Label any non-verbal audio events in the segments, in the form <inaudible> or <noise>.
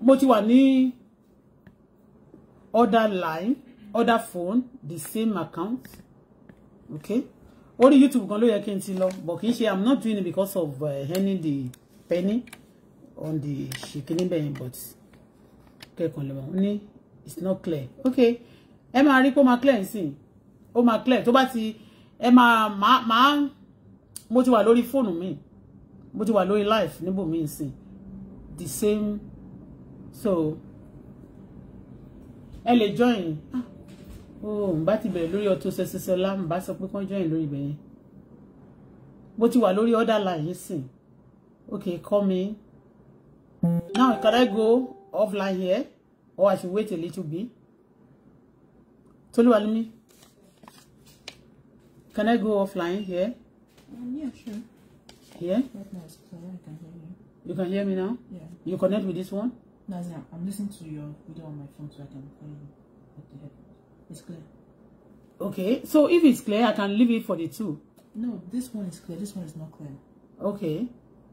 mo ti wà ní other line other phone the same account okay orí YouTube gan ló yẹ kí n ti lọ but kì í ṣe i'm not doing it because of uh, eh, earning the penny on the ṣìkìní bẹ́yìn but kẹ́kọ̀ọ́ lè wọ́n ní it's not clear okay ẹ máa rí pé ó máa clear nsìn ó máa clear tó bá ti ẹ máa máa mo ti wà lórí fóònù mi mo ti wà lórí life, níbòmí nsìn the same so ẹ lè join oh n bá ti bẹ̀rẹ̀ lórí Auto Success Ola n bá sọ pé kán join lórí ibẹ̀ yẹn mo ti wà lórí order line yìí sìn okay call me now can I go offline here or I should wait a little bit Toluwa Lumi can I go offline here um, yeah sure yeah you. you can hear me now yeah you connect with this one Nazia, I'm listening to your video on my phone so I can call you the It's clear. Okay, so if it's clear, I can leave it for the two. No, this one is clear. This one is not clear. Okay.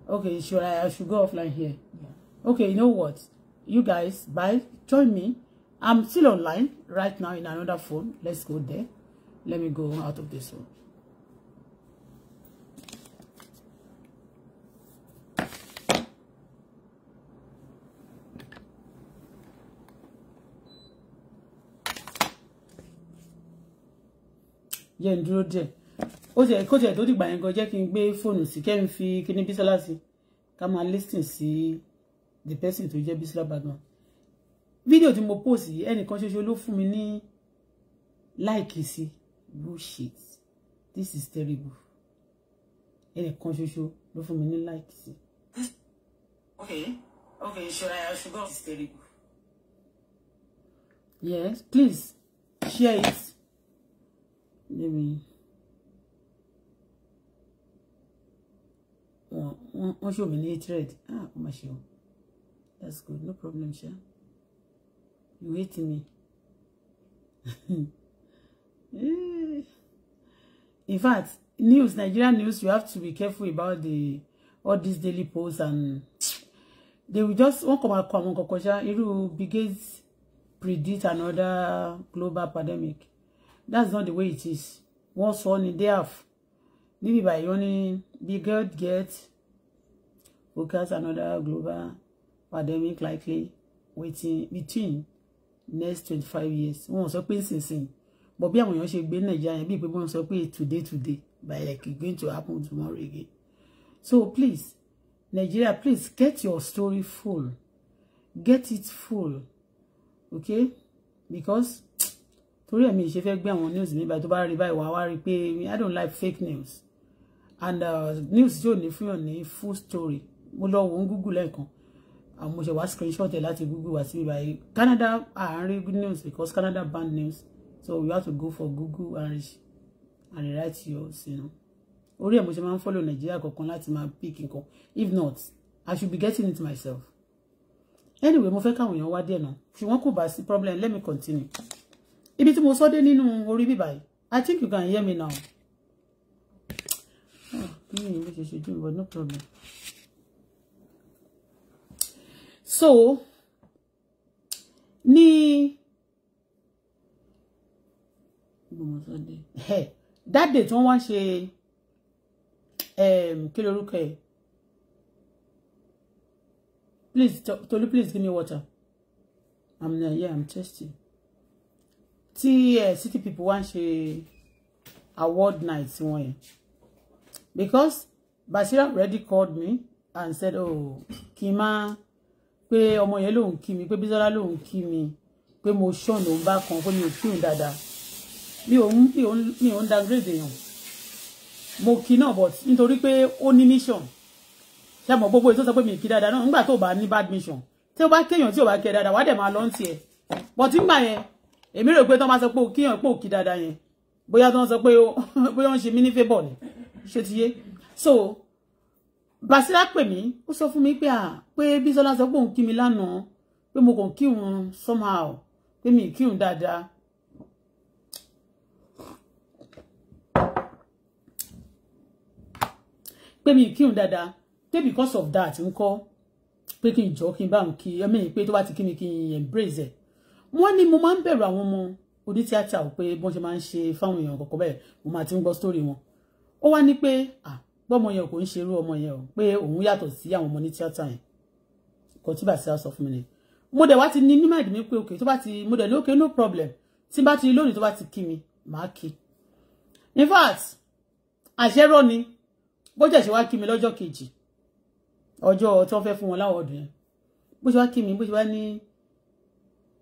Okay, should I, I should go offline here? Yeah. Okay, you know what? You guys, bye. Join me. I'm still online right now in another phone. Let's go there. Let me go out of this one. jẹ́ ń dúró díẹ̀ ó tiẹ̀ kó tiẹ̀ tó dìgbà yẹn gan jẹ́ kí n gbé fóònù sí kẹ́ ń fi kíní bísọ́lá sí ká máa listen sí the person tó jẹ́ bísọ́lá bagan fídíò tí mo post yìí ẹnìkan ṣoṣo ló fún mi ní láìkì sí bullshit this is terrible ẹnìkan ṣoṣo ló fún mi ní láìkì sí. okay okay ṣọlá ṣùgbọ́n it's terrible. yes please share it let me wọ́n ṣòwò ní hatred ah ọmọ ṣe o that's good no problem ṣá you hate me <laughs> in fact news Nigerian news you have to be careful about the all these daily posts and they will just wọ́n kọ máa kọ àwọn kọkọ ṣá irú biggest predict another global pandemic that's not the way it is Once sọ ní def maybe by wọ́n ní bí god get focus another global pandemic likely waiting between next twenty five years wọ́n sọ pé nísinsìnyí but be a èèyàn ṣe gbé nàìjíríà yẹn bíi pé wọ́n sọ today today but like it's going to happen tomorrow again so please Nigeria please get your story full get it full okay because torí ẹ̀mí ìṣe fẹ́ gbé àwọn news mi báyìí tó bá rí báyìí wá wá rí pé I don't like fake news and uh, news yóò ní fún yàn ní full story mo lọ wò ó Google lẹ́ẹ̀kan àwọn mo ṣe wá screenshot ẹ̀ láti Google wá sí báyìí Canada àárín good news because Canada bad news so you have to go for Google and, and write yours you know orí ẹ̀ mo ṣe máa ń follow Nigeria, kọ̀ọ̀kan láti máa pick nǹkan if not I should be getting it myself anyway mo fẹ́ káwọn èèyàn wá dẹ̀ náà tí wọ́n kò bá sí problem let me continue ibi tí mo sọ dé nínú orí bíbá yìí i think you can hear me now ah, no problem so ní gbọmọ that day tí wọ́n wá ṣe ehm, kí lorúkọ ẹ̀ please Tolu please give me water i'm uh, yeah i'm thirsty tí eh, city people wá ń ṣe award night wọn yẹn because Basira already called me and said oh kì í máa pé ọmọ yẹn lòun kí mi pé Bísọ́lá lòun kí mi pé mo ṣọ̀nà òun bá kan pé mi ò kí òun dáadáa mi ò ń mi ò ń downgrade èèyàn mo kí náà but nítorí pé ó ní mission ṣé mo gbogbo ètò sọ pé mi kí dáadáa náà nígbà tó bá ní bad mission tí ó bá kéèyàn tí ó bá kẹ dáadáa wàá dẹ̀ máa lọ́ntì ẹ̀ but nígbà yẹn èmi rò pé tán bá sọ pé kíyàn pò kí dáadáa yẹn bóyá tán sọ pé <laughs> bóyá ń ṣe mí ní fébọ̀ ni ṣe ti yé so Basira pè mí ó sọ fún mi pé à pé Bísọ́lá sọ pé òun kí mi lánàá pé mo kàn kírun somehow pé mi kírun dáadáa pé mi kírun dáadáa pé because of that ńkọ́ pé kí n jọ kí n bá òun kí ẹmí pé tó bá ti kí mi kí n embrace ẹ̀ wọ́n ní mo máa ń bẹ̀rù àwọn ọmọ onítíátà ò pé bọ́n ṣe máa ń ṣe fáwọn èèyàn kọ̀ọ̀kan bẹ́ẹ̀ mo máa ti ń gbọ́ sítórì wọn ó wá ní pé gbọ́mọ yẹn kò ń ṣe irú ọmọ yẹn o pé òun yàtọ̀ sí àwọn ọmọ onítíátà yẹn kò tí bàtí sá sọ fún mi ni mo dẹ̀ wá ti ní nímọ̀ ìdìmí pé òkè tó bá ti mo dẹ̀ ní òkè no problem tí bá ti lónìí tó bá ti kí mi màá kí in fact àṣẹrọ ni bó jẹ̀ ṣe wá kí mi lọ́jọ́ kejì ọjọ́ tí wọ́n fẹ́ fún wọn láwọn ọdún yẹn bó ṣe wá kí mi bó ṣe wá ní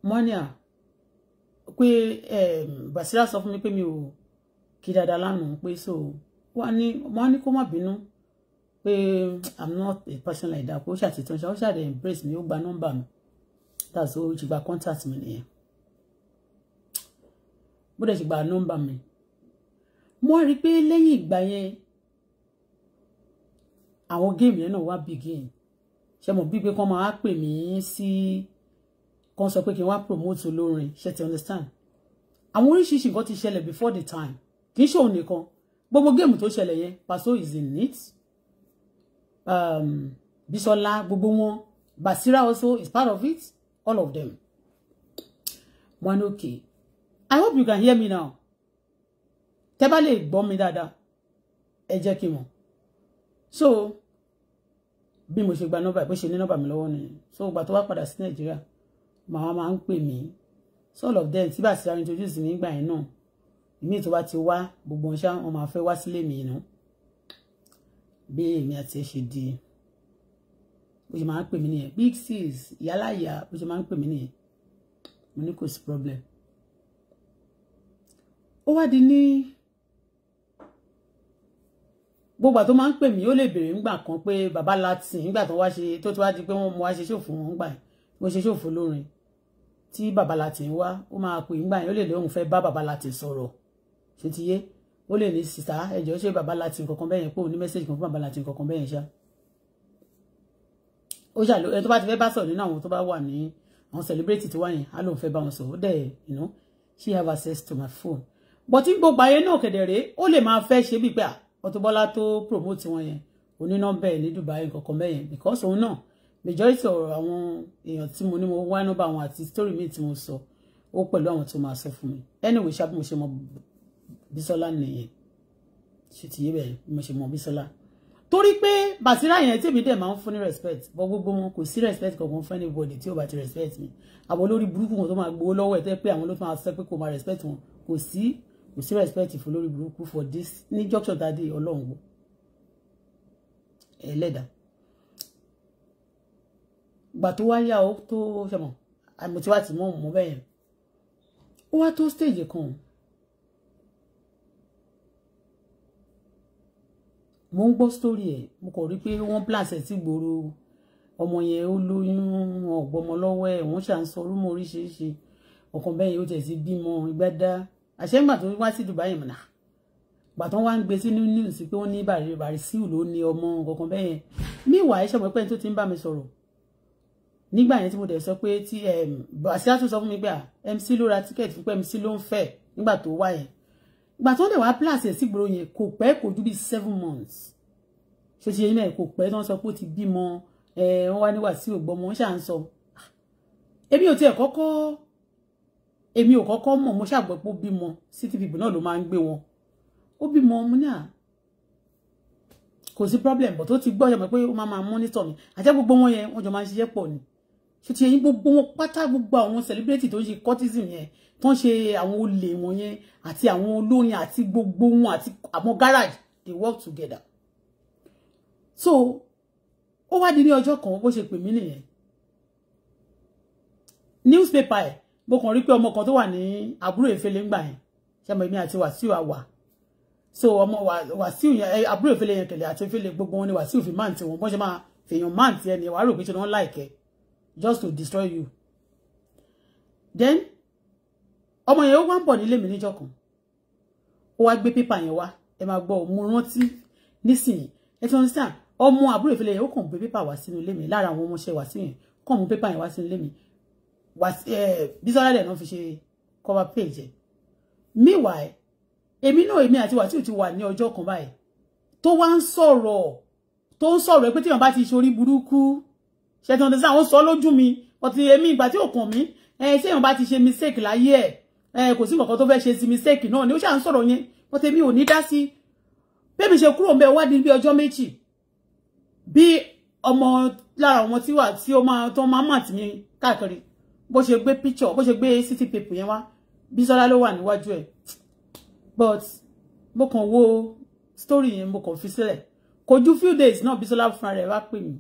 mọ́nì à ah, pé ehm, Basira sọ fún mi pé mi ò kí dáadáa lánàá pé so wọ́n ní wọ́n ní kó má bínú pé i'm not a person like that pé ó ṣàtìtàn ṣe ó ṣàdé embrace mi ó gba nọ́mbà mi that's all ṣì gba contact mi nìyẹn bó dẹ̀ ṣì gba nọ́mbà mi mo rí i pé lẹ́yìn ìgbà yẹn àwọn géèmù yẹn náà wá begin ṣe mo bí pé kán máa pè mí sí. Si, kan sọ pé kí n wá promote olórin ṣe ti understand àwọn oríṣiríṣi nǹkan ti ṣẹlẹ̀ before the time kì í ṣe òun nìkan gbogbo géèmù tó ṣẹlẹ̀ yẹn Paso is in it um, Bisola gbogbo wọn Basira also is part of it all of them one okay I hope you can hear me now tẹ́ bá lè gbọ́ mi dáadáa ẹ jẹ́ kí n so bí mo ṣe gba nọ́mbà bó ṣe ní nọ́mbà mi lọ́wọ́ nìyẹn so ìgbà tó wá padà sí Nàìjíríà màá máa ń pè mí so all of them tí bá ti ra introduce mi gbà yẹn náà ìmí tó bá ti wá gbogbo ọ̀ṣà wọn máa fẹ́ wá sílé mi nù bí èmi àti ẹ ṣe di bó ṣe máa ń pè mí nìyẹn big sis ìyáláyà bó ṣe máa ń pè mí nìyẹn mo ní kò sí problem ó wá di ní gbogbo àtó máa ń pè mí ó lè béèrè ńgbà kan pé bàbá latin ńgbà tó wá ṣe tó ti wá di pé wọn mo wá ṣe ṣòfò wọn gbà yẹn bó ṣe ṣòfò lórin tí babalati ń wá ó máa pè ńgbà yẹn ó lè lóun fẹ́ bá babalati sọ̀rọ̀ ṣe ti yé ó lè ní sìtá ẹjọ́ ṣe babalati nǹkankan bẹ́ẹ̀ yẹn pé òun ní mẹ́sẹ̀gì kan fún babalati nǹkankan bẹ́ẹ̀ yẹn ṣá ó ṣàlò ẹni tó bá ti fẹ́ bá sọ̀rọ̀ nínú àwọn tó bá wà ní àwọn celebrity tó wà yẹn á lóun fẹ́ bá wọn sọ̀rọ̀ ó dẹ̀ you know she have access to my phone but tí gbogbo ayé náà kẹ̀dẹ̀ rèé ó lè máa fẹ́ ṣe bí pé ah, Auto tó promote wọn yẹn onínà bẹ́ẹ̀ ní Dubai nǹkankan bẹ́ẹ̀ yẹn because òun náà majority ọ̀rọ̀ àwọn èèyàn tí mo ní mo wá nọ́mbà àwọn àti story mi tí mo sọ ó pẹ̀lú àwọn tó máa sọ fún mi anyway ṣá bí mo ṣe mọ Bísọ́lá nìyẹn ṣe ti yé bẹ́ẹ̀ bí mo ṣe mọ Bísọ́lá torí pé bàtírà yẹn tèmi dẹ̀ máa ń fún ní respect bọ́ gbogbo wọn kò sí respect kankan fún anybody tí ò bá ti respect mi àwọn olórí burúkú wọn tó máa gbowó lọ́wọ́ ẹ̀ tẹ́ pé àwọn ló máa sọ pé kò máa respect wọn kò sí kò sí respect fún olórí burúkú for this ní junction tàdé ọlọ́run gbọ́ ẹlẹ́dàá ìgbà tó wá yá ó tó ṣẹmọ àmì tí wà tí mò ń mú ó wá tó stage kan mo ń gbọ́ story ẹ̀ mo kàn rí pé wọ́n blàṣẹ tí gbòòrò ọmọ yẹn ó lóyún ọ̀gbọ́mọ lọ́wọ́ ẹ̀ wọ́n ṣà ń sọ orúmọ oríṣiríṣi ọ̀kan bẹ́ẹ̀ yóò tẹ̀ sí bímọ ìgbádá àṣẹ́gbà tó wá sí Dubai mọ̀nà ah. gbà tó wá ń gbé sínú news pé wọ́n ní bàrí bàrí síù ló ní ọmọ ọ̀kan bẹ́ẹ̀ yẹn míwàá ẹ̀ ṣẹ̀mọ́pẹ́ tó ti ń bá mi sọ̀rọ̀ nígbà yẹn tí mo dẹ̀ sọ pé tí Bàṣírátù sọ fún mi gbà MC ló ra tíkẹ́ẹ̀tì fún pé MC ló ń fẹ́ nígbà tó wá yẹn ìgbà tó dẹ̀ wá pílàsì ẹ̀ sígboro yẹn kò pẹ́ kò ju bíi seven months ṣé ti yẹn náà kò pẹ́ tí wọ́n sọ pé ó ti bímọ ẹ̀ wọ́n wá ní Wàsíù ògbọ́mọ wọ́n ṣà ń sọ èmi ò tiẹ̀ kọ́kọ́ èmi ò kọ́kọ́ mọ̀ mo ṣàgbọ́ pé ó bímọ city people náà ló máa ń gbé wọn ó bímọ ọmọ náà kò sí problem but ó ti gbọ́ ọ̀yọ́ mọ̀ pé ó máa máa monitor mi àti gbogbo wọn yẹn wọ́n jọ máa ń ṣiṣẹ́ pọ̀ ni ṣe ti ẹyin gbogbo wọn pátá gbogbo àwọn celebrity tó ń ṣe courtism yẹn tó ń ṣe àwọn olè wọn yẹn àti àwọn olórin àti gbogbo wọn àti àwọn garage they work together so ó wá di ní ọjọ́ kan bó ṣe pè mí nìyẹn newspaper ẹ̀ mo kàn rí pé ọmọ kan tó wà ní àbúrò ìfẹlẹ ńgbà yẹn ṣàmọ èmi àti wàsíù àwà so ọmọ wàsíù yẹn àbúrò ìfẹlẹ yẹn kẹlẹ àti ìfẹlẹ gbogbo wọn ni wàsíù fi máǹtì wọn bọ́n ṣe máa fèèyàn máǹtì ẹni wàá rò pé ṣe ni wọ́n láìkẹ́ just to destroy you then Omo yẹn ó wá ń bọ̀ nílé mi níjọ́ kan ó wá gbé pépà yẹn wá ẹ máa gbọ́ mo rántí nísìnyí ẹ ti understand Omo àbúrò ìfẹ́lẹ́ yẹn ó kàn gbé pépà wá sínú ilé mi lára àwọn ọmọọṣẹ́ wá sí yẹn kàn mú pépà yẹn wá sínú ilé mi bísọ́lá dẹ̀ náà fi ṣe cover page meanwhile emi no emi ati wàtíù ti wà ní ọjọ́ kan báyìí tó wá ń sọ̀rọ̀ tó ń sọ̀rọ̀ pé tíyàn ti ṣorí burúkú ṣe ti understand wọ́n sọ lójú mi ọtí èmi ìgbà tí ò kàn mí ẹ ṣé èèyàn bá ti ṣe mistake láyé ẹ ẹ kò sí nǹkan tó fẹ́ ṣe sí mistake náà ni ó ṣà ń sọ̀rọ̀ yẹn ọtí èmi ò ní dá sí bébí ṣe kúrò mbẹ wá di bí ọjọ́ méjì bí ọmọ lára àwọn tí wà tí ó máa tó máa mà tì mí káàkiri bó ṣe gbé picture bó ṣe gbé city paper yẹn wá Bísọ́lá ló wà níwájú ẹ̀ but mo kàn wo story yẹn mo kàn fi sílẹ̀ kò few days náà Bísọ́lá fúnra rẹ̀ wá pè mí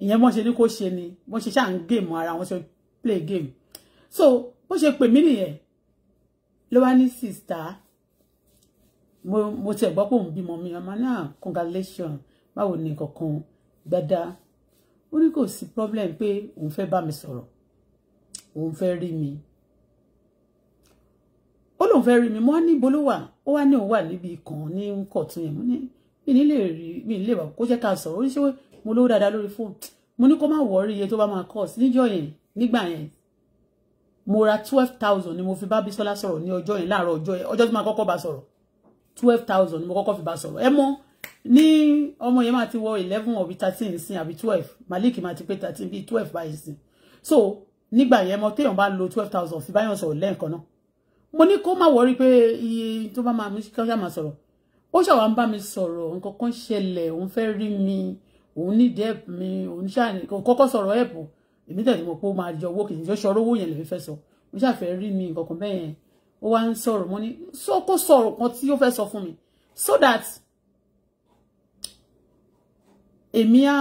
ìyẹn bọ́n ṣe ní kó ṣe ni bọ́n ṣe ṣáà ń géèmù ara wọn ṣe play game so bó ṣe pè mí nìyẹn ló wá ní sista mo mo tiẹ̀ gbọ́ pé òun bímọ mi ọmọ náà ah, congratulation báwo ni kankan gbada ó ní kò sí problem pé òun fẹ́ bá mi sọ̀rọ̀ òun fẹ́ rí mi ó lóun fẹ́ rí mi mo wá ní ibo ló wà ó wá ní òun wà níbi kan ní kọ̀tún yẹn mo ní mi ní lè rí mi ní lè wà kó jẹ́ ká sọ̀rọ̀ ó mo lówó dáadáa lórí fóònù mo ní kó má wọrí iye tó bá máa cost níjọ́ yẹn nígbà yẹn mo ra twelve thousand ni mo fi bá Bísọ́lá sọ̀rọ̀ ní ọjọ́ yẹn láàárọ̀ ọjọ́ yẹn ọjọ́ tí màá kọ́kọ́ bá sọ̀rọ̀ twelve thousand ni mo kọ́kọ́ fi bá sọ̀rọ̀ ẹ mọ̀ ní ọmọ yẹn máa ti wọ eleven àbí thirteen sin àbí twelve Malik máa ti pé thirteen bíi twelve báyìí sin so nígbà yẹn mo téèyàn bá lo twelve thousand fi báyọ̀ sọ̀rọ̀ lẹ́ẹ̀kan náà mo ní kó má wọrí pé iye tó bá máa mú kí wọ́n ṣàmà sọ̀rọ̀ ó ṣàwọn bá mi sọ̀rọ̀ nǹkan kan ṣẹlẹ̀ òun fẹ́ rí mi òun nídìí help mi òun ṣàní kọ́kọ́ sọ̀rọ̀ help èmi tẹ̀lé mọ̀ pé ó máa jọ owó kì í jọ ṣọ́rọ́ owó yẹn lè fẹ́ sọ mo ṣàfẹ́ rí mi nǹkan kan bẹ́ẹ̀ yẹn ó wá ń sọ̀rọ̀ mo ní sọ kó sọ̀rọ̀ kan tí ó fẹ́ sọ fún mi so that èmi á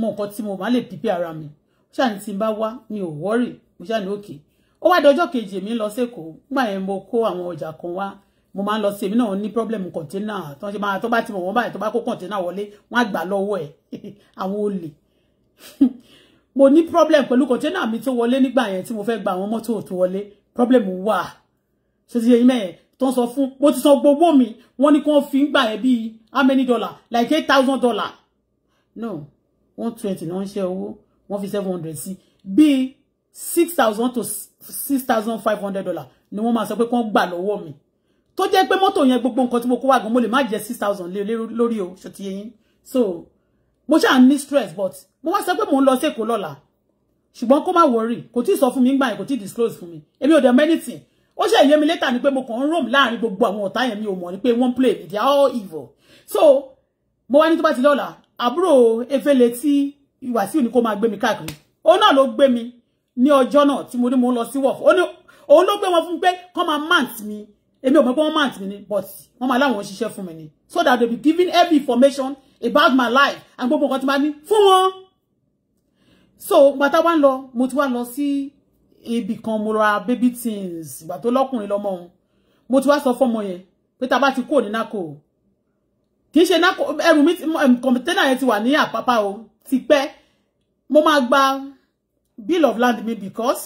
mọ nǹkan tí mo máa lè pípé ara mi ó ṣàní tí n bá wá mi ò wọ́rì mo ṣàní òkè ó wá dọjọ́ kejì èmi lọ sẹ́kọ̀ọ́ nígbà yẹn mo kó àwọn ọjà kan wá mo máa ń lọ sí èmi náà ní problem kọ̀ńténà tó ṣe máa tó bá ti mọ̀ wọ́n báyìí tó bá kó kọ̀ńténà wọlé wọ́n á gbà lọ́wọ́ ẹ̀ <laughs> àwọn olè <laughs> mo ní problem pẹ̀lú kọ̀ńténà mi tó wọlé nígbà yẹn tí mo fẹ́ gba àwọn mọ́tò tó wọlé problem wà ṣe ti yẹn mẹ́yẹn tó ń sọ fún mo ti san gbogbo mi wọ́n ní kí wọ́n fi ń gbà ẹ́ bíi how many dollar like eight thousand dollar no one twenty náà ń ṣe owó wọ́n fi seven hundred sí bíi six thousand to six thousand five hundred dollar ni wọ́n máa sọ pé kí wọ́n gbà lọ́wọ́ mi tó jẹ́ pé mọ́tò yẹn gbogbo nǹkan tí mo kó wá gan mo lè má jẹ́ six thousand lé lórí o ṣòtì so mo ṣáà ní stress but mo wá sọ pé mò ń lọ Lola. lọ́la ṣùgbọ́n kó má worry kò tí ì sọ fún mi ń gbà yẹn kò tí ì disclose fún mi èmi ò dẹ̀ mẹ́nìtì ó ṣe ìyé mi létà ni pé mo kàn ń roam láàrin gbogbo àwọn ọ̀tá yẹn mi ò mọ̀ ni pé wọ́n play they are all evil so mo wá ní tó bá ti lọ́la àbúrò efele tí Wàsíù ní kó máa gbé mi káàkiri òun náà ló gbé mi ní ọjọ́ náà tí mo ní mo ń lọ sí wọ̀f òun ló gbé wọn fún pé kọ́ máa mount mi èmi ò mọ̀ pé wọ́n máa tì ni but wọ́n máa láwọn ṣiṣẹ́ fún mi ni so that they be giving every information about my life and gbogbo nǹkan tí máa ní fún wọn. so bàtà wá ń lọ mo ti wá lọ sí ibì kan mo ra baby things ìgbà tó lọ́kùnrin lọ́mọ òun mo ti wá sọ fọ́mọ yẹn pé tá a bá ti kúrò ní nákò kì í ṣe nákò ẹrù mi kọ̀mítẹ́nà yẹn ti wà ní àpápá o ti pẹ́ mo máa gba bill of land me because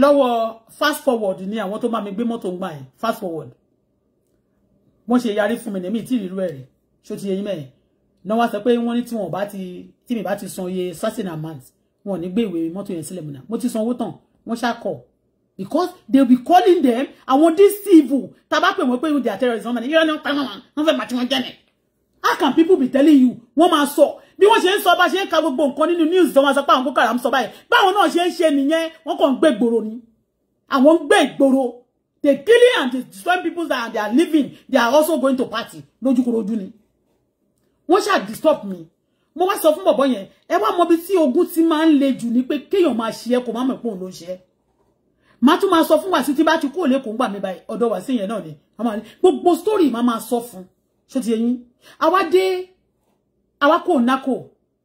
lọ́wọ́ fast forward ni àwọn tó máa mi gbé mọ́tò ń gbà yẹn fast forward wọ́n ṣe yarí fún mi ní mi tí ìrírú ẹ̀ rí ṣó ti yẹyin mẹ́yìn náà wá sọ pé wọ́n ní tí wọn bá ti tí mi bá ti san iye certain amount wọn ò ní gbé ìwé mọ́tò yẹn sílẹ̀ mọ́nà mo ti san owó tán wọ́n ṣàkọ̀ because they be calling them àwọn this civil tá a pè wọ́n pé they are terrorists wọ́n máa ní ni wọ́n pa wọ́n wọ́n fẹ́ bàtí wọ́n jẹ́ how can people be telling you wọ́n máa sọ bí wọ́n ṣe ń sọ bá ṣe ń ka gbogbo nǹkan nínú news tó máa sọ pé àwọn Boko Haram sọ báyìí báwọn náà ṣe ń ṣe nìyẹn wọ́n kàn ń gbé ìgboro ni àwọn ń gbé ìgboro they killing and they destroying people that they are living they are also going to party lójúkorojú ni wọ́n ṣáà disturb mi mo wá sọ fún bọ̀bọ̀ yẹn ẹ wá mọ bí tí ogun ti máa ń le jù ni pé kéèyàn máa ṣe é kó má mọ̀ pé òun ló ń ṣe é màá tún máa sọ fún wàsí tí bá ti kúrò lẹ́kọ̀ọ́ gbà mí báyìí ọ̀dọ̀ wàsí yẹn náà ni gbogbo story máa máa sọ fún ṣó ti yẹn yín àwa dé àwa kò nákò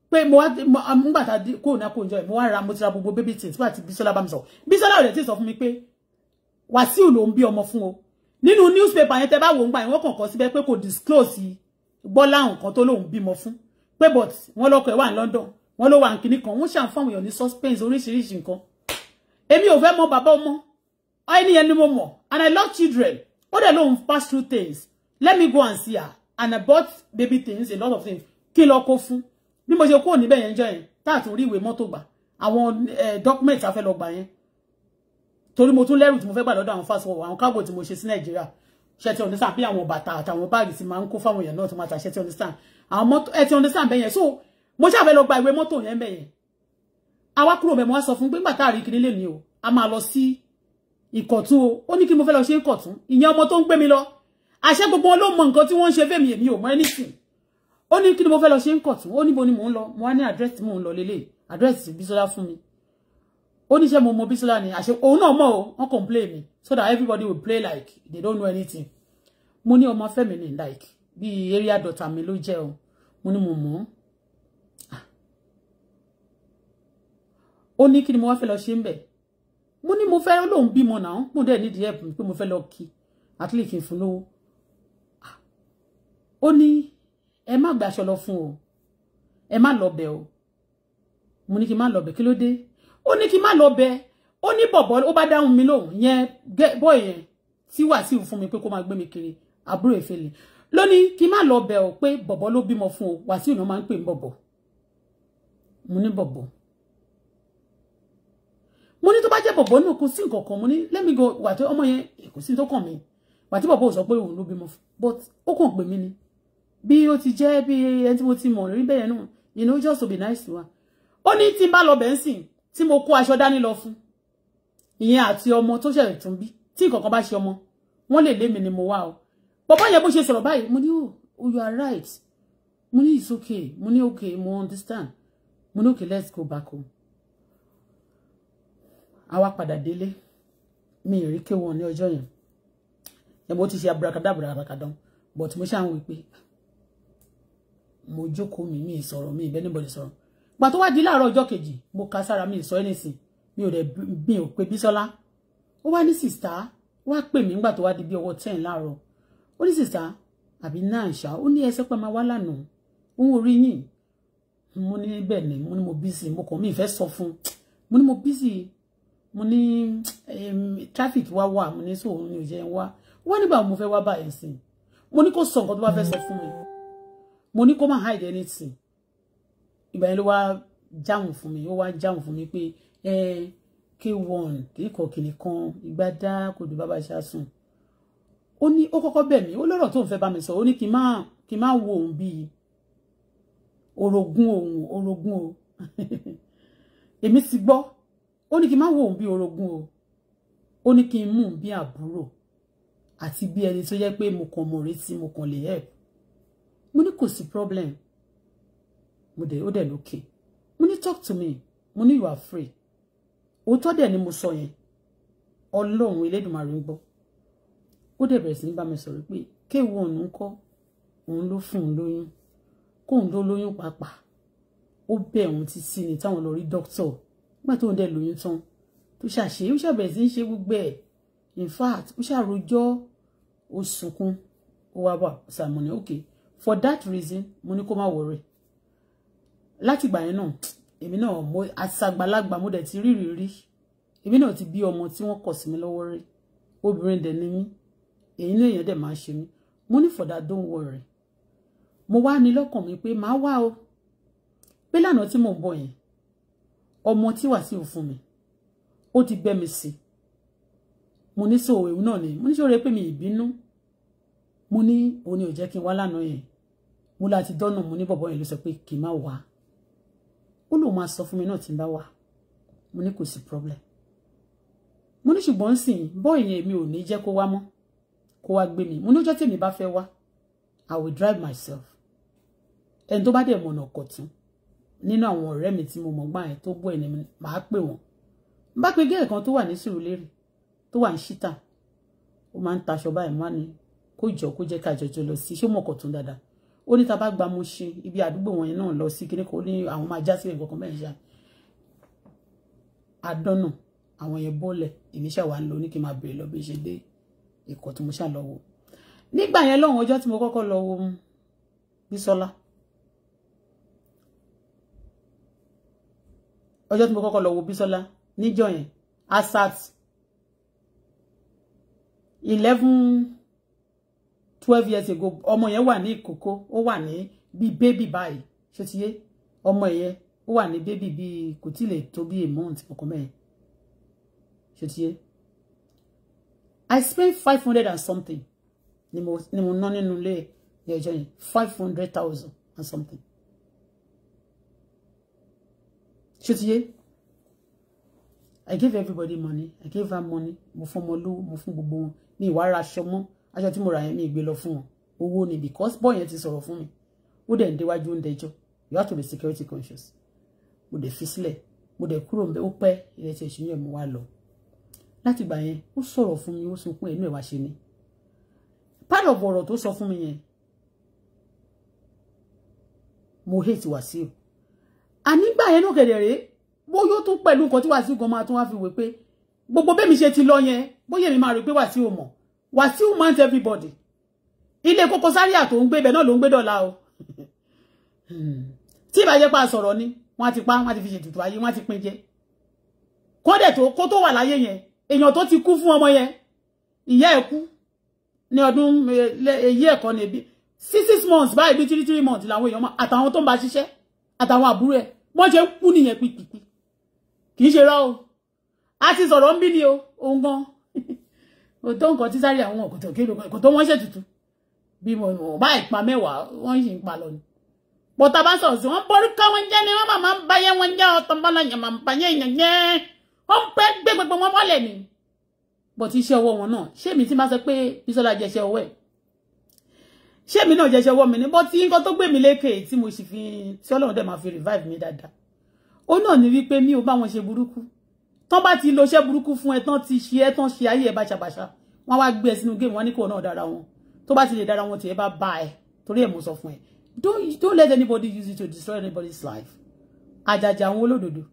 pé mo wá um, nígbà tá kò nákò njọ mo wá ra mo ti gbogbo baby things nígbà tí bisola bá mi sọ Bísọ́lá ò lè tí sọ fún mi pé Wàsíù ló ń bí ọmọ o nínú newspaper yẹn ba bá wò ń gbà yẹn wọ́n kàn kọ síbẹ̀ pé kò disclose Gbọ́láhùn kan tó lóun bímọ fún pé but wọ́n lọ́kọ ẹ̀ wà ní London wọ́n ló wà ní kinní kan wọ́n ṣàǹfààní èèyàn ní suspense oríṣiríṣi nǹkan èmi ò fẹ́ mọ bàbá ọmọ ẹni yẹn ni mo mo. and I love children ó dẹ̀ lóun pass through things let me go and see her and I bought baby things a lot of things kí lọ kó fún bí mo ṣe kúrò níbẹ̀ yẹn jọ yẹn táàtún rí ìwé mọ́tò gbà àwọn eh, document afẹ́ lọ gbà yẹn torí mo tún lẹ́rù tí mo fẹ́ gbà lọ́dọ̀ àwọn fast forward àwọn káàbọ̀ tí mo ṣe sí nàìjíríà ṣe ti understand bí àwọn bàtà àtàwọn báàgì tí máa ń kó fáwọn èèyàn náà tí máa ta ṣe ti understand àwọn mọ́tò ẹ ti understand bẹ́yẹn so mo ṣàfẹ́ lọ gba ìwé mọ́tò yẹn bẹ́yẹn àwa kúrò bẹ́ẹ̀ mo wá sọ fún pé gbàtà àrí kiri lè ní o a máa lọ sí ìkọ̀tún o ó ní kí mo fẹ́ lọ ṣe ìkọ̀tún ìyẹn ọmọ tó ń gbé mi lọ àṣẹ gbogbo wọn nǹkan tí wọ́n ń ṣe fẹ́mi èmi ò mọ anything ó ní kí ni mo fẹ́ lọ ṣe ń kọ̀tún ó níbo ni mò ń mo wá ní àdírẹ́sì mò ń lọ Address bisola Bísọ́lá fún mi ó ní ṣé mo mọ Bísọ́lá ni àṣẹ òun náà mọ̀ o wọ́n complain mi so that everybody will play like they don't know anything mo ní ọmọ Fẹ́mi ni like bí area daughter mi ló jẹ́ o mo ní mo mọ̀ ọ́ ah. ó ní kí ni mo wá fẹ́ lọ ṣe ń bẹ̀ mo ní mo fẹ́ lóun bímọ náà mo dẹ̀ nídìí ẹ̀ pé mo fẹ́ lọ kí àtìlẹ́kìn fún lówó ah. ó ní ẹ má gbàṣọ lọ fún o ẹ má lọ bẹ o mo ní kí n má lọ bẹ kí ló dé ó ní kí n má lọ bẹ ó ní bọ̀bọ̀ ó bá dáhùn mi lóhùn yẹn bọ́ yẹn tí Wàsíù fún mi pé kó máa gbé mi kiri àbúrò ìfẹ́lẹ̀ lónìí kí n má lọ bẹ o pé bọ̀bọ̀ ló bímọ fún o Wàsíù náà máa ń pè ń bọ̀bọ̀ mo ní bọ̀bọ̀ mo ní tó bá jẹ́ bọ̀bọ̀ náà kò sí nǹkan kan mo ní let me go wà tó ọmọ yẹn kò sí tó kàn mí wà tí bọ̀bọ̀ ò sọ pé òun ló bímọ but ó kàn pè mí ni bí ó ti jẹ́ bí ẹni tí mo ti mọ̀ rí bẹ́ẹ̀ náà you know just to be nice to her ó ní tí n bá lọ bẹ́ẹ̀ sìn tí mo kó aṣọ dání lọ fún ìyẹn àti ọmọ tó ṣẹ̀rẹ̀ tún bí tí nǹkan kan bá ṣe ọmọ wọ́n lè lé mi ni mo wá o bàbá yẹn bó ṣe sọ̀rọ̀ báyìí mo ní o oh, oh, you are right mo ní it's okay mo ní okay mo understand mo ní okay let's go back home àwa padà délé mi ò rí kéwọn ní ọjọ́ yẹn yẹn bó ti ṣe abúrakadàbúrakadàn but mo ṣáà ń wí pé mo jókòó mi mi sọ̀rọ̀ mi ìbẹ́ níbọ̀dì sọ̀rọ̀ gbà tó wá di láàárọ̀ ọjọ́ kejì mo ka sára mi sọ anything mi ò dẹ̀ mi o pe Bísọ́lá ó wá ní sista wá pè mí nígbà tó wá di bí ọwọ́ ten láàárọ̀ ó ní sista àbí náà ṣá o ní ẹsẹ̀ pé máa wá lánàá òun ò rí mo ní bẹ́ẹ̀ ni mo ní mo busy mo kàn mí ìfẹ́ sọ fún mo ní mo busy mo ní traffic wá wà mo ní o ní òjẹ́ wá wọ́n nígbà mo fẹ́ wá báyìí sí mo ní kó sọ nǹkan tó bá fẹ́ sọ fún mi mo ní kó má hide anything ìgbà yẹn ló wá jáwùn fún mi ó wá jáwùn fún mi pé ẹ k one, kíkọ kìnì kan ìgbà dá kò dùn bàbá ìṣá sùn ó ní ó kọ́kọ́ bẹ̀ mí ó lọ́rọ̀ tó ń fẹ́ bá mi sọ ó ní kí n má kí n má wo òun bíi orogún òun orogún o <laughs> èmi ti gbọ́ ó ní kí n má wo òun bíi orogún o ó ní kí n mú un bí àbúrò àti bí ẹni tó yẹ pé mo kàn mọ̀ retí mo kàn lè help mo ní kò sí problem mo dẹ̀ ó dẹ̀ lókè mo ní talk to me mo ní you are free òótọ́ dẹ̀ ni mo sọ yẹn ọlọ́run elédùnmarè ń gbọ́ ó dẹ̀ bẹ̀rẹ̀ sí ní bá mi sọ̀rọ̀ pé kéwu òun ń kọ́ òun ló fún un lóyún kóun ló lóyún pàápàá ó bẹ̀ òun ti sí ni táwọn lọ rí dókítà nígbà tóun dẹ̀ lóyún tán tó ṣàṣe ó ṣàbẹ̀rẹ̀ sí ní ṣe gbogbo ẹ̀ in fact ó ṣàròjọ́ ó sunkún ó wá wà sàmùnì òkè. Okay for that reason mo ní kó má wọ̀rẹ̀ látìgbà yẹn náà èmi náà mo àṣàgbàlagbà mo dẹ̀ ti rí rírí èmi náà ti bí ọmọ tí wọ́n kọ̀ sí mi lọ́wọ́ rí obìnrin dẹ̀ ni mí èyí ní èèyàn dẹ̀ máa ṣe mo ní for that don't worry mo wa ni lọ́kàn mi pe ma wa. o pé lánàá ti mo ń bọ̀ yẹn ti wa si sí òfun mi ó ti bẹ́ mi sí mo ní sòwò we. náà ni mo ní sòwò rẹ pé mi ìbínú mo ní òun ni ò jẹ́ kí n wá lánàá yẹn mo láti dọ́nà mo ní bọ̀bọ̀ yẹn ló sọ pé kì í má wá ó lóun máa sọ fún mi náà tí n bá wà mo ní kò sí problem mo ní ṣùgbọ́n sìn bọ́ọ̀ yẹn mi ò ní jẹ́ kó wá mọ́ kó wá gbé mi mo ní ọjọ́ tèmi bá fẹ́ wá i will drive myself ẹni tó bá dẹ̀ mọ̀nà kọ̀tún nínú àwọn ọ̀rẹ́ mi tí mo mọ̀ gbà yẹn tó gbọ́ ẹni màá pè wọ́n bá pe gẹ́ẹ̀ kan tó wà ní Sùúrùlérè tó wà ní ṣítà ó máa ń taṣọ báyìí má kó jọ kó jẹ́ ká jọjọ lọ sí ṣé mọ̀kọ̀ tún dáadáa ó ní ta bá gba Mushin ibi àdúgbò wọn náà lọ sí kíní kan ó ní àwọn máa já sílẹ̀ kankan bẹ́ẹ̀ ṣá adọ́nà àwọn yẹn bọ́ọ̀lẹ̀ èmi ṣàwà ń lọ ní kí n máa bèrè lọ bí ṣe dé ìkọ̀ tí mo ṣà lọ wò nígbà yẹn lọ́hùn ọjọ́ tí mo kọ́kọ́ lọ wo Bísọ́lá ọjọ́ tí mo kọ́kọ́ lọ wo Bísọ́lá níjọ́ yẹn asat eleven twelve years ago ọmọ yẹn wà ní ìkókó ó wà ní bíi bébì báyìí ṣé ti yé ọmọ yẹn ó wà ní bébì bíi kò tí lè tó bíi a month kankan mẹ́rin ṣé ti yé I spent five hundred and something ni mo ni mo ná nínú ilé ní yẹn five hundred thousand and something ṣé ti yé I gave everybody money I gave her money mo fún ọmọ lówó mo fún gbogbo wọn ní ìwà ara aṣọ mọ́ aṣọ tí mo rà yẹn mi gbé lọ fún wọn owó ni because boy yẹn ti sọ̀rọ̀ fún mi ó dẹ̀ ń déwájú ń dẹjọ́ you have to be security conscious mo dẹ̀ fi sílẹ̀ mo dẹ̀ kúrò ń bẹ ó pẹ́ ilẹ̀ tí èṣù mo wá lọ láti gbà yẹn ó sọ̀rọ̀ fún mi ó sunkún ẹnu ẹ̀ wá ṣe ni part of ọ̀rọ̀ tó sọ fún mi yẹn mo hate Wàsíù ànígbà yẹn náà kẹ̀dẹ̀ rèé bóyó tún pẹ̀lú nǹkan tí Wàsíù gan máa tún wá fi wé pé gbogbo bẹ́ẹ̀ mi ṣe ti lọ yẹn bóyá mi máa rí pé Wàsíù mọ̀ Wasiu mount everybody Ile Koko Zaria tó ń gbé bẹ́ẹ̀ náà ló ń gbé dọ̀la o tí ìbáyé pa sọ̀rọ̀ ni wọ́n ti pa wọ́n ti fi ṣètùtù ayé wọ́n ti pín jẹ kọ́dẹ̀ tó kó tó wà láyé yẹn èèyàn tó ti kú fún ọmọ yẹn ìyá ẹ̀ kú ní ọdún èyí eh, ẹ̀kọ́ ní ebi six six months báyìí bí three three months làwọn èèyàn àtàwọn tó ń bá ṣiṣẹ́ àtàwọn àbúrò ẹ̀ wọ́n ṣe ń kú nìyẹn pípípí kì í ṣe o a ti sọ̀rọ̀ ń ni o òun gan òtó nǹkan tí sáré àwọn ọ̀kọ̀tọ̀ kí lóko ẹ̀kọ́ tó wọ́n ṣètùtù bí mo mọ̀ bá ìpa mẹ́wàá wọ́n sì ń pa lọ ni. pọ̀tà bá sọ̀rọ̀ sí wọn borí ká wọn jẹ́ ni wọ́n máa ń bayẹ́ wọn jẹ́ ọ̀tàn bọ́lá yàmà ń bayẹ́ èèyàn yẹ́ wọ́n pẹ́ gbé gbogbo wọn mọ́lẹ̀ ni. bọ̀ tí iṣẹ́ ọwọ́ wọn náà ṣé mi ti máa sọ pé Bísọ́lá jẹ́ṣẹ́ ọwọ́ ẹ̀ ṣé mi náà jẹ́ṣẹ́ ọwọ́ mi ni bọ́ tí nǹkan tó gbé mi lékè tí mo sì fi tí Ọlọ́run dẹ̀ máa fi revive mi dáadáa ó náà ní wípé mi ò bá wọn ṣe burúkú tán bá ti lo iṣẹ́ burúkú fún ẹ tán ti ṣe ẹ tán ṣe ayé ẹ báṣabàṣa wọ́n wá gbé ẹ sínú géèmù wọ́n ní kò náà dára wọn tó bá ti lè dára wọn tiẹ̀ bá bá ẹ torí ẹ̀ mo sọ fún ẹ don't let anybody use it to destroy anybody's life àjàjà àwọn olódodo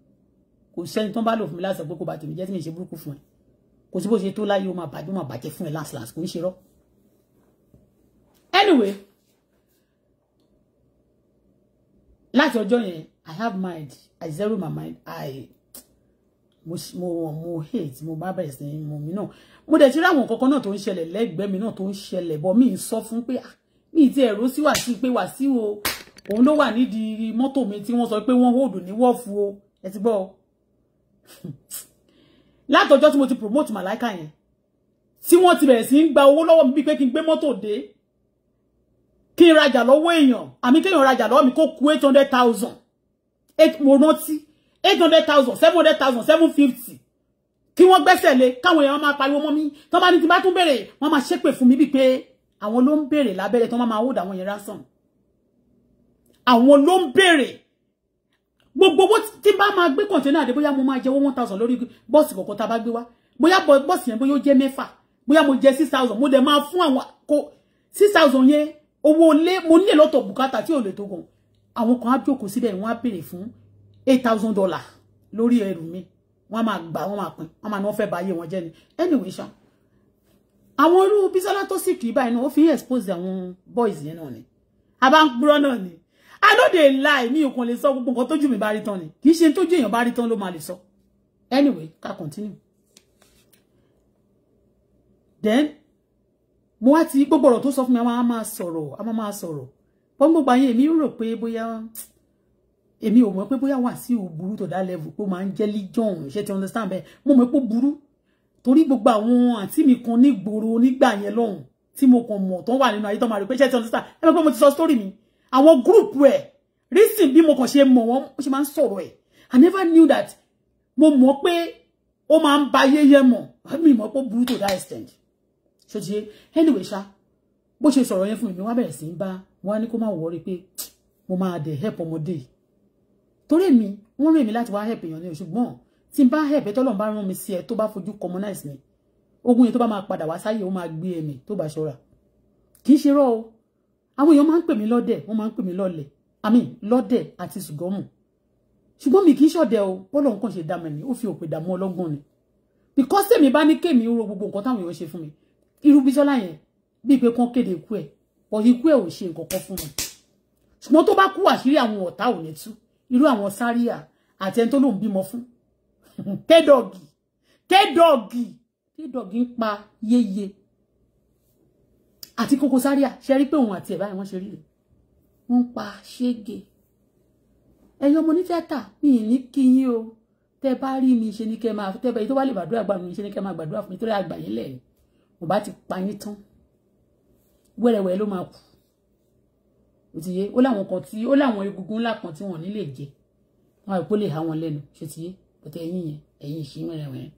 kò sẹ́ni tán bá lò fún mi láti sọ bá tèmi jẹ́ tí mi ṣe burúkú fún ẹ kò sí bó ṣe tó láyé ó máa bàjẹ́ ó máa bàjẹ́ fún ẹ last kò ń ṣe rọ́ anyway láti ọjọ́ yẹn i have mind i zero my mind i mo mo hate mo bá bẹ̀rẹ̀ sí mo mi náà mo dẹ̀ ti rí àwọn kankan náà tó ń ṣẹlẹ̀ lẹ́gbẹ̀ẹ́ mi náà tó ń ṣẹlẹ̀ bọ́ mi ń sọ fún pé ah, mi ti ẹ̀rọ sí Wàsíù pé Wàsíù o òun ló wà nídìí mọ́tò mi tí wọ́n sọ pé wọ́n hóòdù ní wọ́ọ̀fù o ẹ ti gbọ́ o <laughs> látọjọ́ mo ti promote màláìka yẹn tí wọ́n ti bẹ̀rẹ̀ sí ń gba owó lọ́wọ́ mi bíi pé kí n gbé mọ́tò dé raja n rajà lọ́wọ́ èèyàn àmì kéèyàn rajà lọ́wọ́ mi kó ku eight hundred thousand mo rántí eight hundred thousand seven hundred thousand seven fifty kí wọ́n gbẹ́sẹ̀ lé káwọn èèyàn máa pariwo mọ́ mi tó bá ní ti bá tún béèrè wọ́n máa ṣépè fún mi bíi pé àwọn ló ń béèrè lábẹ́rẹ́ tó máa hold àwọn yẹn ransom àwọn ló ń béèrè gbogbo owó tí bá máa gbé kọ̀ǹtẹ́nà àdé bóyá mo máa jẹ owó one thousand lórí bọ́ọ̀sì kọ̀ọ̀kan tá a bá gbé wá bóyá bọ́ọ̀sì yẹn bóyá ó jẹ́ mẹ́fà bóyá mo jẹ six thousand mo dẹ̀ máa fún àwọn kó six thousand yẹn owó lé mo nílò lọ́tọ̀ bùkátà tí ò lè tó gan àwọn kan á jókòó síbẹ̀ wọ́n á béèrè fún eight thousand dollar lórí ẹrù mi wọ́n máa gbà wọ́n máa pín wọ́n máa ní wọ́n fẹ́ báyé wọn jẹ́ ni anyway ṣá àwọn irú Bísọ́lá tó sì kì í báyìí náà ó fi ń expose àwọn boys yẹn náà ni àbá ń gbúrọ́ náà ni i no dey lie mi ò kàn lè sọ gbogbo nǹkan tójú mi bá rí tán ni kì í ṣe tójú èèyàn bá rí tán ló máa lè sọ anyway ká continue then mo wá ti gbogbo ọ̀rọ̀ tó sọ fún mi a máa máa sọ̀rọ̀ a máa máa sọ̀rọ̀ pọ́ńgbọ́gba yẹn èmi rò pé bóyá Emi, o mọ̀ pé bóyá Wàsíù burú tó dá level pé ó máa ń jẹ́ legion ṣé ti understand bẹ́ẹ̀ mo mọ̀ pé ó burú torí gbogbo àwọn àǹtí mi kan nígboro nígbà yẹn lọ́hùn tí mo kàn mọ̀ tó wà nínú ayé tó máa rí pé ṣé ti understand ẹ lọ pé mo ti sọ story mi àwọn group we, reason bi mo kàn ṣe mọ̀ wọ́n ṣe máa soro sọ̀rọ̀ I never knew that mo mọ̀ pé ó máa ń ba yẹ́yẹ́ mọ̀ mi mọ̀ pé ó burú tó extent So ti anyway sha. bó ṣe sọ̀rọ̀ yẹn fún mi wá bẹ̀rẹ̀ sí í bá wọn á ní kó má wọrí mo ma dẹ̀ help ọmọdé yìí torí mi wọ́n rìn mí láti wá help èèyàn ní o ṣùgbọ́n tí n bá help tọ́lọ́run bá rán mi sí ẹ tó bá fojú commonize mi ogun yẹn tó bá máa padà wá sáyé ó máa gbé ẹ̀mí tó bá ṣọ́ra kì í ṣe rọ́ o àwọn èèyàn máa ń pè mí lọ́dẹ̀ wọ́n máa ń pè mí lọ́lẹ̀ àmì lọ́dẹ̀ àti ṣùgọ́mù ṣùgbọ́n mi kì í ṣọ̀dẹ̀ o bọ́lọ̀ nǹkan ṣe dá mẹ́rin ó fi òpè dààmú ọlọ́gbọ́n ni because tèmi bá ní kémi ro gbogbo nǹkan táwọn èèyàn ṣe fún mi irú Bísọ́lá yẹn bíi pé kán kéde ikú ẹ̀ ọ̀ ikú ẹ̀ ò ṣe nǹkan kan fún mi ṣùgbọ́n tó bá kú àṣírí àwọn ọ̀tá ò ní tú irú àwọn sáríà àti ẹni tó lòun bímọ fún kédọ̀gì kédọ̀gì kédọ̀gì ń pa yéye àti kókó sáríà ṣe rí pé òun àti ẹ̀ báyìí wọ́n ṣe rí rẹ̀ wọ́n pa ṣége ẹ̀yin ọmọ onítíátà mi ì ní kí o tẹ́ bá rí mi ṣe ni kẹ́ máa tẹ́ bá yìí tó bá lè gbàdúrà gbà mí ṣe ni kẹ́ máa gbàdúrà fún mi tó rẹ̀ àgbà yín lẹ̀ mo ti pa yín tán wẹ́rẹ́wẹ́ ló máa kù ó ti yé ó láwọn kan tí ó láwọn egungun ńlá kan tí wọn ní lè jẹ wọn àìpó lè há wọn lẹ́nu ṣó ti yé bọtẹ yẹn ẹyin ìṣí wẹrẹwẹrẹ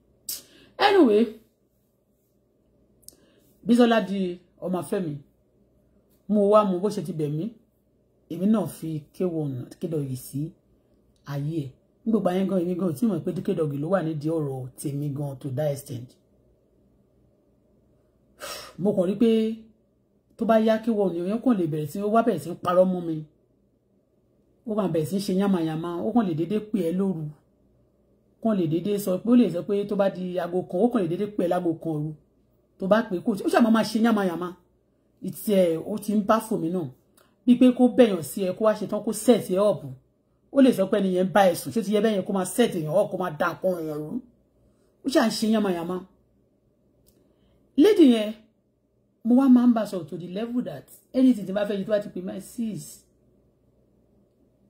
anyway Bísọ́lá di ọmọ Fẹ́mi mo wá mo bó ṣe ti bẹ̀ mí èmi náà fi kéwọn kédọ̀yì sí ayé ẹ̀ ní gbogbo ayé gan èmi gan tí mo pé kédọ̀gì ló wà nídìí ọ̀rọ̀ tèmi gan to that extent mo kàn rí pé tó bá yá kí wọn èèyàn kàn lè bẹ̀rẹ̀ sí ó wá bẹ̀rẹ̀ sí parọ́ mọ́ mi ó kàn bẹ̀rẹ̀ sí ṣe yàmàyàmà ó kàn lè déédéé pè ẹ́ lóru kàn lè déédéé sọ pé ó lè sọ pé tó bá di aago kan ó kàn lè déédéé pè ẹ́ láago kan òru tó bá pè é kò ó ṣàmọ́ máa ṣe yàmàyàmà ìtì ẹ̀ eh, ó ti ń bá fòmí náà bíi pé kó bẹ̀yàn sí ẹ kó wá ṣetán kó sẹ́ẹ̀tì ẹ ọ̀bù ó lè sọ pé ẹni bá ẹ sùn ṣó ti yẹ bẹ́yẹn kó máa sẹ́ẹ̀tì èèyàn ọ̀ máa dà pọ̀ èèyàn rú ó ṣà ń yẹn mo wá máa ń bá to the level that anything tí bá fẹ́ yìí tó bá ti pè my sis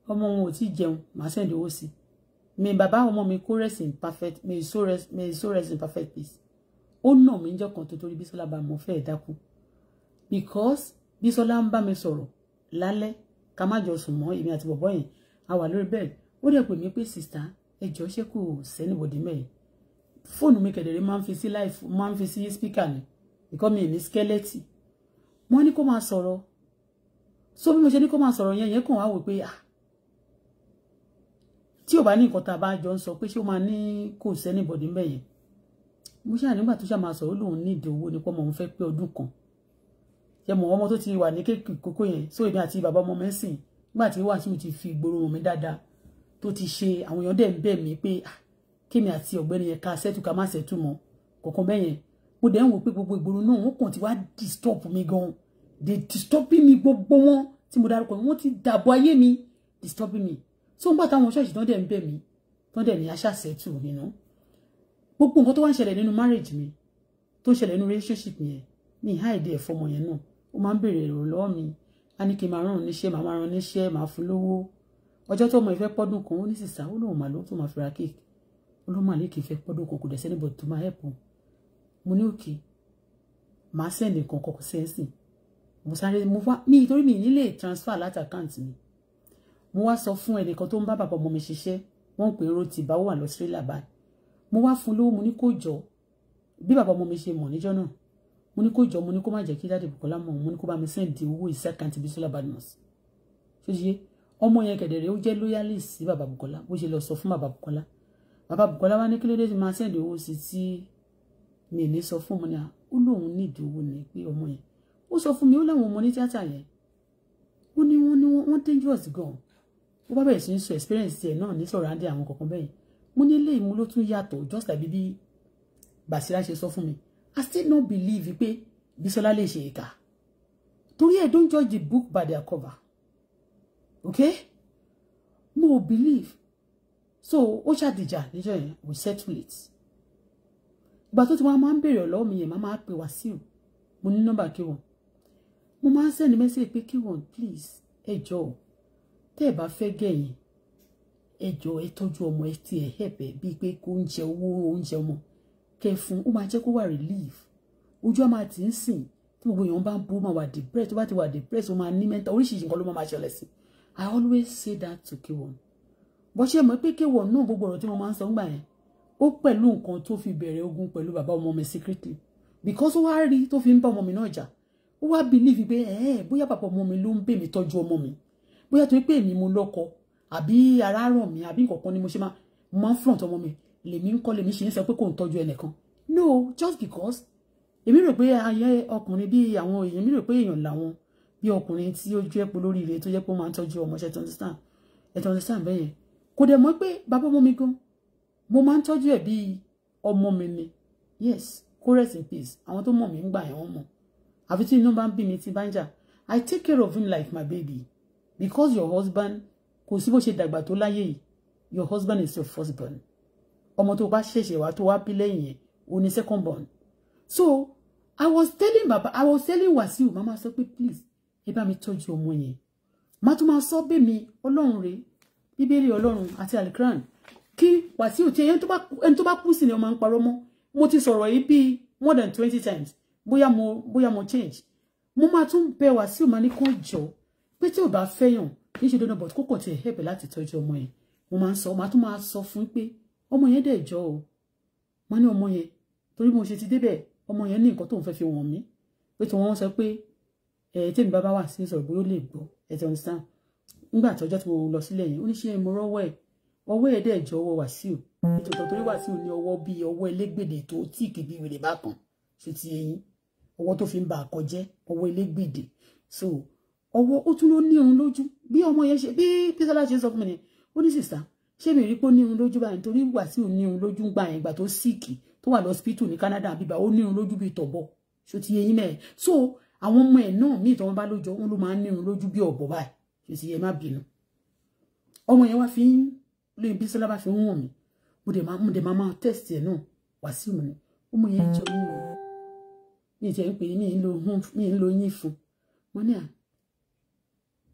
ọmọ wọn ò tí jẹun màá send owó sí mi bàbá ọmọ mi kó rest in perfect may so rest may so rest in perfect peace ó nà mí jọ kan tó torí Bísọ́lá bá mọ̀ fẹ́ dákú because Bísọ́lá ń bá mi sọ̀rọ̀ lálẹ́ ká má jọ sùn mọ́ èmi àti bọ̀bọ́ yẹn a wà lórí bẹ́ẹ̀ ó dẹ̀ sister? mí pé sista ẹjọ́ ṣé kò sẹ́nìbọ̀dì mẹ́yìn fóònù mi kẹ̀dẹ̀rẹ́ máa ń fi sí láìfù máa ń fi sí spíkà ni because mi ní skeleton wọ́n ní kó máa sọ̀rọ̀ so bí mo ṣe ní kó máa sọ̀rọ̀ yẹn yẹn kàn wá wò pé ah tí ò bá ní nǹkan tá a bá jọ ń sọ pé ṣé ó máa ní kò sẹ́nìbọ̀dì ńbẹ̀ yẹn mo ṣáà nígbà tó ṣáà máa sọ̀rọ̀ lòun ní ìdè owó ni pọ́nmọ́ òun fẹ́ pé ọdún kan ṣe mọ̀ ọmọ tó ti wà ní kéèkì kókó yẹn so èmi àti bàbá ọmọ mi ń sìn nígbà tí wàásù ti fi gbòòrò mi dáadáa tó ti ṣe àwọn èèyàn dẹ̀ ń bẹ̀ mí pé ah, kémi àti ọ̀gbẹ́ni yẹn ká sẹ́tù ká má sẹ́tù mọ́ kọ̀ọ̀kan bẹ́yẹn mo dẹ̀ ń wò pé gbogbo ìgboro náà wọ́n kàn ti wá disturb mi gan they disturb mi gbogbo wọn tí mo dárúkọ wọn ti dàbọ̀ ayé mi disturb mi so ń gbà táwọn ṣọ́ọ̀ṣì tán dẹ̀ ń bẹ̀ mí tán dẹ̀ ní aṣá ṣẹ́tù nínú gbogbo nǹkan tó wá ń ṣẹlẹ̀ nínú marriage mi tó ń ṣẹlẹ̀ nínú relationship yẹn ní ìhá ìdí ẹ̀fọ́ ọmọ yẹn náà ó máa ń béèrè èrò lọ́wọ́ mi á ní kí n máa rán oníṣẹ́ màá máa rán oníṣẹ́ màá fún lówó ọjọ́ tó ọmọ ìfẹ́ pọ́dún kan ó ní sísá ó lóun màá ló tó máa fira kéèkì ó ló máa ní kí n pọ́dún kan kò dẹ̀ sẹ́nibọ̀ tó máa hẹ̀pọ̀ mo ní òkè màá sẹ̀ǹdì kankan kò sẹ́sìn mo sáré mo wá mi torí mi nílé transfer láti àkáǹtì mi mo wá sọ fún ẹnìkan tó ń bá bàbá ọmọ mi ṣiṣẹ́ wọ́n ń pè èrò tìbá wà lọ sírílà báyìí mo wá fún lówó mo ní kó jọ bí bàbá ọmọ mi ṣe mọ̀ níjọ́ náà mo ní kó jọ mo ní kó má jẹ́ kí dáàdì Bùkọ́lá mọ̀ mo ní kó bá mi sẹ́ǹdì owó ìsẹ́ àkáǹtì Bísọ́lá Badmus tó ṣe ọmọ yẹn kẹ̀dẹ̀rẹ̀ ó jẹ́ loyalist sí bàbá Bùkọ́lá bó ṣe lọ sọ fún bàbá Bùkọ́lá bàbá Bùkọ́lá wá ní kí ló dé ti máa sẹ́ǹdì owó sí tí mi ò ní sọ fún ọmọ náà ó lóun ní ìdíwọ́ ni pé ọmọ yẹn ó sọ fún mi ó láwọn ọmọ ní tíátà yẹn ó ní wọ́n ní wọ́n dangerous gan ó bá bẹ̀rẹ̀ sí ń sọ experience tiẹ̀ náà ní sọ̀rọ̀ àǹdí àwọn kọ̀ọ̀kan bẹ́yẹn mo ní ilé ìmú ló tún yàtọ̀ just like bíbí Basira ṣe sọ fún mi I still not believe pe Bisola lè ṣe ìkà torí ẹ don't judge the book by their cover okay mo believe so ó dija níjọ́ yẹn we settle it ìgbà tó ti wá máa ń béèrè ọ̀lọ́wọ́ mi yẹn máa máa pè wá sí o mo ní nọ́mbà kí wọn mo máa ń sẹ́ni mẹ́sẹ̀ pé kí wọn please ẹ jọ ọ tẹ́ ẹ bá fẹ́ gẹ̀yìn ẹ jọ ẹ tọ́jú ọmọ ẹ ti ẹ hẹ̀pẹ̀ bíi pé kó oúnjẹ owó oúnjẹ ọmọ kẹ fún ó máa jẹ́ kó wà relief ojú ọmọ àti ń sìn tí gbogbo èèyàn bá ń bú máa wà depressed tó bá ti wà depressed ó máa ní mental oríṣiríṣi nǹkan ló máa ṣẹlẹ̀ sí i I always say that to k1 bó ṣe mọ̀ pé k1 náà gbogbo ọ̀rọ̀ tí wọ́n máa ń sọ ń gbà yẹn ó pẹ̀lú nǹkan tó fi bẹ̀rẹ̀ ogun pẹ̀lú bàbá ọmọ mi secretly because ó wá rí tó fi ń bá ọmọ mi náà jà ó wá believe pé ẹ̀ẹ́ bóyá bàbá ọmọ mi ló ń bè mí tọ́jú ọmọ mi bóyá torí pé èmi mo lọ́kọ àbí ara ràn mí àbí nǹkan kan ni mo ṣe máa máa ń front ọmọ mi lèmi ń kọ́ lèmi ṣe ń sọ pé kò ń tọ́jú ẹnìkan no just because èmi rò pé ayé ọkùnrin bí àwọn èèyàn mi rò pé èèyàn làwọn bí ọkùnrin tí ó jẹ́ pé olóríire tó jẹ́ pé ó máa ń tọ́jú ọmọ ṣe tọ́ndísàn ẹ̀ tọ́ndísàn bẹ́yẹn kò dẹ̀ mọ́ pé bàbá ọmọ mi gan-an mo máa ń tọ́jú ẹ̀ bíi ọmọ mi ni yes kó rest in peace àwọn tó mọ̀ mí ń gbà ẹ̀ wọ́n mọ̀ àfi tí inú bá ń bí mi ti bá ń jà I take care of him like my baby because your husband kò sí bó ṣe dàgbà tó láyé yìí your husband is your first born ọmọ tó bá ṣẹ̀ṣẹ̀ wá tó wá bí lẹ́yìn yẹn o ní second born so I was telling baba I was telling Wasiu mama sọ pé please ẹ bá mi tọ́jú ọmọ yẹn má tún máa sọ bẹ́ẹ̀ mi ọlọ́run rèé bíbélì ọlọ́run àti alikran kí Wàsíù tí ẹni tó bá kú sí ni ọmọ ń parọ́ mọ́ mo ti sọ̀rọ̀ yìí bíi more than twenty times bóyá mo bóyá mo change mo máa tún bẹ Wàsíù máa ní kàn jọ pé tí ò bá fẹ́yàn kì í ṣe dandan but kókò tiẹ̀ help lati tọ́jú ọmọ yẹn mo máa ń sọ máa tún máa sọ fún pé ọmọ yẹn dẹ̀ o mo ní ọmọ yẹn torí mo ṣe ti débẹ̀ ọmọ yẹn ní nǹkan tó ń fẹ́ fi wọ̀n mí pé tí wọ́n so pé ẹ̀ tèmi bàbá wà sí sọ̀rọ̀ bóyá ó lè gbọ́ ẹ̀ tí wọ́n sàn nígbà mo lọ sílẹ̀ yẹn ó ní ṣe mo rọ́wọ́ ọwọ́ ẹ̀ dẹ̀ jọ̀wọ́ Wàsíù ètò torí Wàsíù ní ọwọ́ bíi ọwọ́ elégbèdè tó tíìkì bíi wèrè bá kan ṣe ti eyín ọwọ́ tó fi ń ba àkọjẹ́ ọwọ́ elégbèdè so ọwọ́ ó tún ló ní irun lójú bí ọmọ yẹn ṣe bí Bísọ́lá ṣe sọ fún mi ni ó ní sísá ṣé mi rí pé ó ní irun lójú báyìí nítorí Wàsíù ní irun lójú gba àyàn ìgbà tó síìkì tó wà lọ́sípítù Canada àbíbá ó ní irun lójú bíi tọ̀bọ̀ ṣe ti so àwọn ọmọ ẹ̀ náà míì tọ́wọ́n bá lójọ wọn ló máa ń ní irun lójú bí ọ̀bọ̀ báyìí ọmọ yẹn wá fi ń lóyún Bísọ́lá bá fi ń wọ̀n mi mo dẹ̀ máa mo dẹ̀ máa máa test ẹ̀ náà Wàsíù ni ó mọ yẹn jọ mí o mi jẹ́ ń pè mí ń lo mí ń lo yín fún mo ní à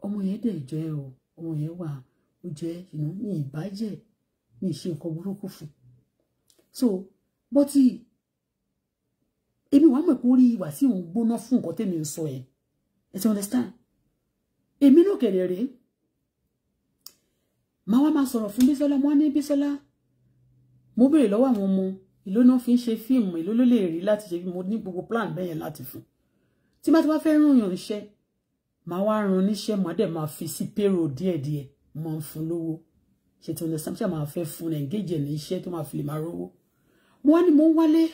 ọmọ yẹn dẹ̀ jẹ́ o ọmọ yẹn wà ó jẹ́ ìnú mi ìbàjẹ́ mi ìṣe nǹkan burúkú fún so bọ́tì èmi wàá mọ̀ pé ó rí Wàsíù ń gbóná fún nǹkan tẹ́mi ń sọ yẹn ẹ understand èmi náà kẹ̀lẹ̀ rèé màá wá máa sọ̀rọ̀ fún Bísọ́lá mo wá ní Bísọ́lá mo béèrè lọ́wọ́ àwọn ọmọ ìlú náà fi ń ṣe fíìmù ìlú ló lè rí láti mo ní gbogbo plan bẹ́yẹn láti fún tí má ti wá fẹ́ ràn yàn iṣẹ́ màá wá ran níṣẹ́ màá dẹ̀ máa fi sí payroll díẹ̀díẹ̀ máa ń fún lówó ṣètò ọ̀nà sàmúṣà máa fẹ́ fún ẹ̀ engage ni iṣẹ́ tó máa fi lè máa rówó mo wá ní mò ń wálé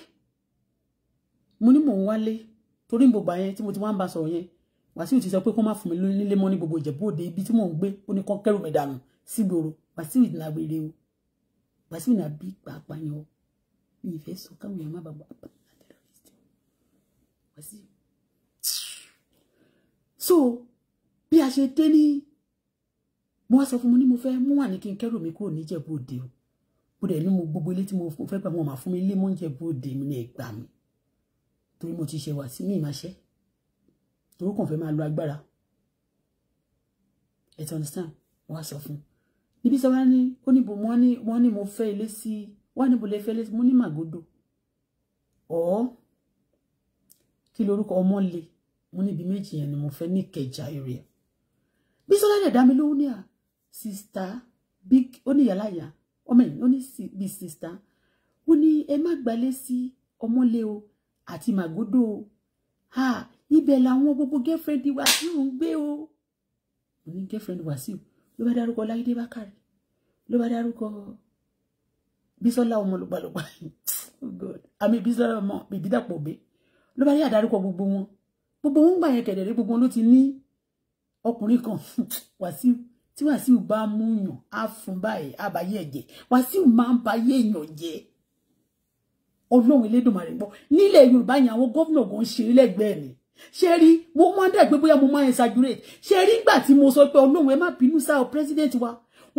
mo ní mò ń wálé torí gbogbo àyẹn tí mo ti wá ń bá sọ̀rọ̀ yẹn Wàsíù ti sọ pé kó má fún mi nílé mọ́ ní gbogbo Ìjẹ̀bú Òde ibi tí mò ń gbé ó ní kán kẹ́rù mi dànù sígboro Wasiu ìlàwèrè o Wasiu ìlà bí pàápàá yẹn o mi ìfẹ́ sọ káwọn èèyàn má bàa gbà pàápàá so bí a ṣe dé ní mo wá sọ fún mi mo fẹ́ mú wà ní kí n kẹ́rù mi kúrò níjẹ̀bú òde o mo dẹ̀ ní mo gbogbo ilé tí mo fẹ́ gbà wọn máa fún mi ilé mọ́ níjẹ̀bú mi ní ẹ̀gbà mi torí mo ti ṣe wà sí mi ìmáṣẹ́ torí kàn fẹ́ máa lo agbára ẹ̀ tí understand wọ́n á sọ ibi sọ wá ní ó níbo wọ́n ní wọ́n ní mo fẹ́ ilé sí wọ́n níbo lè fẹ́ ilé sí mo ní màgòdò ọ kí lorúkọ ọmọ le mo ní méjì yẹn ni mo fẹ́ ní Ìkẹjà area Bísọ́lá dẹ̀ dá mi lóhùn ní à sista big ó ní yàláyà ọmọ yìí ó ní bí sista ó ní ẹ má gbalé sí ọmọlé o àti màgódò o ha ibẹ̀ làwọn gbogbo girlfriend Wàsíù ń gbé o mo ní girlfriend Wàsíù ló bá dárúkọ Láídé Bákàrè ló bá dárúkọ Bísọ́lá ọmọ lùgbàlùgbà oh àmì Bísọ́lá ọmọ bèbí dàpọ̀ bẹ́ ló bá rí àdárúkọ gbogbo wọn gbogbo wọn gbà yẹn kẹ̀dẹ̀ rí gbogbo wọn ló ti ní ọkùnrin kan Wàsíù tí Wàsíù bá mú yàn á fún báyìí á ẹ̀jẹ̀ Wàsíù máa ń ba yé èèyàn jẹ́ Ọlọ́run Elédùmarè gbọ́ nílẹ̀ Yorùbá yẹn àwọn gómìnà gan ṣe lẹ́gbẹ̀ẹ́ mi ṣe rí mo máa ń dẹ̀ gbé bóyá mo máa ń exaggerate ṣe rí ìgbà tí mo sọ pé Ọlọ́run ẹ má bínú sáà president wa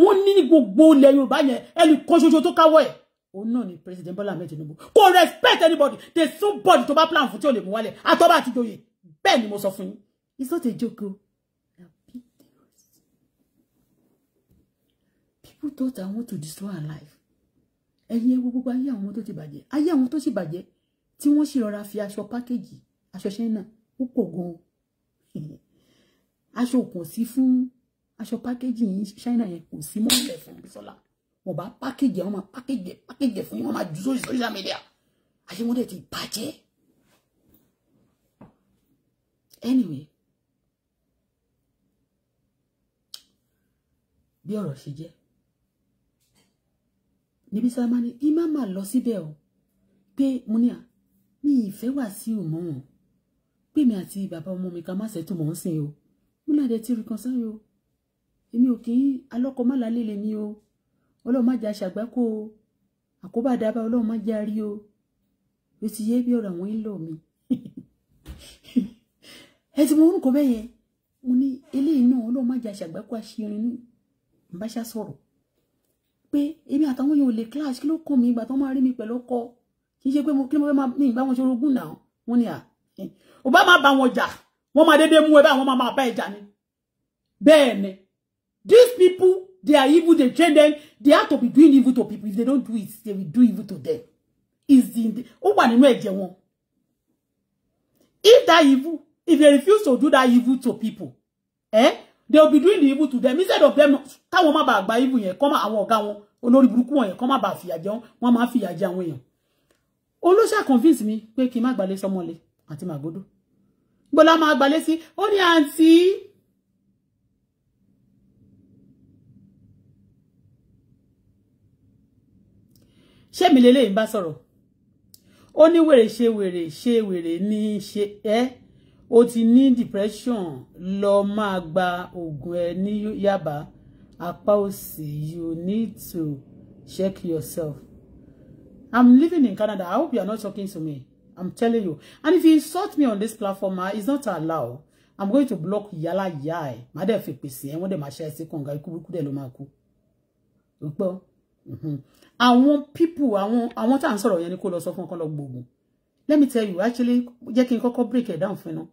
wọ́n ní ní gbogbo ilẹ̀ Yorùbá yẹn ẹnì kan ṣoṣo tó káwọ́ ẹ̀ òun náà ni president Bọ́lá Ahmed Tinubu kò respect anybody there is somebody tó bá plan fún tí ò lè mú wálẹ̀ àtọ́bà àti joyè bẹ́ẹ̀ ni mo sọ fún yín it's not a joke o. people thought I want to destroy her life ẹ̀yin ẹ wo gbogbo ayé àwọn tó ti bàjẹ́ ayé àwọn tó ti bàjẹ́ tí wọ́n sì rọra fi aṣọ pákéjì aṣọ ṣẹ́yìn náà ó pọ̀ gan-an <laughs> aṣọ òkùn sí fún aṣọ pákéjì yìí ṣáínà yẹn kò sí mọ́ ilẹ̀ fún Bísọ́lá wọ́n bá pákéjì wọ́n máa pákéjì pákéjì fún yín wọ́n máa jù sórí social media àṣé wọ́n dẹ̀ ti bàjẹ́ anyway bí ọ̀rọ̀ ṣe jẹ́ níbi sáà máa ní imá máa lọ síbẹ̀ o pé mo ní à mi ìfẹ́ wà sí ìmọ̀ wọn pé mi àti bàbá ọmọ mi ká má ṣètò mọ́ ń sìn o mo náà dẹ̀ ti reconcile o èmi ò kì í alọ́kọ má lálẹ́ lèmi o ọlọ́run má jẹ́ aṣàgbákò o àkóbá dábàá ọlọ́run má jẹ́ arí o ló ti yé bí ọ̀rọ̀ àwọn ìlọ mi ẹ ti mọ orúkọ bẹ́ẹ̀ yẹn mo ní eléyìí náà ọlọ́run má jẹ́ aṣàgbákò àṣírin ní ìbáṣà sọ̀rọ̀ pé èmi àtàwọn yóò lè clash kí ló kàn mí ìgbà tó máa rí mi pẹ̀lú ọkọ kì í ṣe pé mo kí ló fẹ́ máa ní ìgbà wọn ṣorogún náà wọn ni à ò bá máa ni bẹ́ẹ̀ These people, they are evil, they train them, they have to be doing evil to people. If they don't do it, they will do evil to them. Is in the ó wà nínú ẹ̀jẹ̀ If that evil, if they refuse to do that evil to people, eh? They will be doing the evil to them. Instead of them, táwọn má bàa gba evil yẹn, kọ́ máa àwọn ọ̀gá wọn, olórí burúkú come yẹn, kọ́ máa bàa fìyà jẹ wọn, wọ́n máa fìyà jẹ àwọn èèyàn. Olóṣà convince mi pé kí n má gbalẹ̀ sọ́mọ́lẹ̀ àti màgbódò. Gbọ́dọ̀ máa gbalẹ̀ sí, ó ní àǹtí. ṣé mi lélẹ́yìn bá sọ̀rọ̀ ó ní wèrè ṣe wèrè ṣe wèrè ní ṣe ẹ́ ó ti ní depression lọ máa gba oògùn ẹ ní yaba apá òsì you need to check yourself i'm living in canada i hope you are not talking to me i'm telling you and if you insult me on this platform ah it's not allowed i'm going to block yàrá yàá ẹ màá dẹ̀ fi pèsè ẹ wọ́n dẹ̀ máa ṣe ẹ sí kànga ikú burúkú dẹ̀ ló máa kú. Mm-hmm. àwọn people àwọn àwọn tá à ń sọ̀rọ̀ yẹn ni kó lọ sọ fún ọkọ lọ gbogbo let me tell you actually jẹ́ kí n kọ́kọ́ break ẹ̀ down fún ẹ náà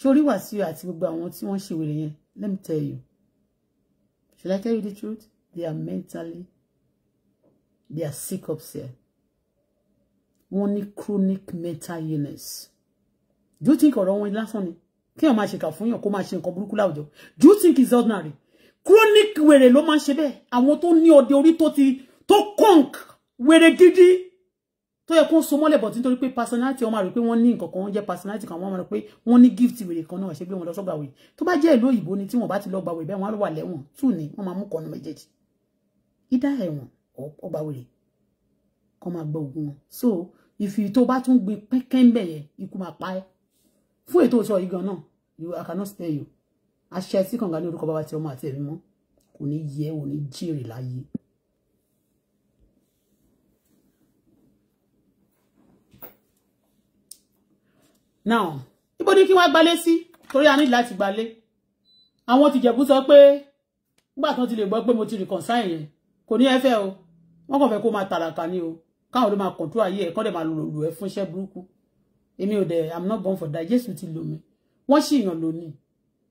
sórí Wàsíù àti gbogbo àwọn tí wọ́n ṣe wèrè yẹn let me tell you should I tell you the truth they are mentally they are sick up there wọ́n ní chronic mental illness do you think ọ̀rọ̀ wọn lásán ni kí wọ́n máa ṣèkà fún yàn kó máa ṣe nǹkan burúkú láwùjọ do you think it's ordinary chronic wèrè ló máa ń ṣe bẹ́ẹ̀ àwọn tó ní ọdẹ orí tó ti tó conk wèrè gidi tó yẹ kó so mọ́lẹ̀ bọ̀ nítorí pé personality wọn máa rò pé wọ́n ní nǹkan kan wọ́n jẹ́ personality kan wọ́n máa rò pé wọ́n ní gift wèrè kan náà ṣe gbé wọn lọ sọ́gbà wèrè tó bá jẹ́ ìlú òyìnbó ni tí wọ́n bá ti lọ gbà wèrè bẹ́ẹ̀ wọ́n á wà lẹ́wọ̀n tù ní wọ́n máa mú kọ́nu méjèèjì ìdá ẹ̀wọ̀n ọgbà wèrè kan máa gbọ́ ògùn wọn so ìfì tó bá tún gbin pẹ́kẹ́ ń bẹ̀yẹ ikú máa pa ẹ́ fún ètò ìṣọ́ yìí gan náà you I cannot stay you àṣẹ tí kànga ní orúkọ bàbá tí ọmọ àti ẹ̀mí mọ́ kò ní yẹ ò ní jèrè láyé. now ibo ni kí wọ́n gbalé sí torí a ní láti gbalé àwọn ti jẹ̀bú sọ pé nígbà kan ti lè gbọ́ pé mo ti reconcile yẹn kò ní ẹfẹ́ o wọ́n kàn fẹ́ kó máa tàràkà ni o káwọn ló máa kọ̀ǹtú ayé ẹ̀ kọ́ dẹ̀ máa lò lò fúnṣẹ́ burúkú èmi ò dẹ̀ i'm not born for that jésù ti lò mí wọ́n ṣì yàn lónìí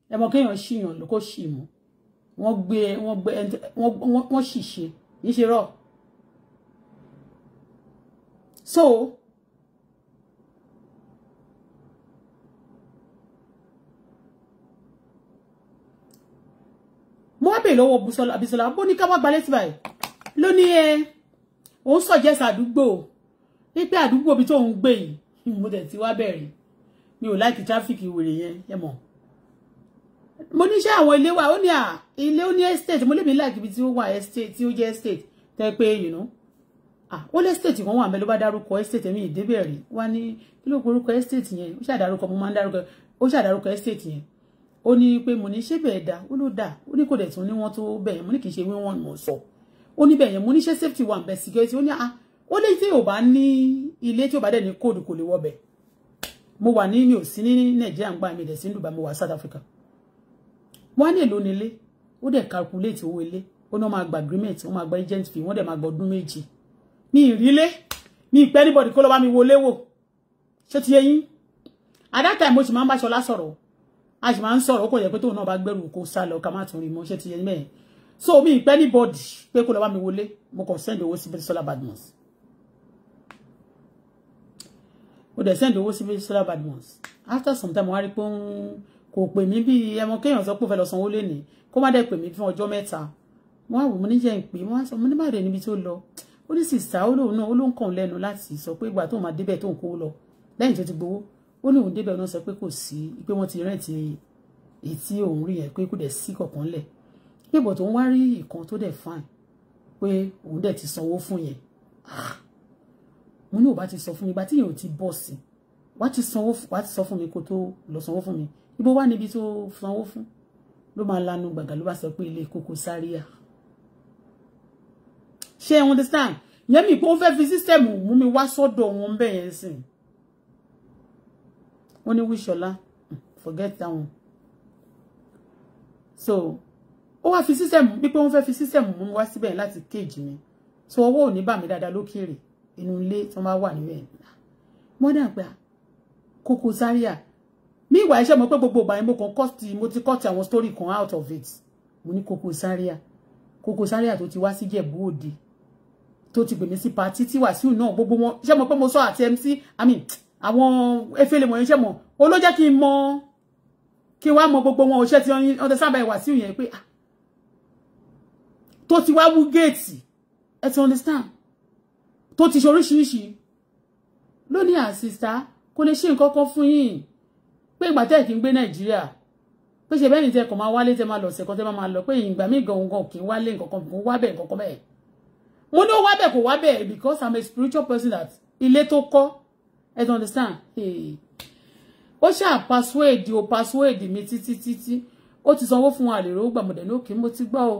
ẹ mọ kéèyàn ṣìyàn ló kó ṣì mú wọ́n gbé wọ́n gbé wọ́n ṣì ṣe yìí ṣe rọ̀ so mo wá bèèrè lọ́wọ́ Abisola bó ní ká wá gbalẹ̀ sí báyìí ló ní ẹ òun sọ̀jẹ́sà àdúgbò wípé àdúgbò bí tóun gbé yìí <laughs> mo tẹ̀ ti wá bẹ̀rẹ̀ mi ò láìkí tráfíkì wèrè yẹn ẹ mọ̀ mo ní ṣé àwọn ilé wa ó ní à ilé ó ní estate mo lémi láì kíbi tí ó wà estate tí ó jẹ́ estate tẹ́ pé you know ah ó lé estate kan wà mẹ́ ló bá dárúkọ estate ẹ̀mí ìdébẹ̀ rí wá ní kí ló gorúkọ estate yẹn ó ṣàdárúkọ mo máa ń dárúkọ ó ṣàdárúkọ estate yẹn ó ní pé mo ní ṣé bẹ́ẹ̀ dá ó ló dà ó ní kò dẹ̀ tún ní wọ́n tó bẹ̀yẹn mo ní kì í ṣe wí wọ́n mọ̀ sọ ó ní bẹ̀yẹn mo ní ṣé safety wà bẹ̀ security ó ní ah ó lé tí ò bá ní ilé tí ò bá dẹ̀ ní kóòdù kò lè wọ bẹ̀ mo wà ní mi ò sí ní Nàìjíríà ń gbà mí dẹ̀ ń Dubai mo wà South Africa wọ́n á lè lò nílé ó dẹ̀ calculate owó ilé ó náà máa gba agreement wọ́n máa gba agent fee wọ́n dẹ̀ máa gba méjì ní ìrílé ní ìpẹ́ anybody kó lọ́ bá mi wọlé wò ṣé ti yé yín at that time mo sì máa ń bá Ṣọlá sọ̀rọ̀ a sì máa ń sọ̀rọ̀ ó kò yẹ pé tóun náà bá gbẹ̀rù kó sá lọ ká má tún rí mọ́ ṣé ti yé mẹ́yìn so mi ìpẹ́ anybody pé kó lọ́ bá mi wọlé mo kàn send owó sí Bísọ́lá Badmus mo dẹ̀ send owó sí Bísọ́lá Badmus after some time wọ́n á rí pé kò pè mí bí ẹmọ kéèyàn sọ pé ó fẹ́ lọ sanwó lẹ́ni kó má dẹ̀ pè mí fún ọjọ́ mẹ́ta wọ́n á wò mo ní jẹ́ ìpè wọ́n á sọ mo ní bàdé níbi tó lọ ó ní sìsà ó lóun náà ó ló ń kàn lẹ́nu láti sọ pé ìgbà tóun máa débẹ̀ tóun kó lọ lẹ́yìn tó ti gbowó ó ní òun débẹ̀ náà sọ pé kò sí pé wọ́n ti rẹ́ǹtì èyí tí òun rí yẹn pé kò dẹ̀ sí kọ̀ọ̀kan lẹ̀ pé bọ̀ tó ń wá rí ìkan tó dẹ̀ fine pé òun dẹ̀ ti sanwó fún yẹn ah! mo ní òun bá ti sọ fún mi bá tí yẹn ò ti bọ̀ sí wá ti sanwó wá ti sọ fún mi kó tó lọ sanwó fún mi ibo wà níbi tó sanwó fún ló máa lanu gbàgà ló bá sọ pé ilé Koko Zaria ṣé ẹ understand yẹn mi pé ó fẹ́ fi sísẹ́mù mú mi wá sọ́dọ̀ wọn bẹ́ẹ̀ yẹn sìn ó ní Wíṣọlá hmm, forget that one so ó wá fi sísẹ́mù wípé wọ́n fẹ́ fi sísẹ́mù mú mi wá síbẹ̀ láti kéèjì mi so owó ò ní bà mí dáadáa lókèrè inú ilé tí wọ́n bá wà níbẹ̀ mọ́dà gbà Koko Zaria meanwhile ṣe mo pé gbogbo ìgbà yẹn mo kàn cut mo ti cut àwọn story kan out of it mo ní Koko Saria. Koko Saria to ti wá sí Jẹ̀bú Òde To ti gbèmí sí pati tí Wàsíù náà gbogbo wọn ṣe mo pé mo sọ àti MC i mean àwọn efele wọ̀nyẹn ṣe mọ̀ ó ló jẹ́ kí n mọ kí n wá mọ gbogbo wọn òṣè tí wọ́n ti sábà Wàsíù yẹn pé ah tó ti wá wú géètì ẹ ti understand To ti ṣe oríṣiríṣi lónìí àsìsá ah, kò lè ṣe nǹkan kan fún yín pé ìgbà tẹ́ ẹ̀ kí ń gbé nàìjíríà pé ṣe bẹ́ẹ̀ ni tẹ́ kàn máa wálé tẹ́ máa lọ ṣẹ̀kọ́ tẹ́ máa lọ pé ìgbà míì gan gan kì í wálé nǹkan kan wá bẹ́ẹ̀ nǹkan bẹ́ẹ̀ mo ní ó wá bẹ́ẹ̀ kò wá bẹ́ẹ̀ because i'm a spiritual person that ilé tó kọ́ ẹ don understand ó ṣáà pasuwéèdì ó pasuwéèdì mi títí títí ó ti sanwó fún àlèrò gbàmọ̀dẹ̀ lókè mo ti gbọ́ o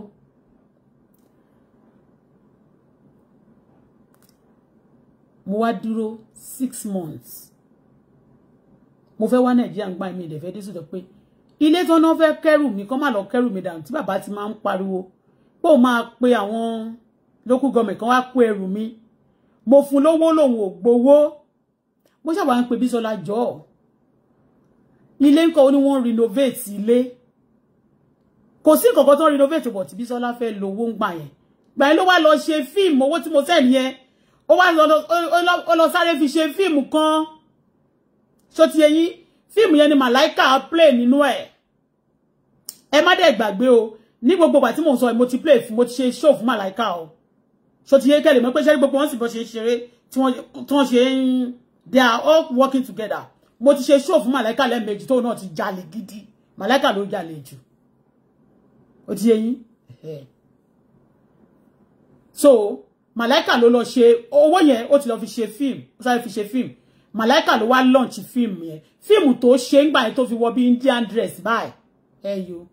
mo wá dúró six months mo fẹ́ wá nàìjíríà ń gbá mi ìdẹ̀ fẹ́ dé sọ̀tọ̀ pé ilé tó náà fẹ́ kẹ́rù mi kọ́ má lọ kẹ́rù mi dànù tí bàbá ti máa ń pariwo pé ó máa pe àwọn local government kan wá kó ẹrù mi mo fún lówó lòun ò gbowó mo ṣàbà ń pe Bísọ́lá jọ ilé ńkọ́ ó ní wọ́n renovate ilé kò sí nǹkan kan tó renovate bọ̀ tí Bísọ́lá fẹ́ lówó ń gbà yẹn gbà yẹn ló wá lọ ṣe fíìmù owó tí mo sẹ́ni yẹn ó wá lọ sáré fi ṣe fíìmù kan. So ti yẹyìn fíìmù yẹn ni màláìkà play nínú ẹ̀ ẹ má dẹ̀ gbàgbé o ní gbogbo ìgbà tí mò ń mo ti play mo ti ṣe show fún màláìkà o ṣó ti yẹ kẹlẹ̀ mọ́ pé ṣẹ́rí gbogbo wọn sì bọ́ ṣe ṣeré tí wọ́n ṣe ń they are all working together mo ti ṣe show fún màláìkà lẹ́ẹ̀mejì tóun náà ti jalè gidi màláìkà ló jalè jù ó ti yẹ yín so màláìkà ló lọ ṣe owó yẹn ó ti lọ fi ṣe film? ó sáré fi ṣe fíìmù màláìkà ló wá launch Film yẹn fíìmù tó ṣe ńgbà to tó fi wọ bí indian dress Bye. ẹ yo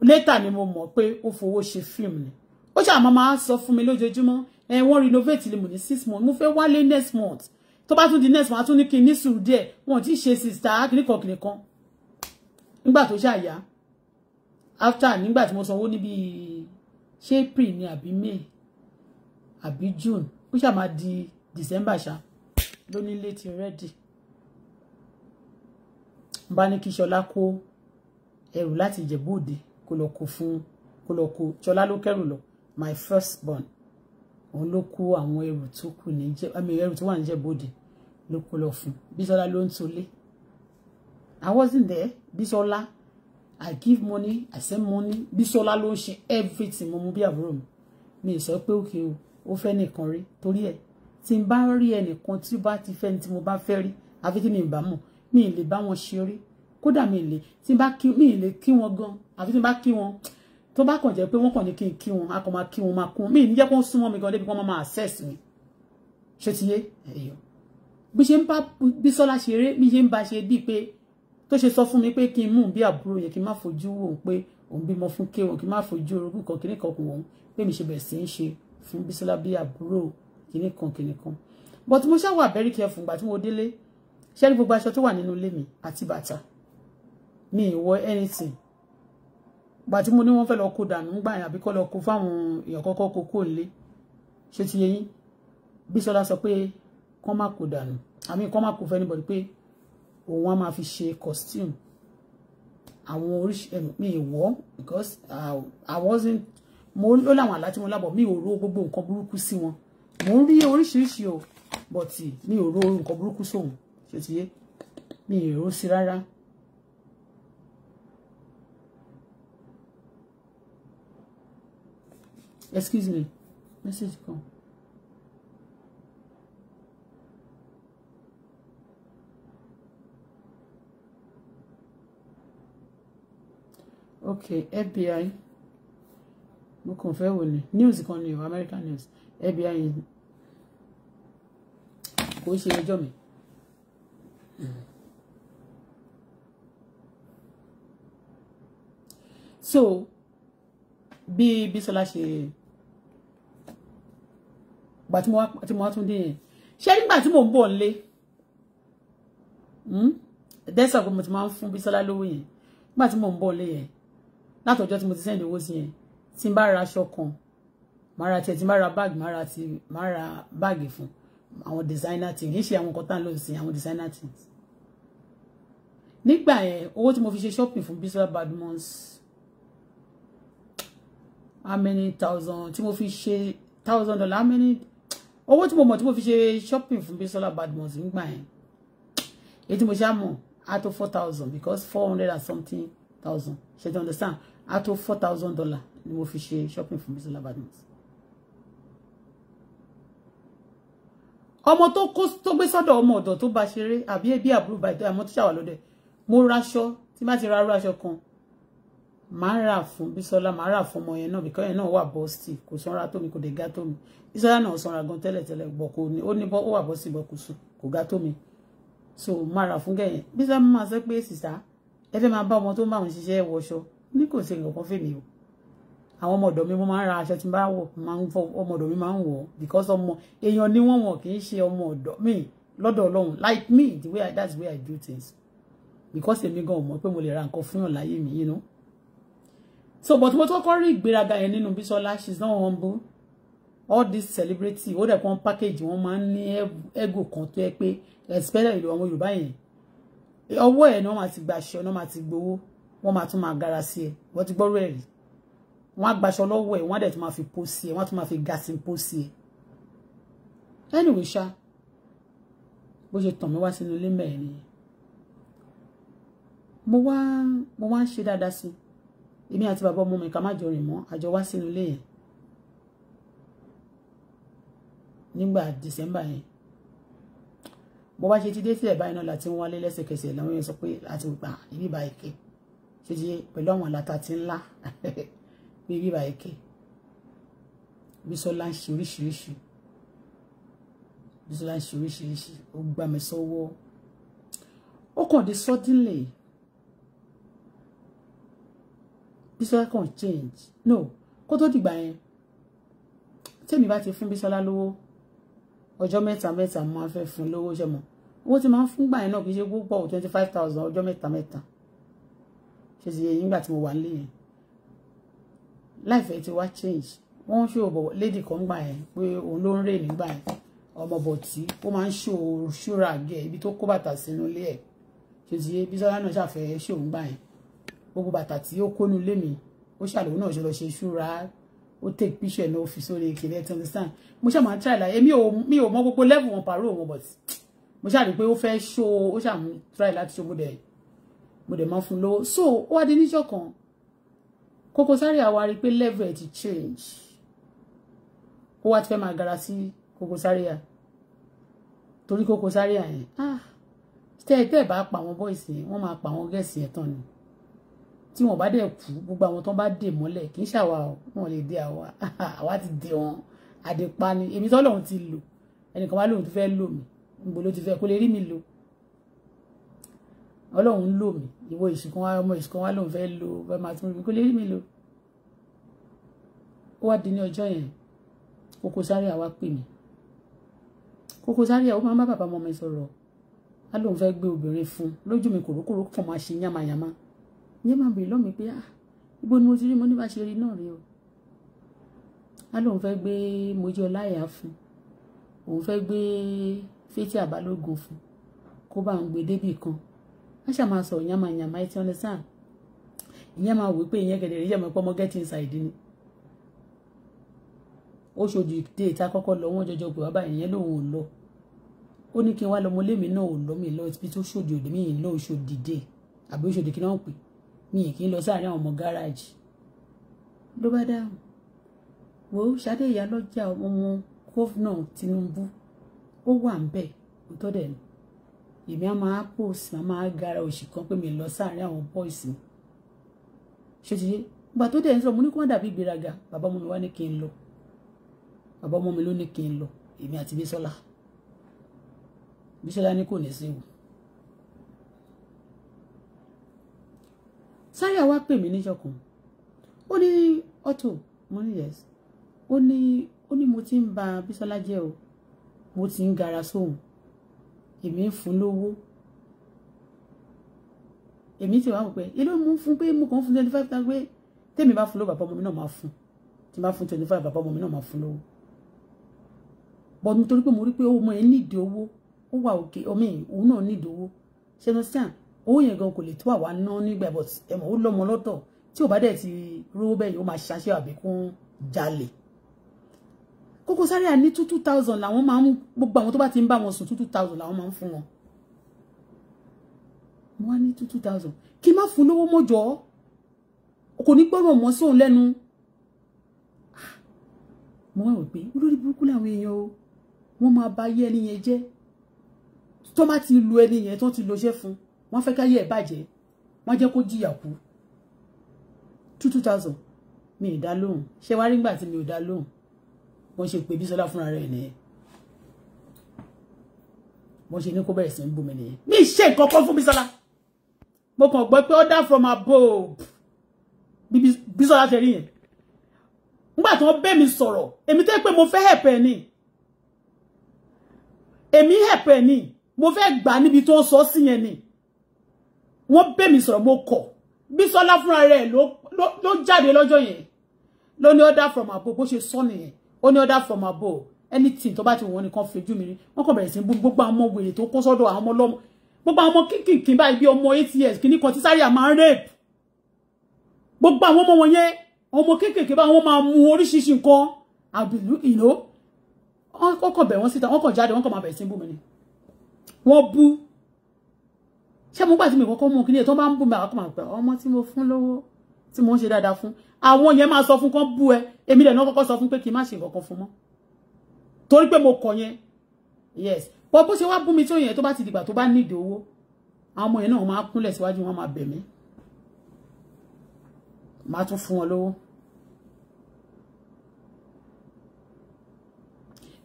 later ni mo mọ̀ pé ó fowó ṣe fíìmù ni ó ṣàmọ́ máa sọ fún mi lójoojúmọ́ ẹ wọ́n renovate lè mọ̀ ní six months mo fẹ́ wálé next month tó bá tún di next month a tún ní kí n ní sùúrù díẹ̀ wọn ti ṣe sista kìnìkan kìnìkan nígbà tó ṣàyà after nígbà tí mo sanwó níbi ṣé pre ni àbí may Abi june ó ma di december sha lónílé ti rẹ́dì n bá ní kí ṣọlá kó ẹrù láti ìjẹ̀bú òde kó lọ kó fún kó lọ kó ṣọlá ló kẹrù lọ my first born òun ló kó àwọn ẹrù tó kù ní jẹ àmì ẹrù tó wà ní ìjẹ̀bú òde ló kó lọ fún bíṣọlá ló ń tolé I wasn't there bíṣọlá I give money I send money bíṣọlá ló ń ṣe everything mo mú bí àbúrò mi mi ì sọ pé òkè o ó fẹ́ nìkan rí torí ẹ̀ tí n bá rí ẹnìkan tí ó bá ti fẹ́ ni tí mo bá fẹ́ rí àfi tí mi bá mọ̀ mi lè bá wọn ṣe rí kódà mi lè tí bá kí mi lè kí wọn gan àfi tí bá kí wọn tó bá kàn jẹ́ pé wọ́n kàn ní kí n kí wọn a kàn máa kí wọn máa kún mi ní jẹ́ kó súnmọ́ mi gan débi kó máa máa access mi ṣé ti yé ẹ̀yọ́ bí ṣe ń bá Bísọ́lá ṣeré bí ṣe ń bá ṣe bíi pé tó ṣe sọ fún mi pé kí n mú un bí àbúrò yẹn kí n má fojú wò pé òun bímọ fún kéwọn kí n má fojú orogún kan kíní kò wọ́n pé mi ṣe bẹ̀rẹ̀ sí ń ṣe fún Bísọ́lá bí àbúrò kìnnì kan kìnnì kan but mo ṣáà wà very careful ìgbà tí mo délé ṣé ní gbogbo aṣọ tó wà nínú ilé mi àti bàtà mi ì anything ìgbà tí mo ní wọ́n fẹ́ lọ kó dànù ńgbà yẹn àbí kọ́ lọ kó fáwọn èèyàn kọ́kọ́ kó kó nílé ṣé ti yẹ yín Bísọ́lá sọ pé kọ́ má kó dànù àmì kọ́ má kó fẹ́ anybody pé òun á máa fi ṣe costume àwọn oríṣi mi ì wọ́ because I wasn't mo ó láwọn àlá tí mo lábọ̀ mi ò ro gbogbo nǹkan burúkú sí wọn mo ń rí oríṣiríṣi o but mi ò ro nǹkan burúkú sóhun ṣe ti yé mi ò ro sí rárá. excuse me message kan. okay FBI mo kàn fẹ́ wò ni news kan ni o American news ẹbí ayé kò ṣe ẹjọ́ mi. so bí Bísọ́lá ṣe gbà tí mo wá tún dé yẹn ṣé nígbà tí mò ń bọ̀ nílé dẹ́sà hmm? kò mo ti máa ń fún Bísọ́lá lówó yẹn nígbà tí mò ń bọ̀ nílé yẹn látọjọ́ tí mo ti sẹ́ndì owó sí yẹn tí n bá ra aṣọ kan máa ra tiẹ̀ tí máa ra báàgì ti máa ra báàgì fún designer things kì í ṣe àwọn nǹkan tá à ń designer things. nígbà yẹn owó tí mo fi ṣe shopping fún Bisola Badmus how many thousand tí mo fi ṣe thousand dollar how many owó tí mo mọ̀ tí mo fi ṣe shopping fún Bisola Badmus nígbà yẹn èyí tí mo ṣe á mọ̀ á tó four thousand because four hundred and something thousand ṣe ti understand á tó four thousand dollar ni mo fi ṣe shopping fún Bisola Badmus ọmọ tó kó tó gbé sọ́dọ̀ ọmọ ọ̀dọ̀ tó bá ṣeré àbí ẹbí àbúrò bá ìtọ́ àmọ́ tó ṣàwà lọ́dẹ mo raṣọ tí má ti ra arú aṣọ kan màá rà fún Bísọ́lá màá rà fún ọmọ yẹn náà bìkọ́ yẹn náà wà bọ́ọ̀sì kò sanra tó mi kò dé ga tó mi Bísọ́lá náà sanra gan tẹ́lẹ̀tẹ́lẹ̀ bọ̀ kò ní ó ní bọ́ ó wà bọ́ọ̀sì bọ̀ kò sùn kò ga tó mi so màá rà fún gẹ̀yẹn Bísọ́lá máa sọ pé sìsá ẹ fẹ́ máa bá ọmọ tó ń bá òun ṣiṣẹ́ wọṣọ ní kò sí nǹkan fèmí o àwọn ọmọ ọ̀dọ̀ mi mo máa ń ra aṣọ tí n bá wọ̀ máa ń fọ ọmọ ọ̀dọ̀ mi máa ń wọ̀ because ọmọ èèyàn ni wọ́n wọ̀ kì í ṣe ọmọ ọ̀dọ̀ mi lọ́dọ̀ Ọlọ́run like me the way I that's the way I do things because èmi gan mọ̀ pé mo lè ra nǹkan fún yàn láyé mi yín so but mo tọ́kọ́ rí ìgbéraga yẹn nínú Bísọ́lá she is not humble all these celebrity ó dẹ̀ kàn package wọn máa ń ní ego kan tó yẹ pé especially ìlú àwọn Yorùbá yẹn ọwọ́ ẹ̀ ni wọ́n máa ti gbaṣọ ni wọ́n máa ti gbowó wọ́n máa tún máa gara sí ẹ wọ́n ti gbọ́rọ̀ ẹ̀ wọ́n á gbaṣọ lọ́wọ́ ẹ̀ wọ́n á dẹ̀ tún máa fi pósí ẹ̀ wọ́n á tún máa fi gáàsì pósí ẹ̀ anyway ṣá bó ṣe tàn mí wá sínú ilé mẹ́rin mo wá mo wá ń ṣe dáadáa sí èmi àti bàbá ọmọ mi ká má jọ rìn mọ́ àjọ wá sínú ilé yẹn nígbà December yẹn bó bá ṣe ti dé sílẹ̀ báyìí náà láti ń wálé lẹ́sẹ̀kẹsẹ̀ làwọn yẹn sọ pé àti gbà ìbí ìbá ìkẹ́ ṣe ṣe pẹ̀lú àwọn àlàtà tí ńlá <laughs> pé bíbá ẹ̀kẹ́ Bísọ́lá ń ṣe oríṣiríṣi Bísọ́lá ń ṣe oríṣiríṣi ó gbà mí sọ́wọ́ ó kàn dé suddenly Bísọ́lá kàn change no kó tó dìgbà yẹn tèmi bá ti fún Bísọ́lá lówó ọjọ́ mẹ́ta mẹ́ta mo máa fẹ́ fún lówó ṣe mọ́ owó tí máa ń fún gbà yẹn náà kì í ṣe púpọ̀ twenty five thousand ọjọ́ mẹ́ta mẹ́ta ṣe ti yẹ yín gbà tí mo wà nílé yẹn life ẹ̀ ti wá change wọ́n ń ṣó lady kan gbà yẹn pé òun ló ń rè nígbà yẹn ọmọbọ̀tí ó máa ń ṣó ṣúra gẹ̀ ibi tó kó bàtà sínú ilé ẹ̀ ṣe ti yé bísọ́lá náà ṣàfẹ́ ṣòun gbà yẹn gbogbo bàtà tí ó kónú ilé mi ó ṣàlòun náà ṣe lọ ṣe ṣúra ó take picture náà fi sórí kìlẹ̀ ẹ̀ ti understand mo ṣáà máa ń try láyé èmi ò mi ò mọ gbogbo level wọn pàrọ̀ wọn but mo ṣáà rí i pé ó fẹ́ ṣó ó ṣáà try láti ṣó mo dẹ̀ mo dẹ̀ máa fún lówó so ó wá dé níjọ́ kan Koko Zaria wa rí pé level ẹ̀ ti change ó wá ti fẹ́ máa gara sí Koko Zaria torí Koko Zaria yẹn ah tẹ́ ẹ tẹ́ ẹ pa àwọn boys yẹn wọ́n máa pa àwọn gẹ̀ẹ́sì yẹn tán ni tí wọ́n bá dẹ̀ kú gbogbo àwọn tó bá dè mọ́lẹ̀ kì í ṣàwa o wọ́n lè dé àwa <laughs> àwa ti dè wọn àdèpá ni èmi tó lòun ti lò ẹnìkan wá lòun ti fẹ́ lò mí níbo ló ti fẹ́ kó lè rí mi lò ọlọ́run lò mí ìwọ ìṣìkan wá ọmọ ìṣìkan wá lòun fẹ́ lo bẹ́ẹ̀ máa tún mi kó lè rí mi lò ó wá di ní ọjọ́ yẹn Koko Zaria wá pè mí Koko Zaria ó máa bàbá ọmọ mi sọ̀rọ̀ á lóun fẹ́ gbé obìnrin fún lójú mi kòrókòró kàn máa ṣe yánmayànmá yẹn máa bèrè lọ́mìí pé ah ibo ni mo ti rí mo ní bá ṣe rí náà rí o á lóun fẹ́ gbé Mojí Ọláìyá fún òun fẹ́ gbé Fẹ́tí Àbálógun fún kó bá ń gbé débì kan wọ́n ṣáà máa sọ̀rọ̀ yàmà yàmà ẹ ti understand ìyẹn máa wò pé ìyẹn gẹ̀dẹ̀ rẹ̀ yẹ̀ mọ́ get inside ni ó ṣojú déètà kọ́kọ́ lọ wọ́n jọjọ pé bàbá ìyẹn lòun ò lọ ó ní kí n wá lọ ọmọlé mi náà ò lọ mi lọ ibi tó ṣòdì òde mi náà ṣòdì dé àbí ṣòdì kí náà pè mi kì í lọ sáàrin àwọn ọmọ gáràjì ló bá dáhùn wo Ṣadé Ìyálọ́jà ọmọ gómìnà Tinubu ó wà ń bẹ̀ òótọ́ dẹ̀ ni èmi á máa post màá máa gara òṣì kan pé mi lọ sáàrin àwọn boys mi ṣé ti ṣe ìgbà tó dẹ̀ ń sọ mo ní kó má dàbí ìgbéraga bàbá ọmọ mi wá ní kí n lọ bàbá ọmọ mi ló ní kí n lọ èmi àti Bísọ́lá Bísọ́lá ní kò ní sí wù. Zaria wá pè mí níjọkùn ó ní Auto mo ní yes ó ní ó ní mo ti ń ba Bísọ́lá jẹ́ o mo ti ń gara sóhun èmi ń fún lówó èmi ti wá wò pé èló mo ń fún pé mo kàn ń fún twenty five thousand pé tèmi bá fún lówó bàbá ọmọ mi náà máa fún tí bá fún twenty five bàbá ọmọ mi náà máa fún lówó bọ́ nítorí pé mo rí pé ọmọ yẹn nídìí owó ó wà òkè ọmọ yẹn òun náà nídìí owó ṣe ló sàn owó yẹn gan kò lè tó àwa ná nígbà bọ̀ ẹ̀mọ́ ó lọ́mọ lọ́tọ̀ tí ò bá dẹ̀ ti rówó bẹ́ẹ̀ yìí ó máa ṣaṣẹ́ àbí kún jalè Koko Zaria ní two two thousand làwọn máa ń gbogbo àwọn tó bá ti ń bá wọn sùn two two thousand làwọn máa ń fún wọn mo wá ní two two thousand kí n má fún lówó mọ́jọ́ kò ní gbọ́rọ̀ mọ́ sóun lẹ́nu mo wá rò pé olórí burúkú làwọn o wọ́n máa bá yé ẹni yẹn jẹ́ tó bá ti lu ẹni yẹn tó ti lo iṣẹ́ fún wọ́n fẹ́ káyé ẹ̀ bàjẹ́ wọ́n jẹ́ kó jìyà kú two two thousand mi ì dá lóhùn ṣé wàá rí ngbà mi ò dá lóhùn wọ́n ṣe pé Bísọ́lá fúnra rẹ̀ nìyẹn wọ́n ṣe ní kó bẹ̀rẹ̀ sí ń bú mi nìyẹn mi ṣe ìkọ̀kọ̀ fún Bísọ́lá mo kàn gbọ́ pé order from above bí Bísọ́lá ṣe rí yẹn nígbà tí wọ́n bẹ́ mi sọ̀rọ̀ èmi tẹ́ pé mo fẹ́ help ẹ̀ ni èmi help ẹ̀ ni mo fẹ́ gbà níbi tó ń sọ sí yẹn ni wọ́n bẹ́ mi sọ̀rọ̀ mo kọ̀ Bísọ́lá fúnra rẹ̀ ló jáde lọ́jọ́ yẹn ló order from above bó ṣe sọ nìyẹn ó ní order from above anything tó bá ti wọ́n nìkan fojú mi rí wọ́n kàn bẹ̀rẹ̀ sí gbogbo àwọn ọmọ wèrè tó kó sọ́dọ̀ àwọn ọmọ lọ́mọ gbogbo àwọn ọmọ kínkìnkín báyìí bí ọmọ eight years kìíní kan tí sáré àmà ń rape gbogbo àwọn ọmọ wọn yẹn ọmọ kéékèèké báwọn wọn máa mu oríṣiríṣi nǹkan àbìlú ìlú wọ́n kàn bẹ̀ wọ́n síta wọ́n kàn jáde wọ́n kàn máa bẹ̀ sí bú mi ni wọ́n bú ṣé mo gbà tí mi kọ́kọ́ mú kí ni ètò máa ń bú mi àwọn kan máa pẹ̀ ọmọ tí mo fún lówó tí mo ń ṣe dáadáa fún àwọn yẹn máa sọ fún kán bú ẹ èmi dẹ̀ náà kọ́kọ́ sọ fún pé kí n má ṣe nǹkan kan fún mọ́ torí pé mo kọ̀ yẹn yes bọ́ bó ṣe wá bú mi tó yẹn tó bá ti dìgbà tó bá nídìí owó àwọn ọmọ yẹn náà máa kúnlẹ̀ síwájú wọn máa bẹ̀ mí máa tún fún wọn lówó.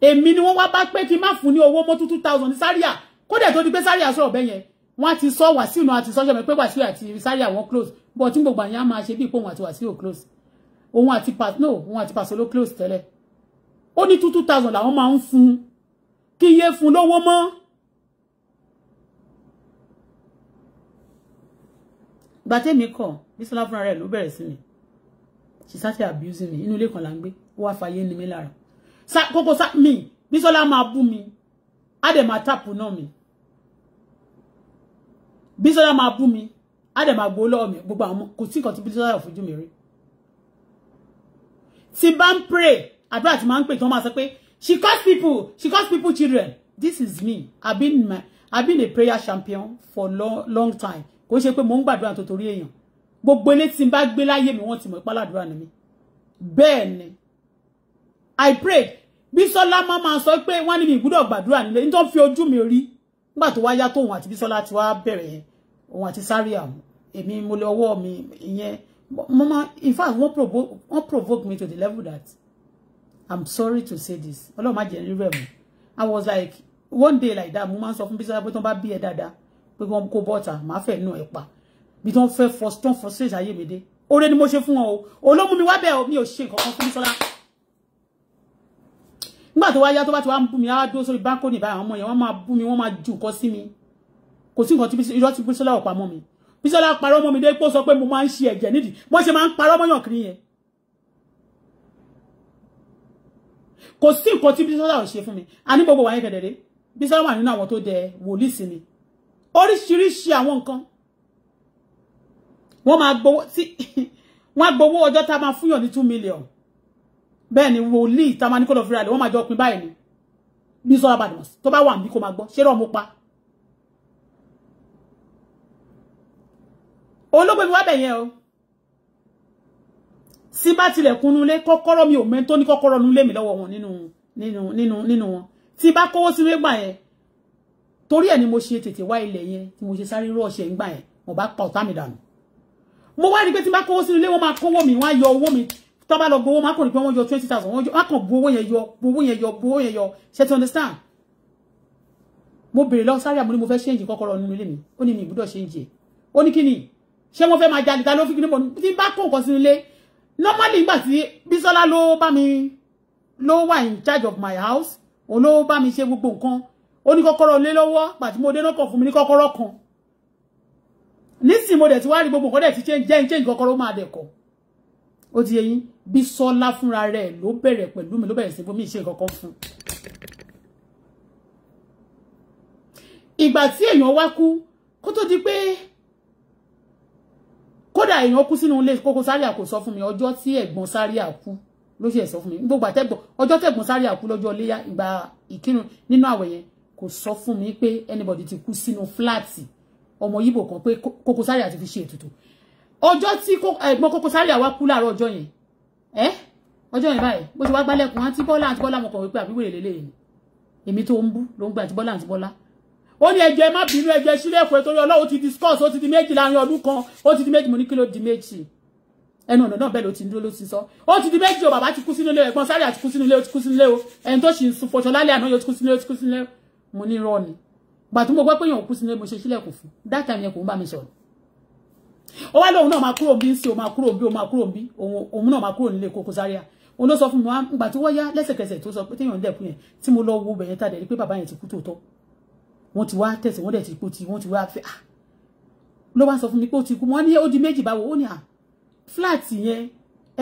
èmi ni wọ́n wá bá pé kí n má fún ní owó mọ́ two thousand ní sáríà kódà tó di pé sáríà sọ̀rọ̀ bẹ́yẹn wọ́n á ti sọ wàsíù náà àti sọ́jọ́ mi pé wàsíù àti sáríà wọ́n close bọ̀ tí gbogbo àyàn á máa ṣe bí pé òun àti Wàsíù close òun àti no òun àti pàṣẹ ló close tẹ́lẹ̀ ó ní two two thousand làwọn máa ń fún kí iye fún lówó mọ́ gbàtẹ́mi kọ̀ Bísọ́lá fúnra rẹ̀ ló bẹ̀rẹ̀ sí mi she started abusing me inú ilé kan là ń gbé ó wá fàyè ní mi lára kókó sá mi Bísọ́lá máa bú mi á dẹ̀ máa tàpù náà mi Bísọ́lá máa bú mi á dẹ̀ máa gbowó lọ́wọ́ mi gbogbo àwọn kò sí nǹkan tí bíi sọ́yà fojú mi rí tí bá pray àdúrà tí máa ń pè tí wọ́n máa she cause people she cause people children this is me I've been my I've been a prayer champion for long long time kò ṣe pé mò ń gbàdúrà tó torí èèyàn gbogbo ilé tí n bá gbé láyé mi wọ́n ti mọ̀ ìpàládùúrà ni mi bẹ́ẹ̀ ni I pray Bísọ́lá máa máa sọ pé wọ́n ní mi ìgbúdọ̀ gbàdúrà nílé nítorí fi ojú mi rí nígbà tó wá yá tóun àti Bísọ́lá ti wá bẹ̀rẹ̀ yẹn òun àti sáríà èmi mo lè ọwọ́ mi ìyẹn mo máa in fact wọ́n provoke wọ́n provoke me to the level that i'm sorry to say this ọlọ́run má jẹ́ rí rẹ̀ mọ́ i was like one day like that mo máa ń sọ fún bísí pé tí wọ́n bá bí ẹ dáadáa pé wọ́n kó bọ́ta màá fẹ́ nù ẹ̀ pa bí tí wọ́n fẹ́ tán frustrate ayé mi dé oore ni mo ṣe fún wọn o olómú mi wá bẹ́ẹ̀ o mi ò ṣe nǹkan kan fún Bísọ́lá nígbà tó wá yá tó bá ti wá ń bú mi á dúró sórí báńkò ní àwọn ọmọ yẹn wọ́n máa bú mi wọ́n máa ju nǹkan sí mi kò sí nǹkan tí irọ́ tí Bísọ́lá ò pamọ́ mi Bísọ́lá parọ́ mọ́ mi dé pé ó sọ pé mo máa ń ṣe ẹ̀jẹ̀ nídìí wọ́n ṣe máa ń parọ́ mọ́yàn kiri yẹn kò sí nǹkan tí Bísọ́lá ò ṣe fún mi a ní gbogbo wàá yẹn kẹ̀dẹ̀dẹ̀ Bísọ́lá wà nínú àwọn tó dẹ wòlíì sí mi oríṣiríṣi àwọn nǹkan wọ́n máa gbowó tí <laughs> wọ́n á gbowó ọjọ́ tá a máa fúnyàn ní two million bẹ́ẹ̀ ni wòlíì tá a máa ní kó lọ fúnra rẹ̀ wọ́n máa jọ pin báyìí ni Bísọ́lá Badmus tó bá wà níbi kó máa gbọ́ ṣé rọ̀ mo pa olóògbé mi wá bẹ̀ yẹn o tí bá tilẹ̀kùn nulé kọ́kọ́rọ́ mi ò mẹ́ tó ní kọ́kọ́rọ́ nulé mi lọ́wọ́ wọn nínú nínú nínú nínú wọn tí bá kówó sí wégbà yẹn torí ẹ̀ ni mo ṣe tètè wá ilẹ̀ yẹn tí mo ṣe sáré rú ọ̀ṣẹ̀ ńgbà yẹn mo bá pa ọ̀tá mi dànù mo wá rí pé tí bá kówó sínú ilé wọn máa kówó mi wọn á yọ owó mi tó bá lọ gbowó máa kàn rí pé wọn yọ twenty thousand wọn á kàn bu owó yẹn yọ bu owó yẹn yọ bu owó yẹn yọ ṣe ti understand mo béèrè lọ sáré àmọ́ ni mo fẹ́ ṣéǹjì kọ́kọ́rọ́ nínú ilé mi ó ní mi ìbúdọ̀ ṣéǹjì ẹ̀ ó ní kí ni ṣé wọ́n fẹ́ máa jalè ta ló fi kíní bọ̀ tí bá kó nǹkan sínú ilé normally nígbà tí Bísọ́lá ló bá mi ló wà in charge of my house òun ló bá mi ṣe gbogbo nǹkan ó ní kọ́kọ́rọ́ lé lọ́wọ́ pàtí mo dé náà kàn fún mi ní kọ́kọ́rọ́ kan nísìnyí mo dẹ̀ ti wá rí gbogbo nǹkan dẹ̀ ti ṣe ń jẹ́ ń ṣe ìkọ́kọ́rọ́ máa dẹ̀ kọ̀ ó ti yé yín Bísọ́lá fúnra rẹ̀ ló bẹ̀rẹ̀ pẹ̀lú mi ló bẹ̀rẹ̀ sí fún mi ṣe nǹkan fún ìgbà tí èèyàn wá kú kó tó di pé kódà èèyàn kú sínú ilé Koko Zaria kò sọ fún mi ọjọ́ tí ẹ̀gbọ́n Zaria kú ló ṣe sọ fún mi gbogbo àtẹ̀gbọ́n ọjọ́ tẹ̀gbọ́n Zaria kú lọ́jọ́ léyà ìgbà ìkírun nínú àwẹ̀ yẹn kò sọ fún mi pé anybody ti kú sínú fúláàtì ọmọ yíbo kan pé Koko Zaria ti fi ṣe ètùtù ọjọ́ tí ẹ̀gbọ́n Koko Zaria wá kú láàárọ̀ ọjọ́ yẹn ẹ́ ọjọ́ yẹn báyìí bó ṣe wá gbálẹ̀kùn àǹtí Bọ́lá àǹtí Bọ́lá mo kọ̀ wípé àbí lélẹ́yìn èmi tó ń bú ló ń gbà àǹtí Bọ́lá àǹtí ó ní ẹjẹ má bínú ẹjẹ sílẹ̀kùn torí ọlọ́run ti discuss ó ti di méjì láàrin ọdún kan ó ti di méjì mo ní kí ló di méjì ẹnu ọ̀nà náà bẹ́ẹ̀ ló ti ń dúró ló ti sọ ó ti di méjì o bàbá ti kú sínú ilé o ẹ̀gbọ́n sáré àti kú sínú ilé o ti kú sínú ilé o ẹni tó sì ń sun fọṣọ lálẹ́ àná yóò ti kú sínú ilé o ti kú sínú ilé o mo ní irọ́ ni gbà tí mo gbọ́ pé èèyàn kú sínú ilé mo ṣe sílẹ̀kùn fún dáta yẹn kò ń bá mi sọ̀rọ̀ ó wá lóun náà máa kúrò bí ń sí o máa kúrò bí o máa kúrò bí òun náà máa kúrò nílé Koko Zaria òun ló sọ fún mi wá ngbà tí wọ́n yá lẹ́sẹ̀kẹsẹ̀ tó sọ pé téèyàn dẹ̀kun yẹn tí mo lọ wo bẹ̀yẹn tàdé rí pé bàbá yẹn ti kú tòótọ́ wọ́n ti wá tẹ̀sẹ̀ wọ́n dẹ̀ ti kú ti wọ́n ti wá fẹ́ ah ló wá sọ fún mi pé ó ti kú wọ́n ní ó di méjì báwo ó ní à ah, fúláàtì yẹn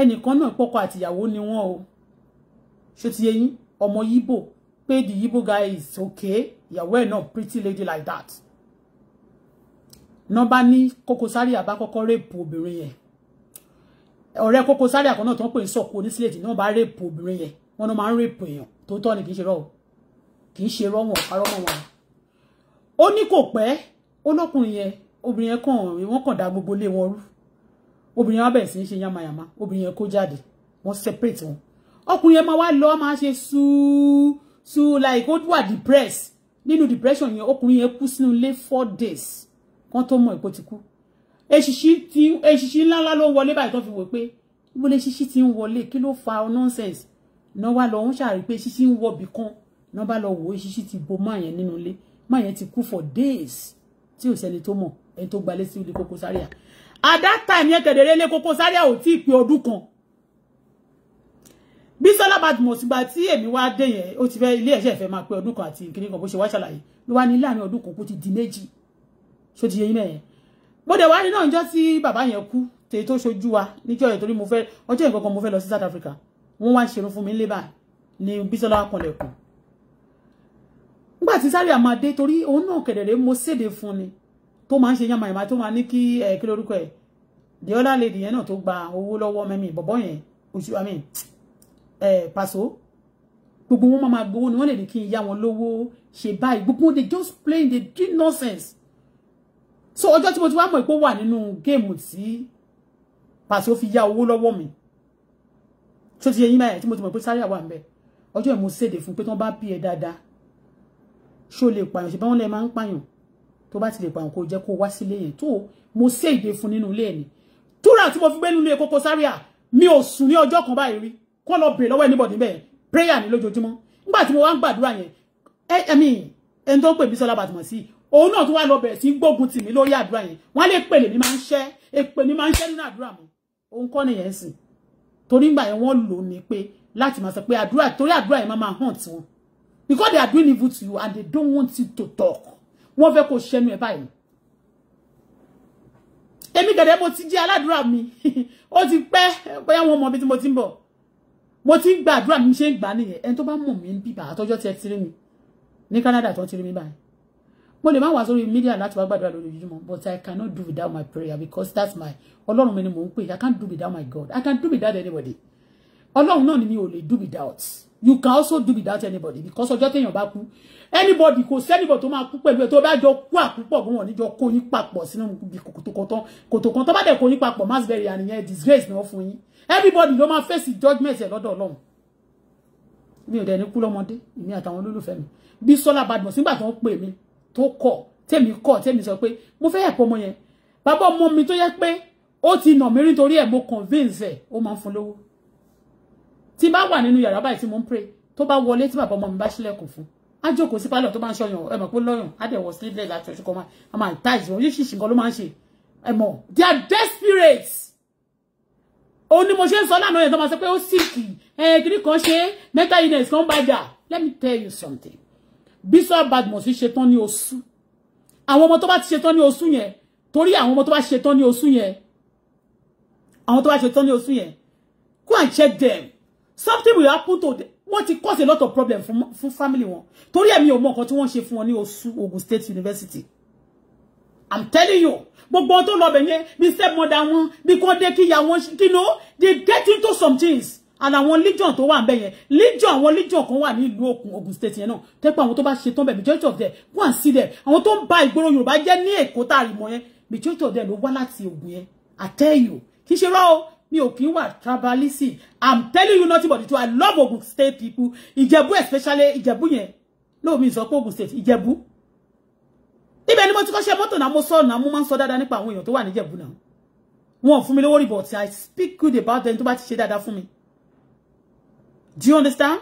ẹnìkan náà pọ́kọ àtìyàwó ni wọ́n o ṣé ti yẹ yín ọmọ yíbò pé the yíbò guy is okay ìyàwó ẹ̀ náà pretty lady like that nọ́mbà ní Koko Zaria bá kọ́kọ́ rèpù obìnrin yẹn ọ̀rẹ́ Koko Zaria kan náà tó ń pè ń sọ̀kò onísìlẹ̀tì náà bá rèpù obìnrin yẹn wọ́n náà máa ń rèpù èèyàn tó tọ́ ni kì í ṣe rọ́ kì í ṣe rọ́ wọn ọ̀pá rọ́ wọn ó ní kò pẹ́ olókùnrin yẹn obìnrin yẹn kàn rìn wọ́n kàn dá gbogbo ilé wọn rú obìnrin yẹn wá bẹ̀rẹ̀ sí í ṣe yamayama obìnrin yẹn kó jáde wọ́n separate wọn ọkùnrin yẹn máa wá lọ máa ṣe sùúrù sùúrù like ó wà depressed nínú depression yẹn ọkùnrin yẹn kú sínú ilé four days kan tó mọ̀ èkó ti kú èṣìṣì ńláńlá ló wọlé báyìí tó fi wò pé ibo lè ṣíṣí ti ń wọlé kí ló fa nonsense náà wá lọ ń ṣàrí pé ṣíṣí ń wọbì kan náà bá lọ wò ó ti bo máa yẹn nínú ilé máa yẹn ti kú for days tí ò sẹ́ni tó mọ̀ ẹni tó gbalẹ̀ sí ilé Koko Zaria at that time yẹn kẹ̀dẹ̀rẹ́ ilé Koko Zaria ò tí ì pé ọdún kan Bísọ́lá Badmus gba tí èmi wá dé yẹn ó ti fẹ́ ilé ẹ̀ṣẹ̀ fẹ́ máa pé ọdún kan àti ìkíní kan bó ṣe wá ṣàlàyé ló wá ní láàrin ọdún kan kó ti di méjì ṣó ti yẹ yín mẹ́yẹn mo dẹ̀ wá rí náà níjọ́ tí bàbá yẹn kú tèyí tó ṣojú wa níjọ́ yẹn torí mo fẹ́ ọjọ́ yẹn gangan mo fẹ́ lọ sí South Africa wọ́n wá ń ṣerun fún mi lébà ní Bísọ́lá kanlẹ̀kùn nígbà tí Zaria máa dé torí òun náà kẹ̀dẹ̀rẹ̀ mo séde fún ni tó máa ń ṣe yánmayàmá tó máa ní kí ẹ kí lórúkọ ẹ the other lady yẹn náà tó gba owó lọ́wọ́ mẹ́mí bọ̀bọ́ yẹn oṣù àmì ẹ pàṣọ gbogbo wọn máa gbowó ni wọ́n lè ní kí n yá wọn lówó ṣe báyìí gbogbo they just playing they do nonsense so ọjọ́ tí mo ti wa mọ̀ pé ó wà nínú géèmù tí pàṣẹ fi yá owó lọ́wọ́ mi tó ti yẹ yín báyìí tí mo ti mọ̀ pé Zaria wà ń bẹ̀ ọjọ́ ẹ̀ mo ṣèdè fún pé tí wọ́n bá bí ẹ ṣó lè pààyàn ṣe báwọn lè máa ń pààyàn tó bá ti lè pààyàn kó jẹ́ kó wá sílé yẹn tó mo sé ìdè fún nínú ilé ẹ̀ ni túrà tí mo fi gbé nínú ilé Koko Zaria mi ò sùn ní ọjọ́ kan báyìí rí kó lọ bèrè lọ́wọ́ anybody bẹ́ẹ̀ prayer ni lójoojúmọ́ nígbà tí mo wá ń gbàdúrà yẹn ẹ̀mí ẹni tó ń pè mí sọ́lá bàtìmọ̀ sí òun náà tó wá lọ bẹ̀rẹ̀ sí gbógun tì mí lórí àdúrà yẹn wọ́n lè pèlè mi máa ń ṣẹ́ èpè mi máa ń ṣẹ́ nínú àdúrà mi òun kọ́ nìyẹn sìn torí ngbà yẹn wọ́n lò ní pé láti máa sọ pé àdúrà torí àdúrà yẹn máa máa hàn tiwọn because they are doing evil to you and they don't want you to talk wọ́n fẹ́ kó ṣẹnu ẹ̀ báyìí èmi gẹ̀dẹ̀ mo ti jẹ́ aládùúrà mi <laughs> ó ti pẹ́ bóyá wọn mọ bí mo ti ń bọ̀ mo ti ń gba àdúrà mi ṣe ń gbà nìyẹn ẹni tó bá mọ̀ mí ń bíbà àtọ́jọ́ ti ẹ ti rí mi ní Canada to ti rí mi báyìí mo lè má wà sórí media láti wá gbàdúrà lójoojúmọ́ but I cannot do without my prayer because that's my ọlọ́run mi ni mò ń I can't do without my God I can't do without anybody ọlọ́run náà ni mi ò lè do without you can also do without anybody because ọjọ́ téèyàn bá kú anybody kò sẹ́nibọ̀ tó máa kú pẹ̀lú ẹ̀ tó bá jọ kú àkúpọ̀ bí wọ́n níjọ kó yín papọ̀ sínú ibi kòtòkòtàn kòtòkòtàn tó bá dẹ̀ kó yín papọ̀ mass burial àníyàn disgrace náà fún yín everybody ló máa face judgement ẹ̀ lọ́dọ̀ ọlọ́run mi ò dẹ̀ ní kú lọ́mọdé èmi àtàwọn olólùfẹ́ mi bí sọ́lá badmus nígbà tó ń pè mí tó kọ̀ tèmi kọ̀ tèmi sọ pé mo fẹ́ ẹ̀kọ́ ọmọ yẹn bàbá ọmọ mi tó yẹ pé ó ti nà mí nítorí ẹ̀ mo convince ẹ̀ ó máa ń fún lówó tí bá wà nínú yàrá báyìí tí mo pray tó bá wọlé tí bàbá ọmọ mi bá ṣílẹ̀kùn fún á jókòó sí pálọ̀ tó máa ń ṣọyàn ẹ mọ̀ pé lọ́yàn á dẹ̀ wọ sílẹ̀ láti ọ̀ṣun kan máa máa ta ìṣòro yíṣìṣì nǹkan ló máa ń ṣe ẹ mọ̀ they are desperate Oni ni mo ṣe ń sọ lánàá yẹn tó máa sọ pé ó sìkì ẹ kan ṣe mental illness kan bá jà let me tell you something Bísí Badmus ṣetán ní osu, àwọn ọmọ tó bá ti ṣetán ní oṣù yẹn torí àwọn ọmọ tó bá ṣetán ní oṣù yẹn àwọn tó bá ṣetán ní oṣù yẹn go and check them something will happen to What it cause a lot of problem for for family one. torí èmi ò mọ nǹkan tí wọ́n ṣe fún wọn ní Osu Ogun State University i'm telling you gbogbo tó lọ bẹ̀ yẹn bí stepmother wọn bí kò dé kí ìyá wọn kí no they get into some things and àwọn legion tó wà ń bẹ̀ yẹn legion àwọn legion kan wà ní ìlú Ògùn Ogun State yẹn náà tẹ́pọ̀ àwọn to bá ṣe tán bẹ̀ majority of there. go and see them àwọn tó ń ba ìgboro Yorùbá jẹ́ ní Èkó tá a rí mọ́ yẹn majority of them ló wá láti Ògùn yẹn i tell you kì í ṣe mi ò kí ń wà tribalism i'm telling you nothing but it. truth i love Ogun State people Ìjẹ̀bú especially Ìjẹ̀bú yẹn no mi sọ Ogun State Ìjẹ̀bú ibẹ̀ ni mo ti kọ́ṣẹ́ mọ́tò náà mo so, náà mo máa so, sọ dáadáa nípa àwọn èèyàn tó wà níjẹ̀bú náà wọn ò fún mi lówó but i speak good about them tó bá ti ṣe dáadáa fún mi do you understand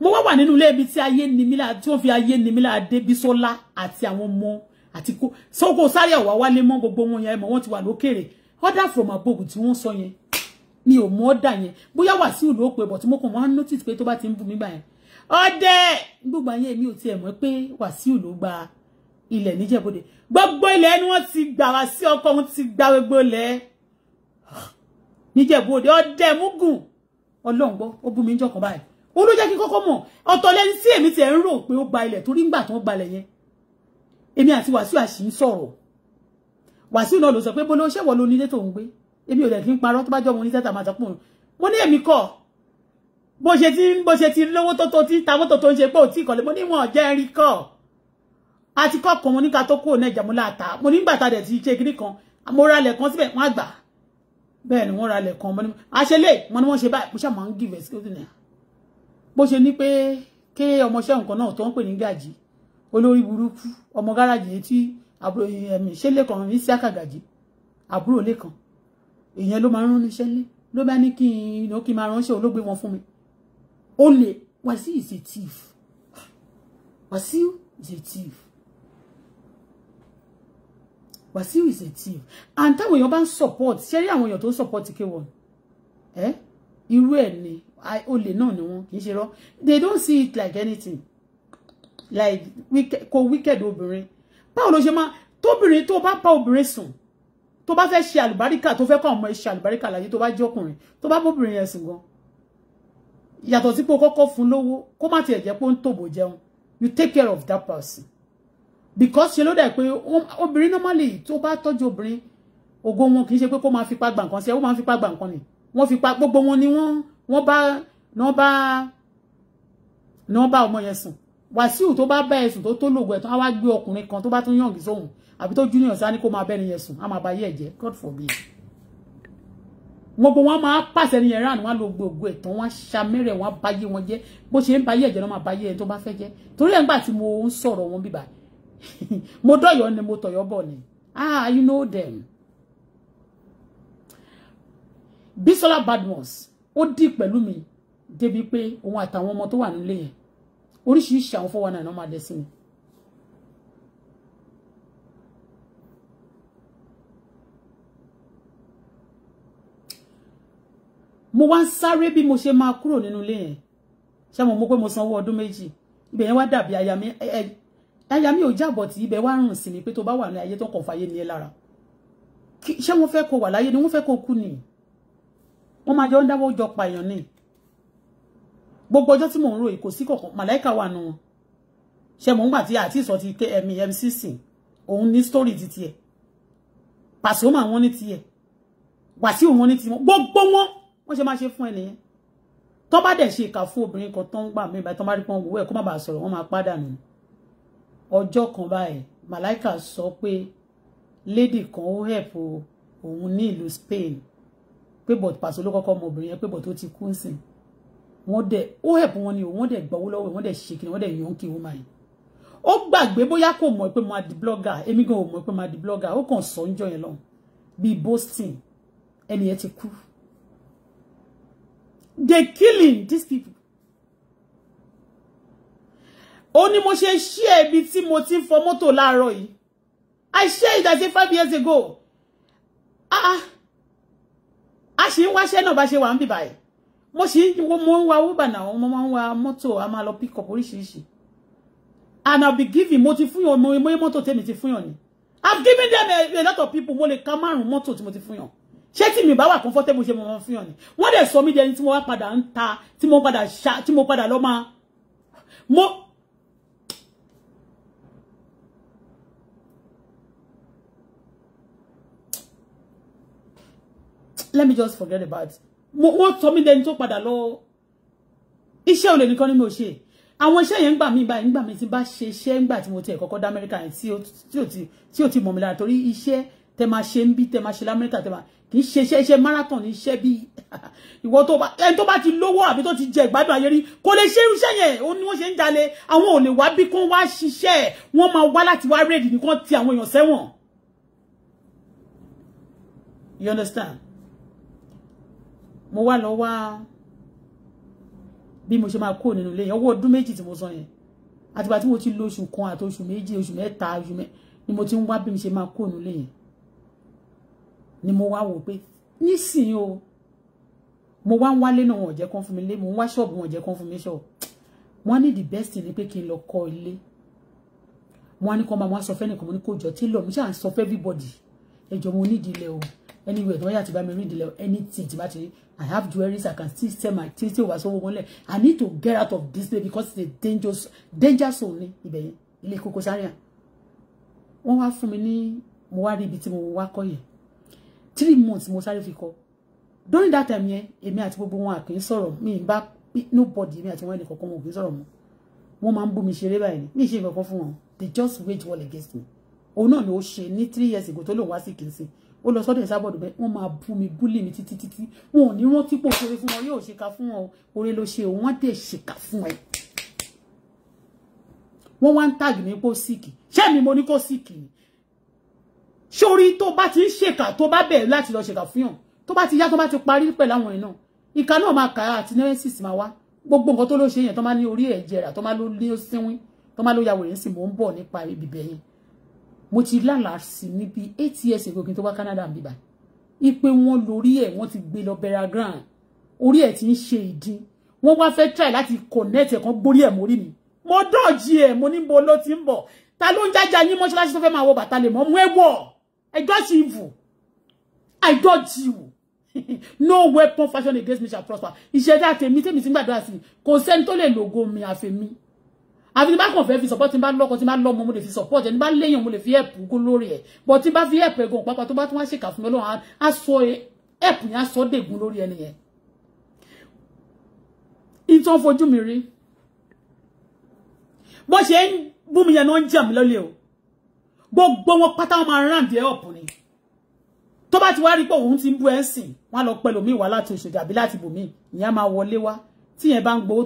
mo wá wà nínú ilé ibi tí ayé ni mí láà tí wọ́n fi ayé ni mí láà dé Bísọ́lá àti àwọn ọmọ àti kó sóko sáré ọ̀wá wálé mọ́ gbogbo wọn yẹn mọ́ wọ́n ti wà lókèrè order from above tí wọ́n sọ yẹn mi ò mọ order yẹn bóyá Wàsíù ló pé but mo kàn wọ́n notice pé tó bá ti ń bú mi gbà yẹn ọdẹ gbogbo ayé mi ò tiẹ̀ mọ̀ pé Wàsíù ló gba ilẹ̀ níjẹ̀bọ̀dẹ̀ gbogbo ilẹ̀ ni wọ́n ti gbà wá sí ọkọ wọn ti gba gbogbo ilẹ̀ níjẹ̀bọ̀dẹ̀ ọdẹ mugun ọlọ́run gbọ́ ó bú mi ń jọkàn báyìí ó ló jẹ́ kí kọ́kọ́ mọ̀ ọ̀tọ̀ lẹ́ni sí èmi tiẹ̀ ń rò pé ó gba ilẹ̀ torí ńgbà tó ń gbalẹ̀ yẹn èmi àti Wàsíù àṣì ń wàsíù náà ló sọ pé bó ló ṣẹ̀wọ̀ ló nílé tó ń gbé èmi ò dẹ̀ fi ń parọ́ tó bá jọ́ mo ní tẹ́tà máa sọ pé mo ní èmi kọ́ bó ṣe ti bó ṣe ti lówó tó tó ti ta mọ́tò tó ń ṣe pé ò tí ìkọ̀lẹ̀ mo ní wọn jẹ́ rí kọ́ àti kọ́kàn mo ní ká tó kúrò náà ìjàmúlá àtà mo ní gbàtà dẹ̀ ti ṣe kiri kan mo ra lẹ̀ kan síbẹ̀ wọ́n àgbà bẹ́ẹ̀ ni wọ́n ra lẹ̀ kan mo ní àṣẹlẹ̀ mo ní wọ́n ṣe báyìí àbúrò ẹ̀mí ṣé lẹ́kàn ní síákàgàjì àbúrò lẹ́kàn ìyẹn ló máa ń rán níṣẹ́ lé ló bá ní kí n kí n máa ránṣẹ́ olóògbé wọn fún mi ó lè Wasiu is a thief Wasiu is a thief Wasiu is a thief and táwọn èèyàn bá ń support ṣé rí àwọn èèyàn tó ń support K1 ẹ eh? irú ẹ̀ ni olè náà ni wọn kì í ṣe rọ they don't see it like anything like wicked, ko wicked obìnrin báwo ló ṣe máa tóbìnrin tó bá bá obìnrin sùn tó bá fẹ́ ṣe àlùbáríkà tó fẹ́ kọ́ ọmọ ṣe àlùbáríkà láyé tó bá jẹ́ ọkùnrin tó bá bóbìnrin yẹn sùn gan yàtọ̀ sí pé o kọ́kọ́ fún lówó kó má tiẹ̀ jẹ́ pé ó ń tòbò jẹun you take care of that person because ṣe ló dà pé obìnrin normally tó bá tọ́jú obìnrin ògo wọn kì í ṣe pé kó máa fipá gba nǹkan sí ẹ ó máa fipá gba nǹkan ni wọ́n fipá gbogbo wọn ni wọ́n wọ́n bá náà bá náà bá ọmọ yẹn wàsíù tó bá bá ẹ̀sùn tó tó lògùn ẹ̀ tó á wá gbé ọkùnrin kan tó bá tún yànjú sóhun àbí tó junior sá ní kó máa bẹ́ni yẹn sùn á máa ba ayé ẹ̀ jẹ́ God forbid. gbogbo wọn máa pàṣẹ ní iran wọn lo gbogbo ẹ̀tàn wọn ṣamẹ́rẹ̀ wọn báyé wọn jẹ́ bó ṣe ń ba ayé ẹ̀jẹ̀ náà máa ba ayé ẹ̀ tó bá fẹ́ jẹ́ torí ẹ̀ ńgbà tí mo ń sọ̀rọ̀ wọn bíbá <laughs> mo dọ̀yọ̀ ni mo tọ̀yọ̀ bọ̀ ni ah you know them. Bisola Badmus ó dì pẹ̀lú mi débi pé òun àtàwọn ọmọ tó wà nílé yẹn oríṣiríṣi àwọn fọwọ́ náà máa dẹ̀ sí mi. mo wá ń sáré bí mo ṣe máa kúrò nínú ilé yẹn ṣé mo mọ pé mo sanwó ọdún méjì ibẹ̀ yẹn wá dàbí aya mi aya mi ò jábọ̀ tí ibẹ̀ wá rùn sí mi pé tó bá wà ní ayé tó kàn fàyè ní ẹ lára ṣé wọ́n fẹ́ kó wà láyé ni wọ́n fẹ́ kó kú nìyí wọ́n máa jọ ń dáwọ́ jọ pààyàn nìyí gbogbo ọjọ́ tí mò ń ròyìn kò sí kọ̀ọ̀kan màláìka wà nù wọn ṣe mò ń gbà tí àti ìsọ ti ké ẹ̀mí mc sìn òun ní story ti tiẹ̀ Pasuma wọn ní tiẹ̀ Wàsíù wọn ní tiwọn gbogbo wọn wọ́n ṣe máa ṣe fún ẹnìyẹn tó bá dẹ̀ ṣe ìkà fún obìnrin kan tó ń gbà mí báyìí tó bá rí pọ́n wọ́ ẹ̀ kó má bàa sọ̀rọ̀ wọ́n máa padà nù ọjọ́ kan báyìí màláìka sọ pé lady kan ó help òun ní ìlú Spain pé bọ̀t pàṣẹ ló kọ́kọ́ mọ obìnrin yẹn pé bọ̀t ó ti kú sìn wọ́n dẹ̀ ó help wọn ni o wọ́n dẹ̀ gbọ́wọ́ lọ́wọ́ wọ́n dẹ̀ ṣe kí ni wọ́n dẹ̀ yan kí wọ́n máa yìí ó gbàgbé bóyá kò mọ̀ pé máa di blogger èmi gan ò mọ̀ pé máa di blogger ó kàn sọ níjọ́ yẹn lọ́hùn bíi boasting ẹni yẹn ti kú they killing these people ó ní mo ṣe ṣí ẹbí tí mo ti ń fọ mọ́tò láàárọ̀ yìí I shared it as a five years ago ah, ah. a ṣì ń wáṣẹ́ náà bá ṣe wà ń bì báyìí mo sì mo ń wa uber náà mo máa ń wa mọ́tò a máa lọ pick up oríṣiríṣi and i'll be giving mo ti fún yàn mo mo mọ́tò tèmi ti fún yàn ni i've given them a, a lot of people mo lè ka márùn mọ́tò tí mo ti fún yàn ṣé tí mi bá wà comfortable ṣe mo máa fún yàn ni wọ́n dẹ̀ sọ mí di ẹni tí mo wá padà ń ta mo padà ṣá tí mo padà lọ máa mo. Let me just forget about it wọ́n sọ mí dẹni tó padà lọ iṣẹ́ olè nìkan ni mi ò ṣe àwọn iṣẹ́ yẹn ń gbà mí báyìí ń gbà mí tí bá ṣe iṣẹ́ ń gbà tí mo tiẹ̀ kọ́kọ́ dá Amẹ́ríkà yẹn tí ò ti mọ̀ mí lára torí iṣẹ́ tẹ máa ṣe ń bí tẹ máa ṣe lamẹ́ríkà tẹ máa kì í ṣe iṣẹ́ iṣẹ́ marathon ní iṣẹ́ bí <laughs> ìwọ tó bá ẹni tó bá ti lówó àbí tó ti jẹ ìgbádùn ayé rí kò lè ṣe irúṣẹ́ yẹn ó ní wọ́n ṣe ń jalè àwọn ò lè wá bí kán wá ṣiṣẹ́ wọ́n máa wá láti wá rédì nìkan ti àwọn èèyàn sẹ́wọ̀n you understand mo wá lọ wá bí mo ṣe máa kúrò nínú ilé yẹn owó ọdún méjì tí mo san yẹn àtìgbà tí mo ti lo oṣù kan àti oṣù méjì oṣù mẹ́ta oṣù mẹ́ ni mo ti ń wá bí mo ṣe máa kúrò nínú ilé yẹn ni mo wá wò pé nísìnyí o mo wá ń wálé náà wọn ò jẹ́ kán fún mi lé mo ń wá ṣọ́ọ̀bù wọn ò jẹ́ kán fún mi ṣọ́ọ̀bù wọ́n ní the best ni pé kí n lọ kọ́ ilé wọ́n á ní kán máa wọ́n á sọ fẹ́nìkan mo ní kó jọ tí lọ́ọ̀ mi ṣáà ń sọ fẹ́ everybody ẹ̀jọ̀ mo nídìí ilẹ̀ o anywhere tí wọ́n yà ti bá mi rí ìdílé anything tí bá ti I have jewelry. I can still sell my things. tí ò wá sówó I need to get out of this place because it's a dangerous danger zone ní ibẹ̀ yẹn Koko Zaria wọ́n wá fún mi ní mo wá rí ibi tí mo wá kọ́ yẹn three months mo sáré fi kọ́ during that time yẹn èmi àti gbogbo wọn àkè sọ̀rọ̀ mi ì bá nobody èmi àti wọn ẹnì kọ̀ọ̀kan wọn ò kè mo. mọ́ wọ́n máa ń bú mi ṣeré báyìí mi ì ṣe nǹkan kan they just wage war against me òun náà ni ó ṣe ní three years ago tó lòun wá sí kìí sìn ó lọ sọ́dọ̀ ìsábọ̀dù bẹ́ẹ̀ wọ́n máa bú mi búlì mi títí titi, wọn ò ní rántí pò ṣeré fún wọn yóò ṣèkà fún wọn oore ló ṣe wọ́n dẹ̀ ṣèkà fún ẹ. wọ́n wá ń tàgì mí pé ó síkì ṣé mi mo ní kó síkì ni sórí tó bá ti ń ṣèkà tó bá bẹ̀rẹ̀ láti lọ ṣèkà fún yàn tó bá ti yá tó bá ti parí pẹ̀lú àwọn ẹ̀ náà ìka náà máa kà á àti nẹ́rẹ́sìsì máa wá gbogbo nǹkan tó ló ṣe yẹn tó máa ní orí ẹ̀ jẹrà tó máa ló ní ó sínwín tó máa ló ya wèrè ń sìn mò ń mo ti lálàá sí níbi eight years ago kí n tó wá Canada ń bíbá ipe wọn lórí ẹ̀ wọ́n ti gbé lọ bẹra grand orí ẹ̀ ti ń ṣe ìdín wọ́n wá fẹ́ try láti connect ẹ̀ kan gbórí ẹ̀ mórí mi mo dọ̀jì ẹ̀ mo ní bo ló ti ń bọ̀ ta ló ń jájà yín mọ́ṣáláṣí tó fẹ́ máa wọ bàtà lè mọ́ mú ẹ wọ̀ ẹ jọ́sí ìvù I dodge you. <laughs> no weapon fashion against me shall prosper. Ìṣẹ̀dá tèmi tèmi tí ń gbàdúrà sí. Kò sẹ́ni tó lè lògo mi àfẹ̀mí àfi tí bá kàn fi support tí bá lọ́kọ tí bá lọ́mọ mo lè fi support ẹni bá léèyàn mo lè fi help kó lórí ẹ̀ but tí bá fi help ẹ̀gàn pápá tó bá tún wá ṣèkà fún mi ọlọ́run á sọ help yẹn á sọ dègún lórí ẹni yẹn. ìtàn fojú mi rí bó ṣe ń bú mi yẹn ni wọ́n ń jà o gbogbo wọn pátá wọn máa round ẹ̀ up ni tó bá ti wá rí pé òun ti ń bú ẹ̀ sìn wọn lọ pẹ̀lú mi wá láti Òṣòdì àbí láti bòmí ìyẹn máa wọlé wá tíyẹn bá ń gbowó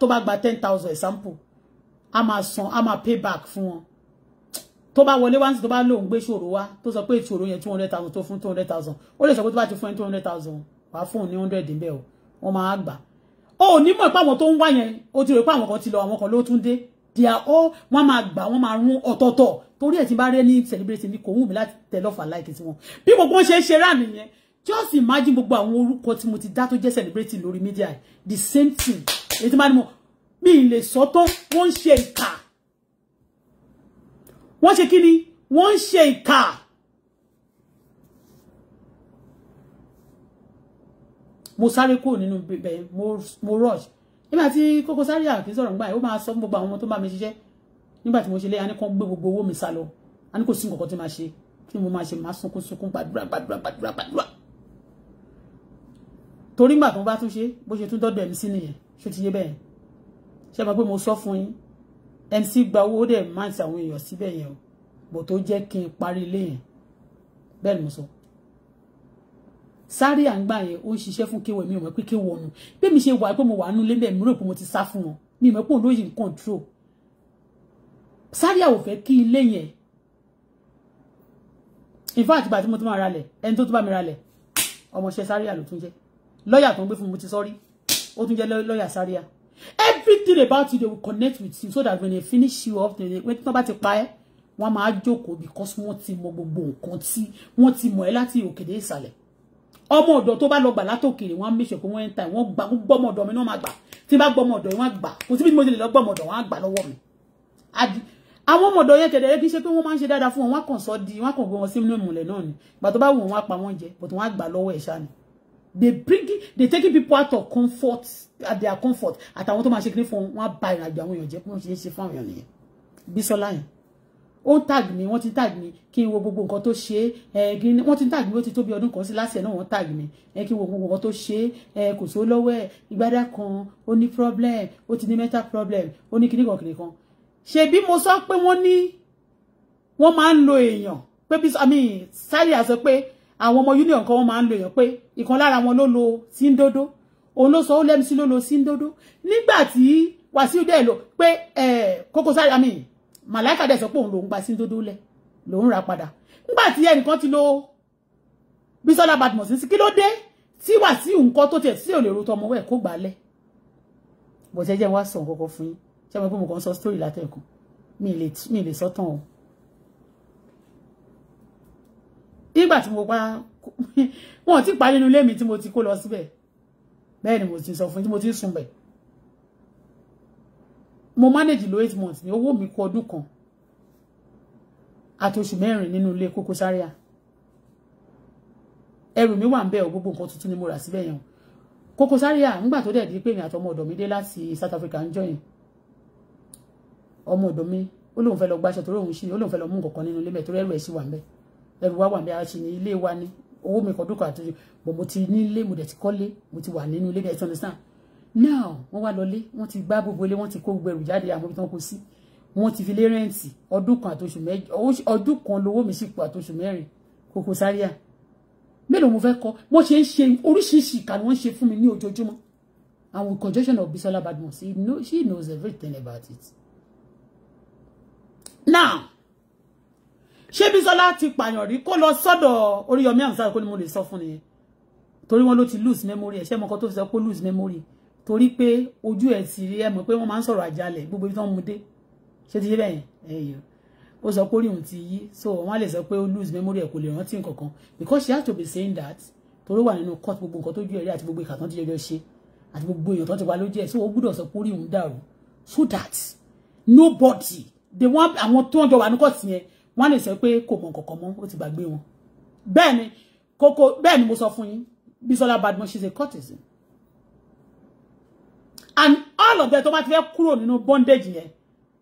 tó bá gba ten thousand example a máa san a máa pay back fún wọn tó bá wọlé wá ní tó bá lóun gbé ṣòro wá tó sọ pé ìṣòro yẹn two hundred thousand tó fún two hundred thousand ó lè sọ pé ti fún ẹ two hundred thousand wàá fún un ní hundred níbẹ̀ o wọ́n máa gbà ó ní mọ̀ pé àwọn tó ń wá yẹn ó ti rò pé àwọn kan ti lọ àwọn kan ló tún dé they are all wọ́n máa gbà wọ́n máa rún ọ̀tọ̀ọ̀tọ̀ torí ẹ̀ ti bá rí ẹni celebrate ni kò wù mí láti tẹ̀ lọ́fà láìkì tiwọn bí gbogbo wọn ṣe ń ṣe rà just imagine gbogbo àwọn orúkọ tí mo ti dá tó jẹ́ celebrate lórí media the same thing èyí tí máa ní mo mi ì lè sọ tán wọ́n ń ṣe ìkà wọ́n ṣe kí ni wọ́n ń ṣe ìkà. mo sáré kúrò nínú ibẹ̀ mo rush nígbà tí Koko Zaria àkíní sọ̀rọ̀ nígbà yìí ó máa sọ gbogbo àwọn ọmọ tó bá mi ṣiṣẹ́ nígbà tí mo ṣe lé a ní kàn gbé gbogbo owó mi sá lọ a ní kò sí nǹkan kan tí máa ṣe kí mo máa ṣe máa sunkún sunkún gbàdúrà gbàdúrà gbàdúrà gbàdúrà torí nígbà tó bá tún ṣe bó ṣe tún dọ́dọ̀ ẹ̀mí sí nìyẹn ṣó ti yé bẹ́ẹ̀ ṣe máa pé mo sọ fún yín MC gba owó dẹ̀ máa ń sàwọn èèyàn síbẹ̀ yẹn o bò tó jẹ́ kí n parí ilé yẹn bẹ́ẹ̀ ni mo sọ sáré àǹgbà yẹn ó ń ṣiṣẹ́ fún kéwọ̀ mi ò mọ̀ pé kéwọ̀ ọ̀nù bí mi ṣe wà pé mo wà nínú ilé bẹ́ẹ̀ mi rò pé mo ti sá fún wọn mi ò mọ̀ pé òun ló yìí ń kọ̀ǹtró sáré àwò fẹ́ kí ilé yẹn in fact bàtí mo tún máa ralẹ̀ ẹni tó tún bá mi ralẹ̀ ọmọọṣẹ́ sáré àlò tún jẹ́ lọ́ọ̀yà tó ń gbé fún mi mo ti sọ́rí ó tún jẹ́ lọ́ọ̀yà sáré à everything about you they will connect with you so that when they finish you up when tí wọ́n bá ti pa ẹ́ wọ́n máa jókòó because wọ́n ti mọ gbogbo nǹkan tí wọ́n ti mọ̀ ẹ́ láti òkèdè ìsàlẹ̀ ọmọ ọ̀dọ̀ tó bá lọ gbà látòkèrè wọ́n á make sure pé wọ́n ń ta wọ́n gbà gbọ́ ọmọ ọ̀dọ̀ mi náà máa gbà tí bá gbọ́ ọmọ ọ̀dọ̀ wọ́n á gbà kò síbi tí mo ti lè lọ gbọ́ ọmọ ọ̀dọ̀ wọ́n á gbà lọ́wọ́ mi. àwọn ọmọ ọ̀dọ̀ yẹn kẹ̀dẹ̀ kí ṣe pé wọ́n máa ń ṣe dáadáa fún wọn wọ́n á kàn sọ di wọ́n á kàn gbé wọn sínú ìmùlẹ̀ náà ni ìgbà tó bá wù wọ́n á pa wọ́n jẹ but wọ́n á gbà lọ́wọ́ ẹ̀ ṣáà ni they bring they taking people out of comfort at their comfort At tó máa ṣe kí ní fún wọn buy, ìrìnàjò àwọn èèyàn jẹ bí wọn ṣe ń ṣe fún àwọn èèyàn nìyẹn Bísọ́lá yẹn tag me, wọ́n ti tag me? kí n wo gbogbo to tó ṣe é wọ́n ti tag me? ó ti tó bí ọdún kan sí lásìkò náà wọ́n tag me. kí n wo gbogbo nǹkan tó ṣe é kò sówó lọ́wọ́ ẹ̀ kan ó ní problem ó ti ní mental problem ó kini kíníkan kíníkan ṣebí mo sọ pe wọ́n ní wọ́n máa ń lo èèyàn pé bí sami Zaria sọ pé àwọn ọmọ union kan wọ́n máa ń lo èèyàn pé ìkan lára wọn ló lo síndodo òun ló sọ ó lẹ́mísí ló lo síndodo nígbà tí Wàsíù dẹ̀ lọ pé Koko Zaria àmì màláìka dẹ̀ sọ pé òun lòún gba síndodo lẹ̀ lòún ra padà nígbà tí ẹnìkan ti lo Bísọ́lá Badmus sí kí ló dé tí Wàsíù nǹkan tó tiẹ̀ sí ò lè ro tọmọ ẹ̀ kó gbà lẹ̀ bọ̀tẹ́jẹ́ wá sàn kọ́kọ́ fún yín ṣé mo pé mo kàn sọ story látẹ̀kùn mi lè sọ́tàn o nígbà tí mo pa wọn ti pa nínú ilé mi tí mo ti kó lọ síbẹ̀ bẹ́ẹ̀ ni mo ti sọ fún tí mo ti sùn bẹ̀ mo manage lo eight months ní owó mi kọ ọdún kan àti oṣù mẹ́rin nínú ilé Koko Zaria ẹrù mi wà ń bẹ̀ ọ gbogbo nǹkan tuntun ni mo rà síbẹ̀ yẹn Koko Zaria nígbà tó dẹ̀ di pé mi àtọmọ ọ̀dọ̀ mi dé láti South Africa ń jọyìn ọmọ ọ̀dọ̀ mi ó lóun fẹ́ lọ gbàṣẹ torí òun ṣì ní ó lóun fẹ́ lọ mú nǹkan kan nínú ilé mẹ́ torí ẹrù ẹ̀ ṣì wà ń bẹ̀ ẹrù wá wà ní ara ṣe ní ilé wa ni owó mi kan dúkọ̀ àti bọ̀ mo ti nílé mo dẹ̀ ti kọ́lé mo ti wà nínú ilé bí ẹ ti understand now wọ́n wá lọlé wọ́n ti gbá gbogbo ilé wọ́n ti kó gbogbo ẹrù jáde àwọn ibi tí wọ́n kó sí wọ́n ti fi lé rẹ́ǹtì ọdún kan àtòṣù mẹ́rin ọdún kan lówó mi sì pọ̀ àtòṣù mẹ́rin Koko Zaria mélòó mo fẹ́ kọ́ wọ́n ṣe ń ṣe oríṣiríṣi ìkà ni wọ́n ṣe fún mi ní ojoojúmọ́ àwọn conjunction of Bisola Badmus she knows everything about it now ṣé Bísọ́lá ti pààyàn rí kó lọ sọ́dọ̀ Oríyọmí Hamzat kó ní mo lè sọ fún nìyẹn torí wọn ló ti lose memory ẹ̀ ṣé mọ̀kọ́ tó fi sọ pé lose memory torí pé ojú ẹ̀ ti rí ẹ̀ mọ̀ pé wọ́n máa ń sọ̀rọ̀ àjálẹ̀ gbogbo ibi tí wọ́n mú dé ṣé ti ṣe bẹ́ẹ̀ ẹ̀yọ́ ó sọ pé orí ti yí so wọ́n lè sọ pé ó lose memory ẹ̀ kò lè rántí nǹkan because she has to be saying that torí wà nínú court gbogbo nǹkan tó ju ẹ̀rí àti gbogbo ìkà tán ti jọjọ ṣe àti gbogbo èèyàn tán ti wá lójú ẹ̀ so ó gbúdọ̀ sọ pé orí dàrú so that nobody they want àwọn tó ń jọ wà ní court yẹn wọ́n lè sọ pé kò mọ̀ kọ̀ọ̀kan mọ́ ó ti gbàgbé wọn bẹ́ẹ̀ ni kókó bẹ́ẹ̀ ni mo sọ fún yín Bisola Badmus she's a courtesan and all of them tó bá ti fẹ́ kúrò nínú bondage yẹn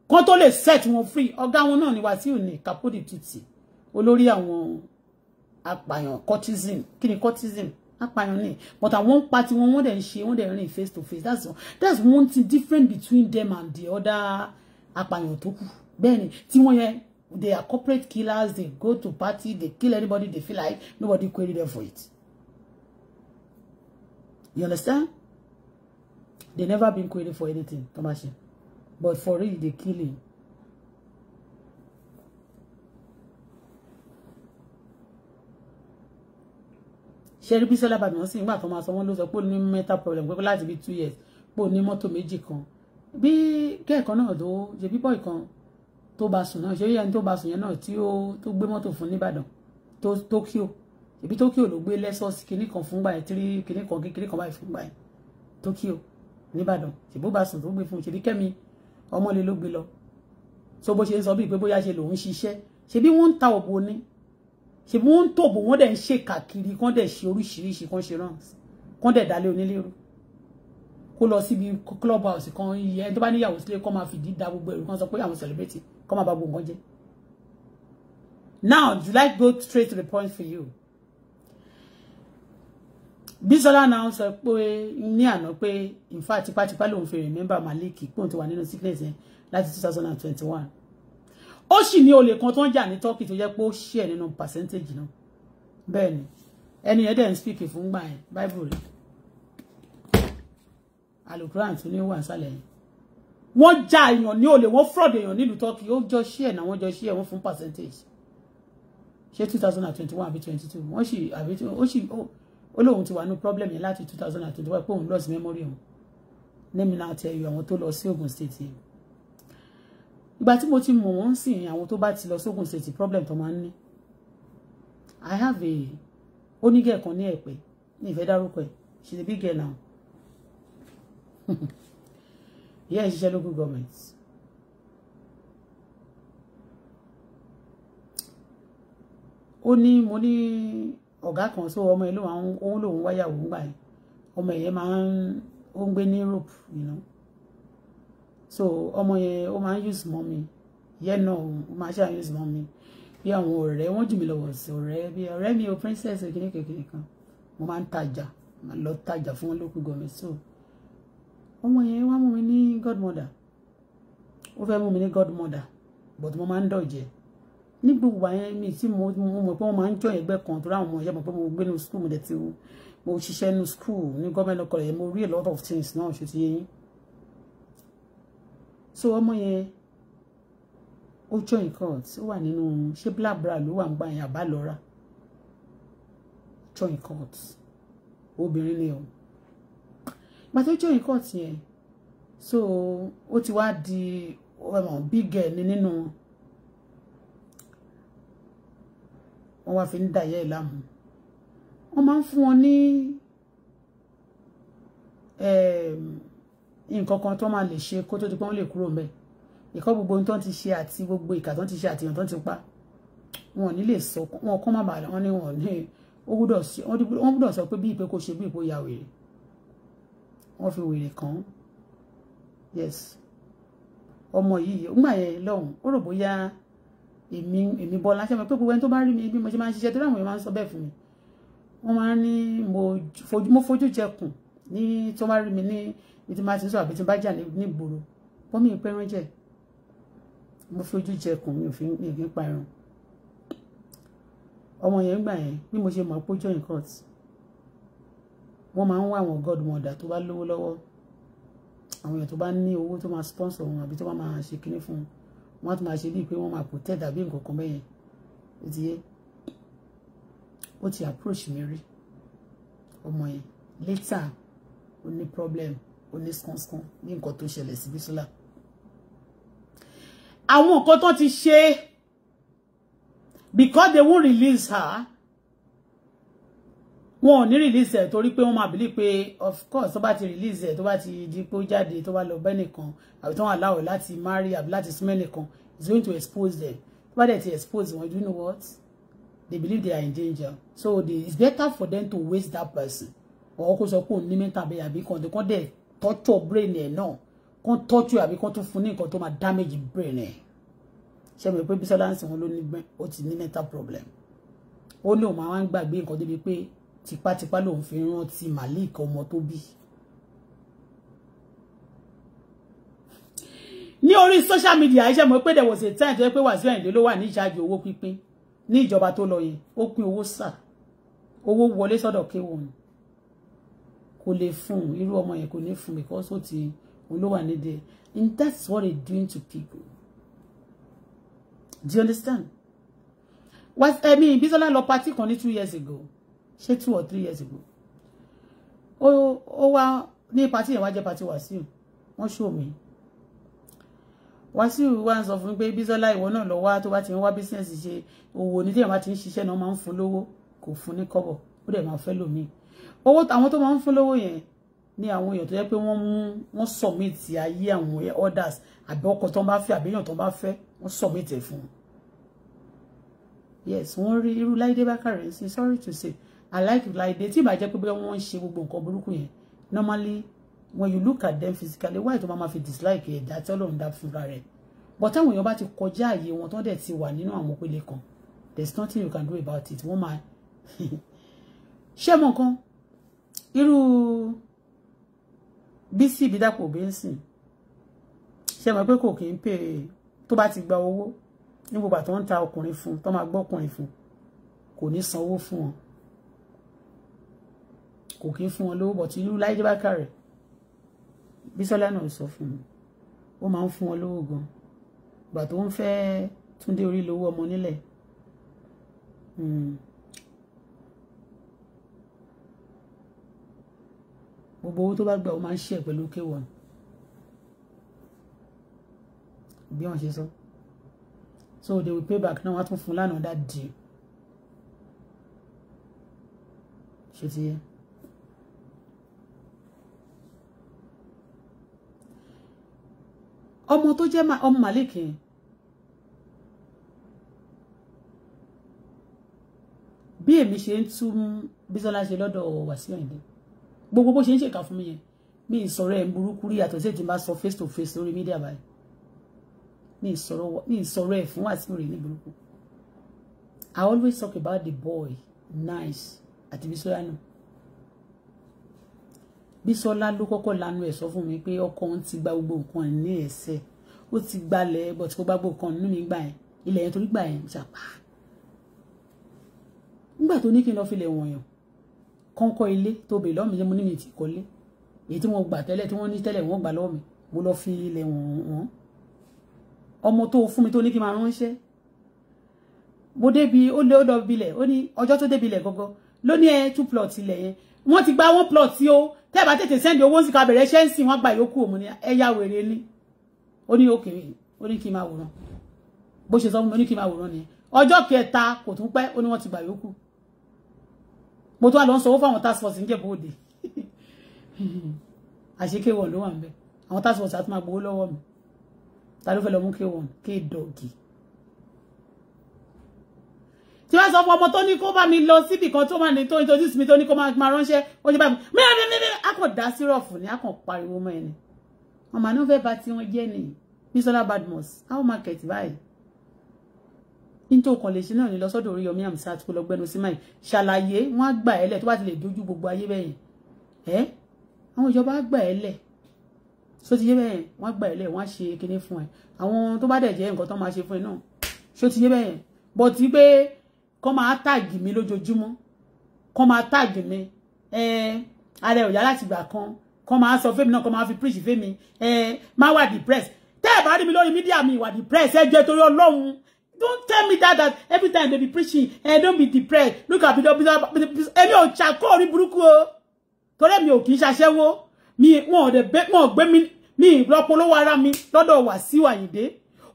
kan tó lè set wọn free ọ̀gá wọn náà ni Wàsíù ní Kapodi tutsi. olórí àwọn apàyàn courtesan kí ni courtesan apàyàn ni but àwọn ń pa tiwọn wọ́n dẹ̀ ń ṣe wọ́n dẹ̀ ń rìn face to face that's one that's one thing different between them and the other apàyàn tó kù bẹ́ẹ̀ ni tí wọ́n yẹn they are corporate killers they go to party they kill anybody they feel like nobody query them for it you understand they never been queried for anything Tomasin but for real they killing. Sherry ṣẹ́rí bí sọ́lá bàbí wọ́n sì nígbà tó máa sọ wọ́n ló sọ pé ó ní mental problem pé láti bí two years pé ó ní mọ́tò méjì kan bí gẹ́ẹ̀kan Je tó boy bíbọ̀ tó bá sùn náà ṣé ó yẹ ẹni tó bá sùn yẹn náà tí ó tó gbé mọ́tò fún nìbàdàn tó Tokyo ìbí Tokyo ló gbé lẹ́sọ̀sì kinní kan fúngbà yẹn tírí kinní kan kinní kan báyìí fúngbà yẹn Tokyo nìbàdàn ṣèbó bá sùn tó gbé fún ṣèbí kẹ́mi ọmọlé ló gbé lọ so bó ṣe ń sọ bíi pé bóyá ṣe lòun ṣiṣẹ́ ṣebí wọ́n ń ta òbò ni ṣebí wọ́n ń tòbò wọ́n dẹ̀ ń ṣe kàkiri kán dẹ̀ ṣe oríṣiríṣi kán ṣe rán kán dẹ̀ dalẹ̀ onílérò kó lọ síbi club house kan iye ẹni tó bá níyàwó sílé kán máa fìdí da gbogbo ẹ̀rù kán sọ pé àwọn celebrate kọ́ máa bá gbogbo nǹkan jẹ́. Now, go straight to the point for you. Bisola now sọ pé ní àná pé in fact tipátipá lòun fi remember Malik pòun ti wà nínú sickness yẹn láti two thousand and twenty-one. Ó sì ní olè kan tó ń jà ní Turkey tó jẹ́ pé ó ṣẹ̀ percentage náà. Bẹ́ẹ̀ ni ẹni yẹn dẹ̀ speak fún gbà Bible rẹ̀. Alukuran tún ní wà sálẹ̀ wọ́n já èèyàn ní olè wọ́n fraud èèyàn nílùú turkey ó jọ share náà wọ́n jọ share wọ́n fún percentage ṣé two thousand and twenty one àbí twenty two wọ́n sì àbí ó sì ó lóun ti wà ní problem yẹn láti two thousand and twenty one pé òun lost memory òun lẹ́mi náà tẹ ẹyọ àwọn tó lọ sí Ogun State yìí ìgbà tí mo ti mọ̀ wọ́n sì àwọn tó bá ti lọ sí Ogun State problem tó máa ń ní I have a onígẹ̀kan ní ẹ̀pẹ́ ní ìfẹ́ dárúkọ ẹ̀ she's a big girl now. <laughs> ìyá ẹ̀ ṣiṣẹ́ local government. Only, ní mo ní ọ̀gá kan tó ọmọ ẹ̀ ló máa ń òun lòun wáyàwó man, gbà yẹn ọmọ ẹ̀ Europe you know? so ọmọ yẹn ó máa use mommy. Yeah, no, náà ó máa use mommy. Yeah, I'm àwọn ọ̀rẹ́ wọ́n jù mí lọ́wọ́ sí ọ̀rẹ́ bí ọ̀rẹ́ mi o princess kìnnìkìnnì kan mo máa ń tajà lọ tajà fún local government so ọmọ yẹn wá mú mi ní godmother ó fẹ́ mú mi ní godmother but mo máa ń dọ̀jẹ́ ní gbogbo àyẹn mi tí mo mọ̀ pé wọ́n máa ń jọ ẹgbẹ́ kan tó ráwọn ọmọ yẹn mọ̀ pé mo gbé nu school mo dẹ̀ ti mo ṣiṣẹ́ nu school ní gọ́ọ̀mẹ̀ntì ọkọ̀ yẹn mo rí a lot of things náà ṣe ti yé yín so ọmọ yẹn ó join court ó wà nínú ṣé black bra ló wà ń gbà yẹn àbá lọ́ra join court obìnrin ni o gba tó join court yẹn so ó ti wá di ọmọ big girl ni nínú wọn wá fi ń dàyẹ ìlàmù wọn máa ń fún wọn ní nǹkan kan tó máa lè ṣe kó tó di pé wọn lè kúrò mẹ ìkọ́ gbogbo ohun tó ti ṣe àti gbogbo ìkà tó ti ṣe àti ìyàn tó ti pa wọn ò ní lè sọ wọn kọ́ má bàa wọn ní wọn ní ó gbúdọ̀ sọ pé bí ìpè kò ṣe bí ìpò ìyàwó rẹ̀ wọ́n fi wèrè kàn án yes ọmọ yìí ńgbà yẹn lọ́hùn ó rò bóyá èmi èmi Bọ́lá ṣe mọ̀ pé gbogbo ẹni tó bá rí mi bí mo ṣe máa ń ṣiṣẹ́ torí àwọn èèyàn máa ń sọ bẹ́ẹ̀ fún mi wọ́n máa ń ní mo fojú jẹkùn ní tó bá rí mi ní ní máa ti sọ àbí tí bá jà ní ìgboro wọ́n mi pẹ́ràn jẹ́ mo fojú jẹkùn mi ò fi mi ì parun ọmọ yẹn gbà yẹn bí mo ṣe mọ̀ pé ó join court wọ́n máa ń wá àwọn godmother tó bá lówó lọ́wọ́ àwọn èèyàn tó bá ní owó tó máa sponsor wọn àbí tó bá máa ṣe kinní fún wọn wọ́n á tún máa ṣe bíi pé wọ́n máa protect àbí nǹkan kan bẹ́yẹn ó ti yé ó ti approach mi rí ọmọ yẹn later ó ní problem ó ní skánsán ní nǹkan tó ṣẹlẹ̀ sí Bísọ́lá àwọn nǹkan tó ti ṣe because they won't release her wọn ò ní release ẹ̀ torí pé wọ́n máa believe pé of course tó bá ti release ẹ̀ tó bá ti di pé ó jáde tó bá lọ bẹ́ẹ̀ nìkan àbí tó wà láwọ̀ láti marry àbí láti súnmọ́ nìkan it's going to expose them tó bá dẹ̀ ti expose wọn you know what they believe they are in danger so they, it's better for them to waste that person or kó sọ pé òun ní mental bẹ́ẹ̀ àbí kan kan dẹ̀ torture brain ẹ̀ náà kan torture àbí kan tún fún ní nǹkan tó máa damage brain ẹ̀ ṣe mọ̀ pé Bísọ́lá ń sìn wọn ló ní mental problem ó ní òun máa ń gbàgbé nǹkan débi pé tipátipá lòun fi rántí Malik ọmọ tó bí. ní orí social media ẹ ṣe mọ̀ pé there was a time tó yẹ pé Wàsíù Àyìndé ló wà ní ìṣáájú owó pínpín ní ìjọba tó lọ yẹn ó pín owó sà owó wọlé sọ́dọ̀ kéwọn kò lè fún irú ọmọ yẹn kò ní fún because ó ti olówà nídìí and that's what they doing to people do you understand was I mean Bisola lọ party kan ní two years ago Say two or three years ago Oh, oh, wá ní party, yẹn wá jẹ́ pati Wàsíù wọ́n ṣó mi Wàsíù wá ń sọ fún mi pé Bísọ́lá ìwọ náà lọ What? tó bá ti ń wá bísíǹsì ṣe òwò ní tí yẹn bá ti ń ṣiṣẹ́ náà máa ń fún lówó kò fún ní kọ́bọ̀ ó dẹ̀ máa fẹ́ lómi owó àwọn tó máa You fún lówó yẹn ní àwọn èèyàn tó jẹ́ pé submit ayé àwọn orders àbí ọkọ̀ tó ń bá fẹ́ àbí be tó ń bá fẹ́ wọ́n submit ẹ̀ phone. yes wọ́n rí irú Láìdé Bákàrẹ̀ sí sorry to say aláìkú láìdé tí ìbàjẹ́ pé bóyá wọ́n ń ṣe gbogbo nǹkan burúkú yẹn normally when you look at them physically why tó máa ma fi dislike ẹ̀dá tí ọlọ́run dá fúnra rẹ̀ but táwọn èèyàn bá ti kọjá àyè wọn tán dẹ̀ ti wà nínú àwọn òpele kan there is nothing you can do about it wọ́n máa <laughs> ṣé mọ̀ nǹkan irú Bísí Ìbídàpọ̀ bẹ́ńsìn ṣe mọ̀ pé kò kí ń pè é tó bá ti gba owó ní gbogbo àtọ́ ń ta ọkùnrin fún tó máa gbọ́ ọkùnrin fún kò ní sanwó fún wọn kò kí ń fún wọn lówó bọ̀tí irú Láídé Bákàrẹ̀ Bísọ́lá náà sọ fún mi ó máa ń fún wọn lówó gan ìgbà tó ń fẹ́ Túndé orí lówó ọmọ nílẹ̀ hmm. gbogbo owó tó bá gbà ó máa ń ṣe pẹ̀lú kéwọ̀n bí wọ́n ṣe sọ so they will pay back náà wọ́n á tún fún lánàá dá dì í ṣe ti yẹ. ọmọ tó jẹ́ ọmọ Malik yẹn bí èmi ṣe ń tú Bísọ́lá ṣe lọ́dọ̀ Wàsíù Àyìndé gbogbo bó ṣe ń ṣèkà fún mi yẹn mi ìsọ̀rọ̀ ẹ̀ ń burúkú rí yàtọ̀ sí ètò sọ face to face lórí mídíà báyìí mi ìsọ̀rọ̀ ẹ̀ fún Wàsíù rẹ̀ ní burúkú I always talk about the boy nice àti Bísọ́lá náà Bísọ́lá ló kọ́kọ́ lanu ẹ̀ sọ fún mi pé ọkọ òun ti gba gbogbo nǹkan ní ẹsẹ̀ ó ti gbalẹ̀ bọ̀ tí kò bá gbogbo nǹkan nínú mi gbà yẹn ilẹ̀ yẹn torí gbà yẹn jàpá nígbà tó ní kí n lọ filẹ̀ wọ̀nyàn kọ́ńkọ́ ilé tó bè lọ́mì yẹn mo ní mi ti kọ́lé èyí tí wọ́n gbà tẹ́lẹ̀ tí wọ́n ní tẹ́lẹ̀ wọ́n gbà lọ́mì mo lọ fi ilẹ̀ wọ̀n ọmọ tó fún mi tó ní kí n máa ránṣẹ́ mo débi ó lé ó lọ bilẹ̀ ó ní ọjọ́ tó débi ilẹ̀ gọ́gọ́ ló ẹ two plot ilẹ̀ yẹn wọ́n ti gba wọ́n plot tí ó tẹ́ bá tètè send owó sí ká bẹ̀rẹ̀ ṣẹ́ ń sìn wọ́n gba ìyókù òmù ni ẹ̀yà wèrè ni ó ní òkèrè ó ní kí n máa wòran bó ṣe sọ fún mi ó ní kí n máa wòran ni ọjọ́ kẹta kò tún pẹ́ ó ní ti gba ìyókù mo tún wà lọ ń sọ owó fáwọn task force ń jẹ̀bú òde àṣeké wọn ló wà ń bẹ task force àti máa gbowó lọ́wọ́ mi ta ló fẹ́ lọ mú k1 k dọ̀gì tí wọ́n sọ fún ọmọ tó ní kó bá mi lọ síbì kan tó máa ní tó introduce mi tó ní kó máa ránṣẹ́ ó ṣe báyìí mẹ́rin mẹ́rin akọ̀ dá sírọ̀fù ní akọ̀ pariwo mọ́ ẹni màmá ní ó fẹ́ bà tí wọ́n jẹ́ ni Bisola Badmus how market báyìí nítorí kan lè ṣe náà ní lọ sọ́dọ̀ orí yomi amsa àti kòlọ́gbẹ́ ní osimai ṣàlàyé wọ́n á gbà ẹ́ lẹ̀ tó bá ti lè dojú gbogbo ayé bẹ́yẹn ẹ́ àwọn ìjọba á gbà ẹ́ lẹ̀ ṣó ti yé bẹ́yẹn wọ́n á gbà ẹ́ lẹ̀ wọ́n á ṣe kinní fún ẹ àwọn tó bá dẹ̀ jẹ́ nǹkan tó máa ṣe fún ẹ náà ṣó ti yé bẹ́yẹn bọ̀ pé kọ́ máa táàgì mi lójoojúmọ́ kọ́ máa táàgì mi ààrẹ ò yá láti gbà kan kọ́ máa sọ fẹ́mi náà kọ́ máa fi preach fẹ́mi máa wà depressed tẹ́ ẹ̀ bá rí mi lórí mídíà mi wà depressed ẹ jẹ́ torí ọlọ́run don't tell me that that every time they be preaching eh, don't be depressed look at the èmi ò ṣàkó orí burúkú o torí èmi ò kì í ṣaṣẹ́wó mi wọn ò dẹ̀ gbé mi mi ìlọpolówó ara mi lọ́dọ̀ Wàsíù Àyìndé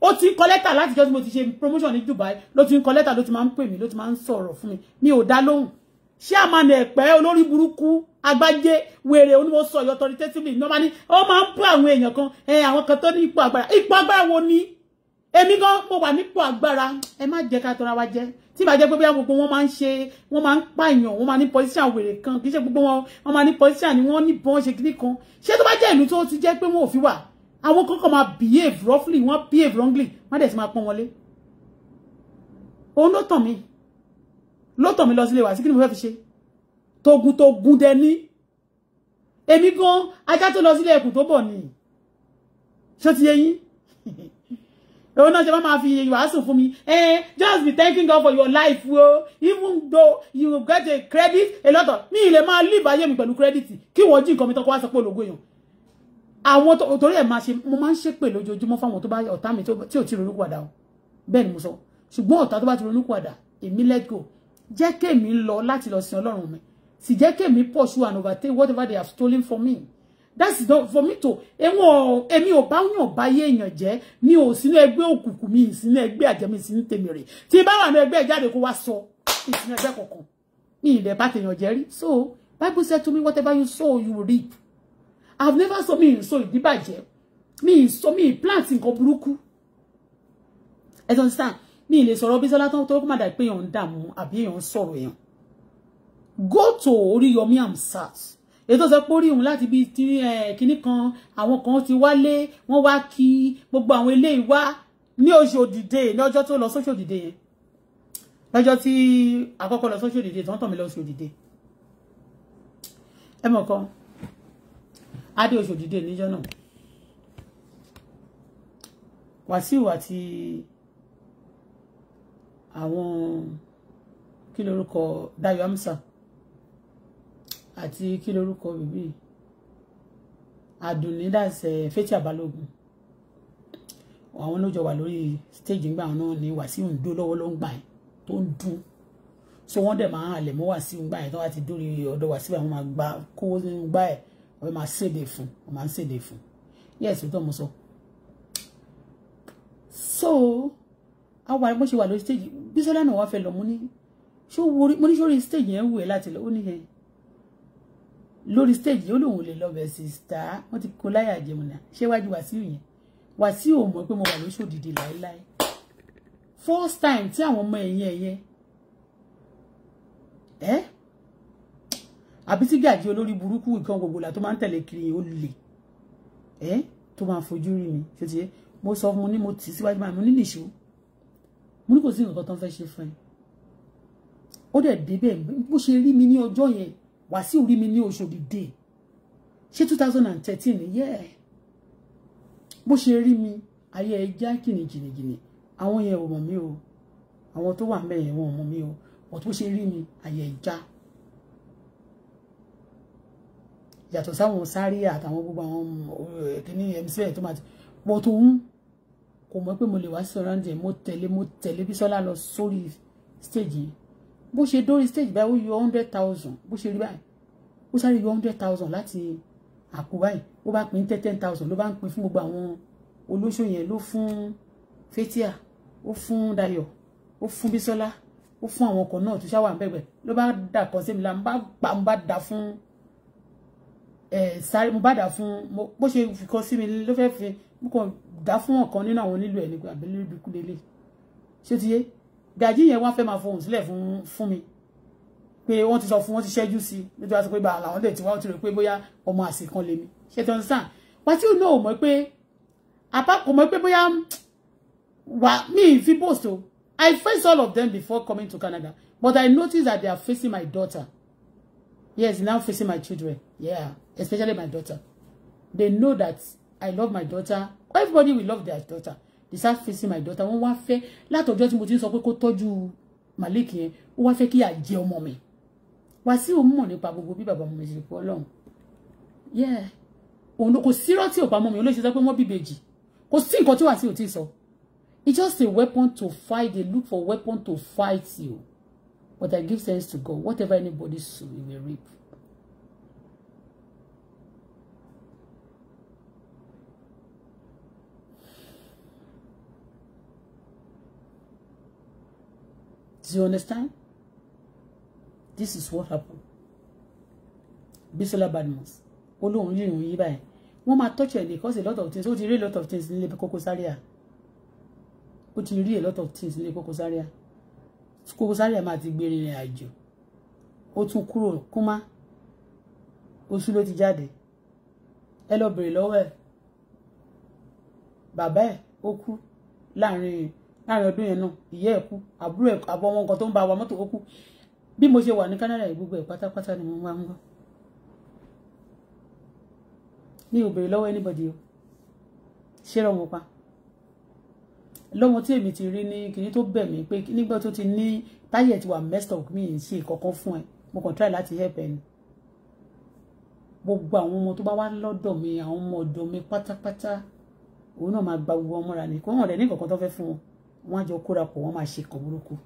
o ti ń kọ lẹ́tà láti jọ́ tí mo ti ṣe promotion ní Dubai ló ti ń kọ lẹ́tà ló ti máa ń pè mí ló ti máa ń sọ̀rọ̀ fún mi mi ò dá lóhùn ṣé àmàna ẹ̀pẹ́ olórí burúkú agbájé wèrè onímọ̀ sọ ọ̀yọ́ authoritatively normal ni ó máa ń pọ̀ àwọn èèyàn kan ẹ̀ àwọn kan tó ní ipò agbára ipò agbára wo ni èmi gan mo wà nípò agbára ẹ má jẹ́ ká tọ́ra wa jẹ́ tí bá jẹ́ pé bóyá gbogbo wọn máa ń ṣe wọn máa ń pààyàn wọn máa ní pọ́síṣàn wèrè kan kì í ṣe gbogbo wọn wọn máa ní pọ́síṣàn ni wọ́n ní bọ́n ṣe kíní kan ṣé tó bá jẹ́ ìlú tó ti jẹ́ pé wọn ò fi wà àwọn kan kàn máa behave roughly wọ́n behave wrongly wọ́n dẹ̀ sì máa pọ́n wọlé òun ló tàn mí ló tàn mí lọ sílé wa sí kí ni mo fẹ́ fi ṣe togun tó gun dẹni èmi gan ajá tó lọ sílé ẹkùn tó bọ̀ ni ṣó ti yé yín <laughs> òun náà ṣe máa fi wàásù fún mi eh just be thanking God for your life o even though you get a credit a lot of me, ì lè máa live ayé mi pẹ̀lú credit kí wọ́n jí nǹkan mi tán kó wá sọ pé ológun èèyàn àwọn torí ẹ̀ máa ṣe mo máa ń ṣépè lójoojúmọ́ fáwọn tó bá ọ̀tá mi tí ò ti ronú padà o bẹ́ẹ̀ ni mo sọ ṣùgbọ́n ọ̀tá tó bá ti ronú padà èmi let go jẹ́ kémi lọ láti lọ sin ọlọ́run mi sì jẹ́ kémi pursue and overtake whatever they have stolen from me that's not for me to ẹwọn èmi ò bá yàn báyé èèyàn jẹ mi ò sínú ẹgbẹ́ òkùnkùn mi ìsínú ẹgbẹ́ àjẹmí ìsínú tèmi rè tí bá wà ní ẹgbẹ́ jáde kó wá sọ ìsínú ẹgbẹ́ kọ̀ọ̀kan ní ilẹ̀ bá tèèyàn jẹ rí so Bible said to me whatever you sow you will reap I've never saw mi so ìdíbàjẹ́ mi so me plant nǹkan burúkú as understand mi lè sọ̀rọ̀ Bísọ́lá ton to ko ma da pé yan dààmú àbí yan sọ̀rọ̀ yan go to Oríyọmí Hamzat e tó sọ pé ori un láti bí kíní kan àwọn kan ti wálé wọ́n wá kí gbogbo àwọn eléyìí wá ní Ọ̀ṣọ́dìde lọ́jọ́ tó lọ s'Ọ̀ṣọ́dìde yẹn lọ́jọ́ tí àkọ́kọ́ lọ s'Ọ̀ṣọ́dìde ton ton mi lọ s'Ọ̀ṣọ́dìde ẹ mọ̀ kan adé oṣù dìde níjọ́ náà wàsíù àti àwọn kí lorúkọ dayo amsa àti kí lorúkọ bèbí àdùnní dàsẹ eh, fẹtí àbálògùn àwọn ló jọ wà lórí stage ńgbà náà ni wàsíù ń dó lọ́wọ́ ló ń gbà tó ń dún so wọ́n dẹ̀ máa halẹ̀ mọ́ wàsíù ń gbà yẹn tó wá ti dórí ọ̀dọ̀ wàsíù àwọn máa gbà kówó ń gbà yẹn ọ̀rẹ́ máa ṣèdè fun. ọ máa ń ṣèdè fún yes we mo sọ. so àwa bó ṣe wà lórí stage bísọ́lá náà wàá fẹ́ lọ mo ní mo ní sórí stage yẹn wù ẹ́ láti lọ ó ní yẹn lórí stage yìí ó lóun lè lọ bẹ̀ sista wọ́n ti kó láyà jẹun náà ṣé wájú wàsíù yẹn wàsíù ò mọ̀ pé mo wà lóṣù òdìdí láéláé first time tí àwọn ọmọ ẹ̀yìn ẹ̀yẹ ẹ́ àbí tí gàjí olórí burúkú nǹkan gbogbo là tó máa ń tẹ̀lé kiri ó lè ẹ́ tó máa fojú rí mi ṣe ti mo sọ mo ní mo tì síwájú máa mo ní nìṣó mo ní kò sí nǹkan tó ń fẹ́ ṣe fún ẹ ó dẹ̀ débẹ̀ bó ṣe rí mi ní ọjọ́ yẹn Wàsíù rí mi ní Ọ̀ṣọ́dì dé ṣé two thousand and thirteen yẹ́ ẹ̀ bó ṣe rí mi ayé ẹ já kìnìkìnìkìnì àwọn yẹn ò mọ̀ mí o àwọn tó wà mẹ́yẹn wọn ò mọ̀ mí o ọ̀tún ṣe rí mi ayé ẹ yàtọ̀ sáwọn sáré àtàwọn gbogbo àwọn kíní mc ẹ̀ tó máa ti pọ̀ tó ń kò mọ̀ pé mo lè wá sí surround ẹ̀ mo tẹ̀lé mo tẹ̀lé Bísọ́lá lọ sórí stage yẹn bó ṣe dórí stage báyìí ó yọ hundred thousand bó ṣe rí báyìí ó sáré yọ hundred thousand láti àpò báyìí ó bá pín ten ten thousand ló bá ń pín fún gbogbo àwọn olóṣò yẹn ló fún Fathia ó fún Dayọ̀ ó fún Bísọ́lá ó fún àwọn ọkọ̀ náà tó ṣáwà ń bẹ̀gbẹ̀ ló bá dà kan sí mi la ń bá gbà ń bá dà fún ẹ sáré mo bá dà fún mo bó ṣe fikọ sí mi ló fẹ́ fi mo kàn dá fún ọ̀kan nínú àwọn onílù ẹ̀ nígbà abẹ́lé ibùkún lélẹ̀ ṣé ti yé gàjí yẹn wọ́n fẹ́ máa fohùn sílẹ̀ fún fún mi pé wọ́n ti sọ fún wọ́n ti ṣẹ́jú sí i nítorí pé bàa làwọn dẹ̀ ti wá ó ti rò pé bóyá ọmọ àsìkan lèmi ṣé ti ọ̀sán wá tí ò náà mọ̀ pé apá kò mọ̀ pé bóyá wà mí fi post o I faced all of them before coming to Canada but I noticed that they are facing my daughter yes now facing my children yeah. especially my daughter. They know that I love my daughter. Everybody will love their daughter. They start facing my daughter. One wá fẹ́ látọjọ́ tí mo ti ń sọ pé kó tọ́jú Malik yẹn. Ó wá fẹ́ kí ìyà jẹ ọmọ mi. Wàsíù mọ̀ nípa gbogbo bí bàbá mi ṣe pọ̀ lọ́hùn. Òun ló kò sírọ́ tí ò pa mọ́ mi. Olóṣèlú sọ pé wọ́n bíbejì. Kò sí nǹkan tí Wàsíù ti sọ. It's just a weapon to fight. They look for weapon to fight you. But I give thanks to God. Whatever anybody sow, you will reap. Do you understand? This is what happened. Bisola Badmus. Olóhùn yìnyín yìí báyìí. Wọ́n máa tọ́jú ẹ̀ because a lot of things. Ó ti rí a lot of things in Koko Zaria. Ó ti rí a lot of things in Koko Zaria. Koko Zaria máa ti gbé rìnrìn àjò. Ó tún kúrò Kúmá. Oṣù ló ti jáde. Ẹ lọ bèrè lọ́wọ́ ẹ̀. Bàbá ẹ̀ ó kú láàrin láàrin ọdún yẹn náà ìyá ẹ̀ kú àbúrò ẹ̀ àbọ̀ wọn nǹkan tó ń ba wa mọ́tò ó bí mo ṣe wà ní Canada gbogbo ẹ̀ pátápátá ni mo máa ń gbọ́ ní ò béèrè anybody o ṣé rọmọ pa lọ́mọ tí èmi ti rí ní kinní tó bẹ̀ mí pé nígbà tó ti ní táyẹ̀ ti wà messed up mi ń ṣe kankan fún ẹ mo kàn try láti help ẹ ni gbogbo àwọn ọmọ tó bá wá lọ́dọ̀ mi àwọn ọmọ ọ̀dọ̀ mi pátápátá òun náà máa gba gbogbo ọmọ rà ní kó hàn rẹ ní kankan tó fẹ́ fún wọn. wọ́n jọ kóra pọ̀ wọ́n máa ṣe kàn burúkú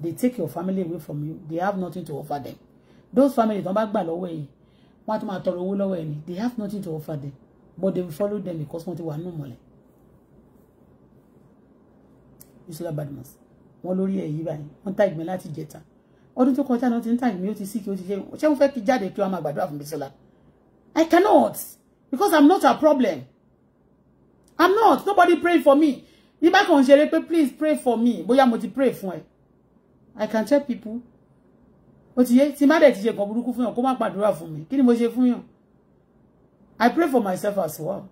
they take your family away from you they have nothing to offer them those families tó ń bá gbà lọ́wọ́ yìí wọ́n á tún máa tọrọ owó lọ́wọ́ ẹ̀ ni they have nothing to offer them but they follow them because wọ́n ti wà nù mọ́lẹ̀ Yusuf Badmus wọ́n lórí ẹ̀ yí báyìí wọ́n tag mi láti jẹta ọdún tó kọjá náà ti ń tag mi ó ti sí kí ó ti ṣe ṣé wọ́n fẹ́ kí jáde kí wọ́n máa gbàdúrà fún Bisola I cannot because I'm not her problem I'm not nobody pray for me bí bá kàn ń ṣeré pé please pray for me Boya mo ti pray fún ẹ i can tell people ó ti yé tí má dẹ̀ ti ṣe kan burúkú fún yàn kó má gbàdúrà fún mi kí mo ṣe fún yàn i pray for myself as well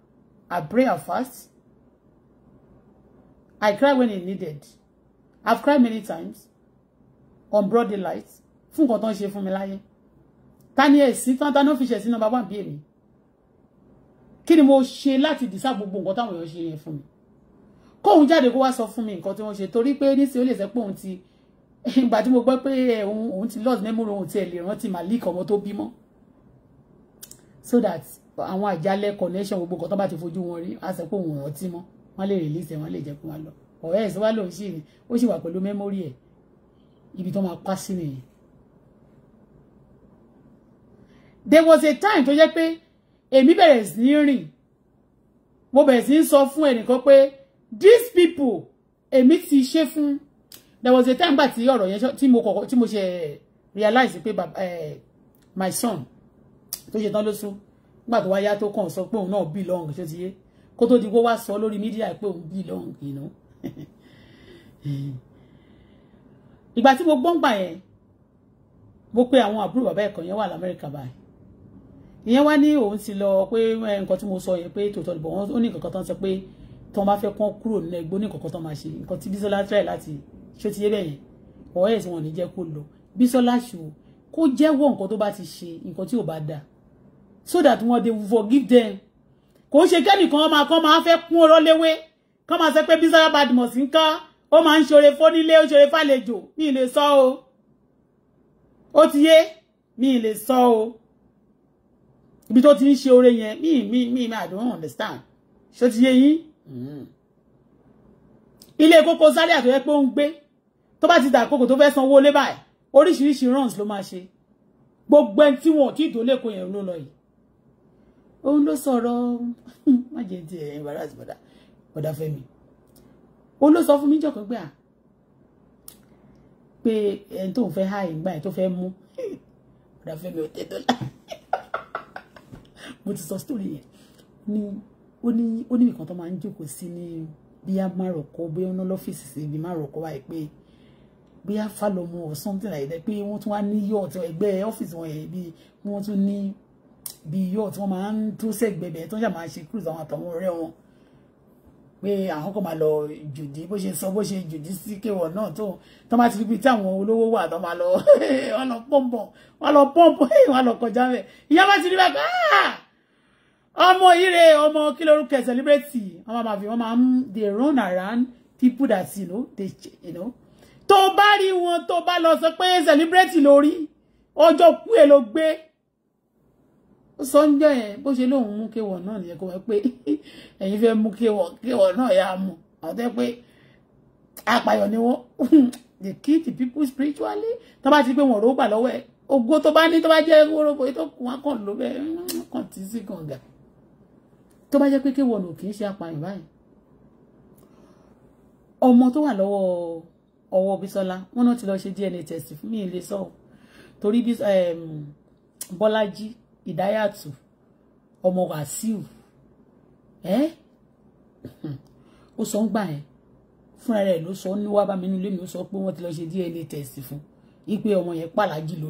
i pray and fast i cry when it needed i've cried many times on broad daylight fún nǹkan tó ń ṣe fún mi láyé ta ni ẹ̀sìn tán ta ni ó fi ṣẹ̀ sí nọ́mbà wà bí èmi kí mo ṣe láti dìsá gbogbo nǹkan táwọn èèyàn ṣe yẹn fún mi kóun jáde kó wá sọ fún mi nǹkan tí wọ́n ṣe torí pé níṣẹ́ ó lè sẹ́ pé òun ti <laughs> ìgbà tí mo gbọ́ pé eh, òun òun ti lord memory òun ti ẹ̀ rántí malik ọmọ tó bímọ so that àwọn àjálẹ̀ connection gbogbo nǹkan tó bá ti fojú wọn rí á sọ pé òun rántí mọ́ wọ́n lè release ẹ̀ lè jẹ́ kó wá lọ ọ̀rẹ́ ẹ̀ sọ́wọ́ lòun sì ní ó sì wà pẹ̀lú memory ẹ̀ ibi tó máa pa sí nìyẹn. there was a time tó jẹ́ pé èmi bẹ̀rẹ̀ sí ní rìn mo bẹ̀rẹ̀ sí sọ fún ẹnìkan pé these people èmi ti ṣe fún there was a time gba tí ọ̀rọ̀ yẹn tí mo kọ́kọ́ tí mo ṣe realize pé eh, my son tó ṣe tán ló sún nígbà tó wá yá tó kàn sọ pé òun náà belong ṣó ti yé kó tó di kó wá sọ lórí mídíà pé òun belong you know <laughs> ìgbà tí mo gbọ́ngbà yẹn mo pe àwọn àbúrò bàbá ẹ̀kọ́ yẹn wà lamẹ́ríkà báyìí ìyẹn wá ní òun ti lọ pé eh, nǹkan tí mo sọ yẹn pé tòótọ́ ìbọn ó ní nǹkan kan tán sọ pé tó bá fẹ́ kán kúrò nínú ẹgbẹ́ ní kọ̀ọ̀kan tó máa ṣe nǹkan tí Bísọ́lá try láti ṣó ti yé bẹ́ẹ̀ yẹn ọ̀rọ̀ ẹ̀ tí wọ́n ní jẹ́ kó lọ Bísọ́lá ṣù kó jẹ́wọ́ nǹkan tó bá ti ṣe nǹkan tí ò bá dà so that wọ́n dey forgive them kò ń ṣe kẹ́nìkan ọmọ akọ́ máa fẹ́ kún ọ̀rọ̀ léwé kọ́ máa sọ pé Bísọ́lá Badmus ń ká ó máa ń ṣoore fónílé ó ṣoore fàlejò mi ì lè sọ o ó ti yé mi ì lè sọ o ibi tó ti ń ṣe oore yẹn mi mi mi I don't understand ṣó ti yé yín Mm. ilé Koko Zaria tó yẹ pé ó ń gbé tó bá ti dà kókò tó fẹ́ sanwó lé báyìí oríṣiríṣi runs ló máa ṣe gbogbo ẹni tí wọn ò tí ì dólé kó yẹn ló lọ yìí òun ló sọ̀rọ̀ <laughs> má jẹ́ ti ẹ̀ embarrass bọ̀dá bọ̀dá Fẹ́mi òun ló sọ fún mi jọ̀kọ́ gbà pé ẹni tóun fẹ́ háì ń gbà ẹ̀ tó fẹ́ mú <laughs> bọ̀dá Fẹ́mi ò tẹ́ dọ́là <laughs> mo ti sọ sítórì yẹn ní ó ní ó ní nǹkan tó máa ń jókòó sí ní bíyá márọ̀kọ́ bóyá ọ̀nà lọ́fíìsì sí ibi márọ̀kọ́ wáyé pé bóyá fálọmù or something like that pé wọ́n tún wá ní yọ̀ọ̀ tí ẹgbẹ́ ọ́fíìsì wọn yẹn bí wọ́n tún ní bí yọ̀ọ̀ tí wọ́n máa ń tó sẹ́gbẹ̀bẹ̀ tó ń ṣàmà ṣe cruise àwọn àtàwọn ọ̀rẹ́ wọn pé àwọn kan máa lọ jùdí bó ṣe sọ bó ṣe jùdí sí kéwọ̀ náà tó tó máa ti fi tí àwọn olówó wà tó máa lọ <laughs> wọn lọ pọ́ǹpọ̀ wọn lọ pọ́ǹpọ̀ <laughs> wọn lọ kọjá mẹ́ ìyá bá ti rí bá gbà á ah! ọmọ ire ọmọ kí lorúkọ celebrity wọn máa fi wọn máa ń they run around people that you know they you know tó bá rí wọn tó bá lọ sọ pé celebrity lórí ọjọ́ kú ẹ ló gbé sọ́njọ́ yẹn bó ṣe lóun mú kéwọ̀n náà nìyẹn kó wọ́n pé <laughs> ẹ̀yin fẹ́ mú kéwọ̀n kéwọ̀n náà yà á mú àwọn tẹ́ pé apàyàn ni wọ́n <laughs> they kill the people spiritually tó bá ti pé wọn ò rò gbà lọ́wọ́ ẹ̀ ògo tó bá ní tó bá jẹ́ wọ́rọ̀ bóyá tó kù wọn kàn ló bẹ́ẹ̀ kàn tí sí tó bá jẹ́ pé kéwọ́n ò kì í ṣe apààyàn báyìí ọmọ tó wà lọ́wọ́ ọwọ́ Bísọ́lá wọn náà ti lọ ṣe DNA test fún mi lè sọ torí Bọ́lájí Ìdáyàtù ọmọ Wàsíù ẹ ó sọ ń gbà yẹn fúnra rẹ̀ ló sọ ní wàá bá mi nílé mi ó sọ pé wọ́n ti lọ ṣe DNA test fún ipe ọmọ yẹn pàlájì ló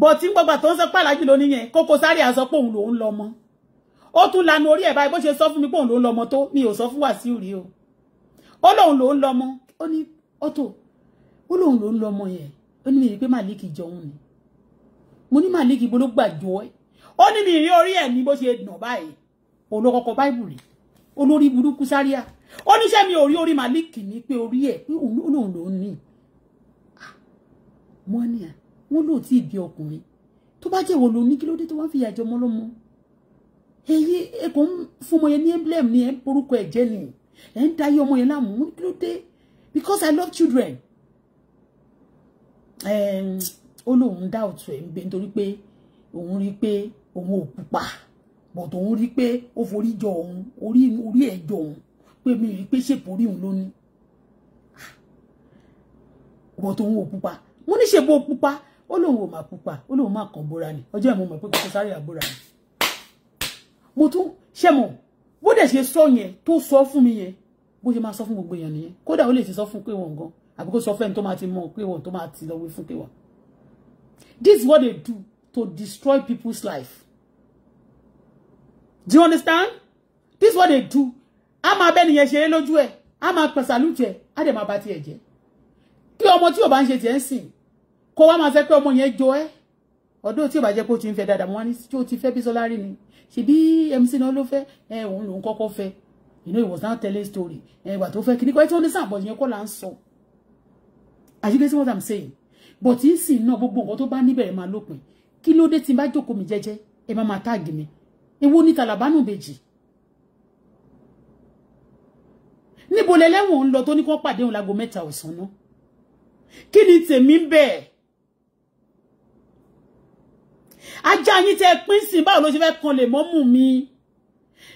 bọ̀ tí gbogbo àtọ́ ń sọ pàlájì lónìí yẹn Koko Zaria àsọ pé òun lòun lọmọ ó tún lanu orí ẹ̀ báyìí bó ṣe sọ fún mi pé òun lòun lọmọ tó mi ò sọ fún Wàsíù rí o ó lòun lòun lọmọ ó ní Auto ó lòun lòun lọmọ yẹn ó ní mi rí pé Malik jọun ni mo ní Malik ibo ló gbàjọ ẹ ó ní mi rí ni ẹ̀ ní bó ṣe nà báyìí òun ló kọ́kọ́ báìbù rè olórí burúkú Zaria ni níṣẹ́ mi ò rí orí Malik ní pé orí ẹ̀ pé òun lòun lòun ah. ní mọ́nìyàn ah, wọ́n lò tí ì bí ọkùnrin tó bá jẹ́ ìwọ ló ní kí ló dé tó wá fìyà jẹ ọmọ lọ́mọ èyí èkó ń fún ọmọ yẹn ní emblem ni ẹ ń porúkọ ẹ ni ẹ ń dayé ọmọ yẹn láàmú wọ́n kí ló dé because I love children ó lóun dá òtún ẹ̀ ń gbé nítorí pé òun rí pé òun ò pupa bọ̀tọ̀ òun rí pé ó forí jọ òun orí orí ẹ̀ jọ òun pé mi rí pé ṣèpò orí òun ló bọ̀tọ̀ òun ò pupa mo ní ṣèpò pupa ó lóun ò máa pupa ó lóun máa kàn bóra ni ọjọ́ ìmọ̀ mọ̀ pé kò sáré àbóra ni. mo tún ṣe mọ̀ bó dẹ̀ ṣe sọ yẹn tó sọ fún mi yẹn bó ṣe máa sọ fún gbogbo èèyàn nìyẹn kódà ó lè ti sọ fún pé wọn gan àbí kó sọ fẹ́ni tó máa ti mọ pé wọn tó máa ti lọ wí fún pé wọn. this is what they do to destroy people's life. do you understand? this is what they do. a máa bẹ́ni yẹn ṣeré lójú ẹ̀ a máa pẹ̀sàlù jẹ a dẹ̀ máa bà tiẹ̀ jẹ́ kí ọmọ tí ò bá ń ṣe tiẹ̀ ń sìn Ko wa máa fẹ́ pé ọmọ yẹn jọ ẹ́ ọdún tí ò bá jẹ́ pé ó ti ń fẹ́ dáadáa mo wá ní tí ó ti fe Bísọ́lá rí ni bi MC náà ló fẹ́ ẹ òun lòún kọ́kọ́ fẹ́ you know he was not telling story ẹ ìgbà fe kini ko kọ́ ẹ tí wọ́n ní sàǹbọ̀ yẹn kọ́ là ń sọ are you getting what I'm saying but yìí sì náà gbogbo nǹkan tó bá níbẹ̀rẹ̀ máa lópin kí ló dé tí n bá jókòó mi jeje ẹ má máa táàgì mi ewo ní tàlàbánù bèjì níbo lẹ́lẹ́wọ̀n ń lọ tó ní kó pàdé òun láago mẹ́ta ọ̀sán náà kí ni tèmi bẹ́ẹ̀ ajá yín tẹ pín sí báwo ló ṣe fẹ́ kan lè mọ́mú mi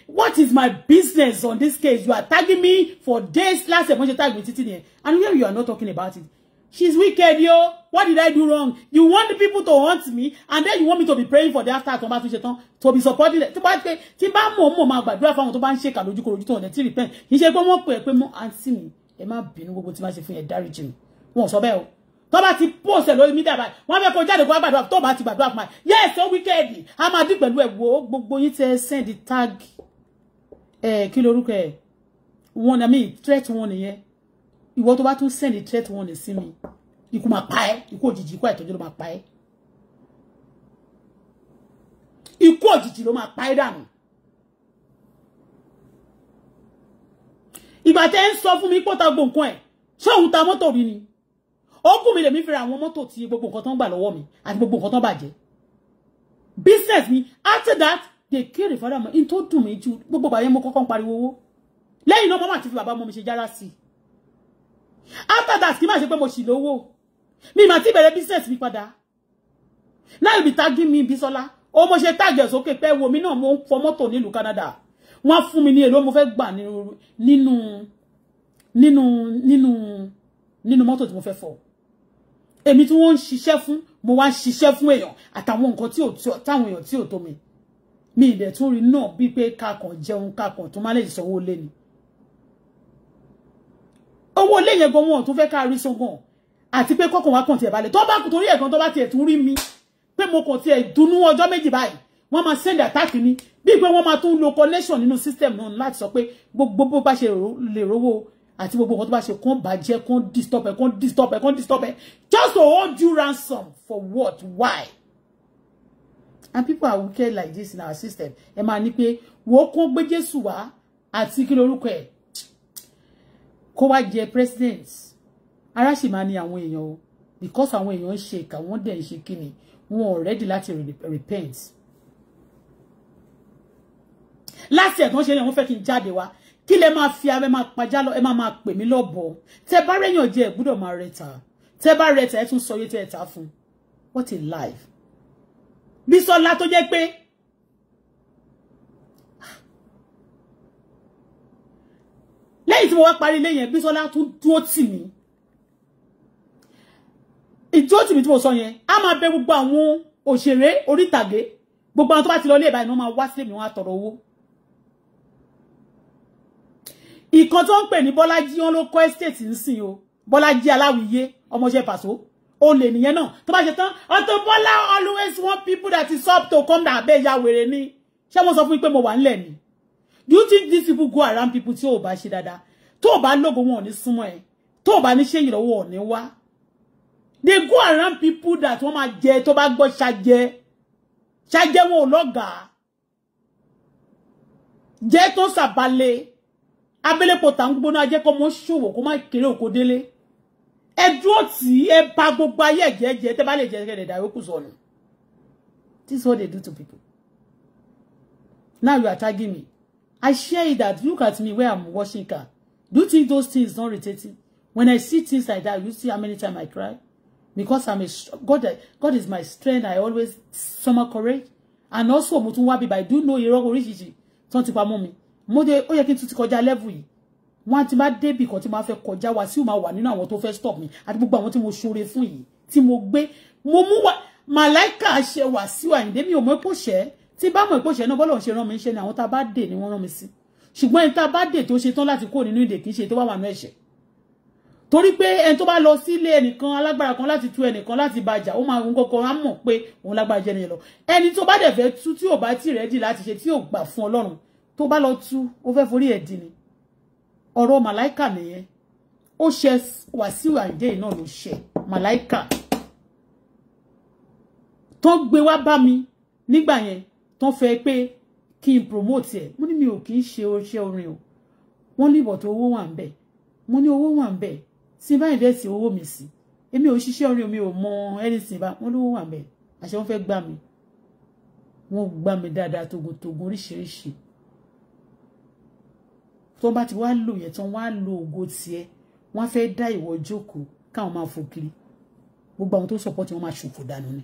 what is my business on this case you are tagging me for days last year you she tag me títí nìyẹn and here you are not talking about it She's wicked yo what did I do wrong you want the people to haunt me and then you want me to be praying for the after àtọ́ bá tún ṣe tán to be supporting them tí bá pé tí bá mọ̀ mọ̀ máa gbàdúrà fáwọn tó bá ń ṣèkà lójúkorojú tó ọ̀dẹ̀ tí repent kì í ṣe pé wọ́n pè é pé mọ́ àǹtí mi ẹ má bínú gbogbo tí má ṣe fún yẹn dáríjì mi wọn ò sọ bẹ́ẹ̀ so bee o tó bá ti post ẹ̀ lórí mídíà báyìí wọ́n fẹ́ kó jáde kó to gbàdúrà tó bá ti gbàdúrà fún yes ó wicked a máa dín pẹ̀lú ẹ̀ wo gbogbo yín tẹ send tag ẹ̀ kí lorúkọ ẹ̀ wọn àmì threat wọn nìyẹn ìwọ tó bá tún send threat wọn ní sí mi ikú máa pa ẹ́ ikú òjijì ikú àìtọ́jú ló máa pa ẹ́ ikú òjijì ló máa pa ẹ́ dànù. ìgbà tẹ́ ń sọ fún mi pọ́tà gbòǹkan ẹ̀ ṣé òun ta mọ́tò rí ni ókùn mi lèmi fi ra àwọn mọ́tò tí gbogbo nǹkan tó ń gbà lọ́wọ́ mi àti gbogbo nǹkan tó ń business mi after that they kill the father in tó dùn mí ju gbogbo bàyẹn mo kọ́kọ́ ń pariwo owó lẹ́yìn náà mọ́mọ́ àti fi bàbá ọmọ mi ṣe jára sí after that kí má ṣe pé mo ṣì lówó mi mà ti bẹ̀rẹ̀ business mi padà láì bí tágí mi Bísọ́lá ó mo ṣe tágì ẹ̀ sókè pé wo mi náà mo ń fọ mọ́tò nílùú Canada wọ́n fún mi ní èlò mo fẹ́ gbà nínú nínú nínú nínú mọ́tò tí mo fẹ́ fọ̀ Emi tí won ń ṣiṣẹ́ fún mo wá ń ṣiṣẹ́ fún èèyàn àtàwọn nǹkan tí ò táwọn èèyàn tí ò tó mi mi ìdẹ̀ tún rí náà bíi pé kakàn jẹun kakàn tó le lè sanwó lé ni owó lé yẹn gan wọn tó fẹ́ ká rí sọ́gàn àti ti kọ́kàn wá kàn tiẹ̀ balẹ̀ tó bá torí ẹ̀kan tó bá tiẹ̀ tún rí mi Pe mo kàn tiẹ̀ dunú ọjọ́ méjì báyìí wọ́n máa send attack ni bíi pé wọ́n máa tún lo connection nínú system náà láti sọ pé gbogbo bó bá ṣe lè àti gbogbo nǹkan tó bá ṣe kán bàjẹ́ kán disturb ẹ kán disturb ẹ kán disturb ẹ just to hold you ransom for what why and people are wicked like this in our system ẹ máa ní pé wò ó kán gbé Jésù wá àti kí lorúkọ ẹ kó wá jẹ president ara máa ní àwọn èèyàn o because àwọn èèyàn ń ṣe ìkà wọ́n dẹ̀ ń ṣe kíni wọn ò ready láti repent láti ẹ̀gbọ́n ṣe ni wọ́n fẹ́ kí n jáde wá kí lẹ máa fi abẹ máa pajá lọ ẹ máa máa pè mí lọ́bọ tẹ bá rẹyàn jẹ ẹ gbọ́dọ̀ máa rẹ ta tẹ bá rẹ ta ẹ tún sọ yé ta fún what a life Bísọ́lá tó jẹ́ pé lẹ́yìn tí mo wá parí ilé yẹn Bísọ́lá tún dúró tì mí ìdúró tì mí tí mo sọ yẹn á máa bẹ gbogbo àwọn òṣèré orítàgé gbogbo àwọn tó bá ti lọ ilé ìbáyìí ni wọ́n máa wá mi wọ́n á tọrọ ìkan tó ń pè ní Bọ́lájí lo ló kọ́ estate nsìn o Bọ́lájí aláwìyé ọmọọṣẹ́ pàṣọ o lè nìyẹn náà tó bá ṣe tán Auto Bola always want people that is up to come down abẹ́ ìyá wèrè ni ṣé wọ́n sọ fún mi mo wà ńlẹ̀ ni do you think these people go around people tí ò bá ṣe dáadáa tó o bá lógo wọn ò ní súnmọ́ ẹ tó o bá ní ṣe ìrọ̀wọ́ they go around people that wọ́n máa jẹ tó bá gbọ́ ṣàjẹ ṣàjẹ wọn ò lọ́gàá jẹ́ tó abẹ́lẹ́pọ̀ tà ń gbóná ajẹ́ kọ́ mọ́ ṣòwò kó má kéré òkò e ẹ dúró tì í ẹ bà gbogbo ayé ẹ̀jẹ̀ jẹ́ tẹ́ bá lè jẹ́ kẹ́lẹ̀ dà yókù sọnù this is what they do to people now you are tagging me I share it that look at me where I'm washing car do you think those things don irritating when I see things like that you see how many times I cry because I'm a God God is my strength I always summer courage and also mo wabi wá bí by do know irọ́ oríṣiríṣi tán ti pa mọ́ mo dé ó yẹ kí n tún ti kọjá level yìí wọ́n á ti bá débì kan tí máa fẹ́ kọjá wá sí máa wà nínú àwọn tó fẹ́ stop mi àti gbogbo àwọn tí mo ṣoore fún yìí tí mo gbé mo mú wa màláìkà ṣe wà sí àyíndé mi ò mọ̀ pò ṣẹ́ tí bá mọ̀ pò ṣẹ́ náà bọ́lọ̀ ṣe rán mi ṣe ni àwọn tá a bá ni wọ́n rán mi sí ṣùgbọ́n ẹni tá a bá dè tó ṣe tán láti kó nínú ìdè kì í ṣe tó wà wà nú ẹ̀ṣẹ̀ torí pé ẹni tó bá lọ sílé kan láti tú ẹnìkan láti bàjá ó máa ń kọ́kọ́ á mọ̀ pé òun lágbára jẹ́ nìyẹn lọ ẹni tó bá dẹ̀ fẹ́ tú tí ò bá tì rẹ́dì láti ṣe tí ò gbà fún tó bá lọ tú ó fẹ́ forí ẹ̀ dì ní ọ̀rọ̀ màláìkà nìyẹn ó ṣe Wàsíù Àyìndé náà ló ṣe ton tó gbé wá bá mi nígbà yẹn tó fẹ́ pé kí n promote ẹ̀ mo ní mi ò kì í ṣe oṣẹ́ orin o wọ́n ní ìbọ̀tọ̀ owó wà ń bẹ̀ mo ní owó wà ń bẹ̀ tí bá ìdẹ́sì owó mi sí èmi ò ṣiṣẹ́ orin mi ò mọ anything bá wọ́n lówó wà ń bẹ̀ àṣẹ wọn fẹ́ gbà mí wọ́n gbà mí dáadáa togotogo oríṣiríṣi tó bá ti wá lò yẹn tán wá lo ògo tiẹ̀ wọ́n fẹ́ dá ìwọ jókòó káwọn máa fò kiri gbogbo àwọn tó support wọn máa ṣòfò dànù ni.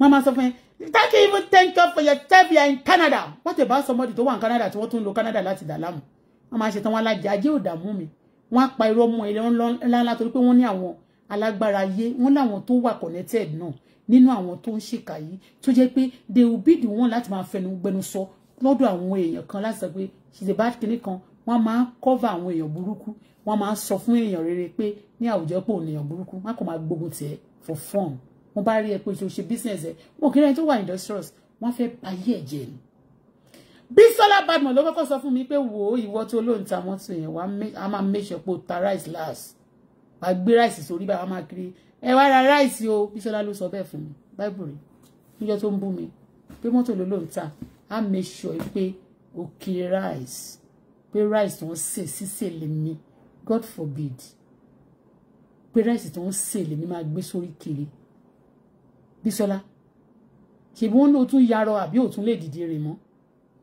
wọ́n máa sọ fún yẹn thank you even thank you for your time here in Canada wọ́n ti bá somebody tó wà ní Canada tí wọ́n tún ń lo Canada láti dà láàmú wọ́n máa ṣe tán wọ́n alájà ajé ò dààmú mi wọ́n á pa irọ́ mọ́ ẹ̀rọ ńlá ńlá torí pé wọ́n ní àwọn alágbára ayé wọn láwọn tó wà connected náà nínú àwọn tó ń ṣèkà yìí tó jẹ́ pé they will be the one láti máa fẹnu gbẹnu sọ lọ́dọ̀ àwọn èèyàn kan láti sọ pé she's a bad kan wọ́n máa cover àwọn èèyàn burúkú wọ́n máa sọ fún èèyàn rere pé ní àwùjọ pé òun èèyàn burúkú má kàn máa gbógun tiẹ̀ for fun wọ́n bá rí ẹ pé o ṣe business ẹ wọn kì í rẹ́ni tó wà industrious wọ́n fẹ́ ayé ẹ̀ jẹ́ ni. Bísọ́lá Badmus ló kọ́kọ́ sọ fún mi pé wò ìwọ tó lóun ta mọ́tò yẹn wàá máa make pé o ta rice last wàá gbé ráìsì sórí báyìí wàá máa kiri ẹ wá ra ráìsì o bísọ́lá ló sọ bẹ́ẹ̀ fún mi báìbù rẹ̀ níjọ́ tó ń bú mi pé mọ́tò ló ló ń ta á make sure pé ó kiri ráìsì pé ráìsì tó ń sè sísè lèmi God forbid pé ráìsì tó ń sè lèmi máa gbé sórí kiri bísọ́lá ṣèbí wọn ló yaro abi àbí òtún lè dìde rè mọ́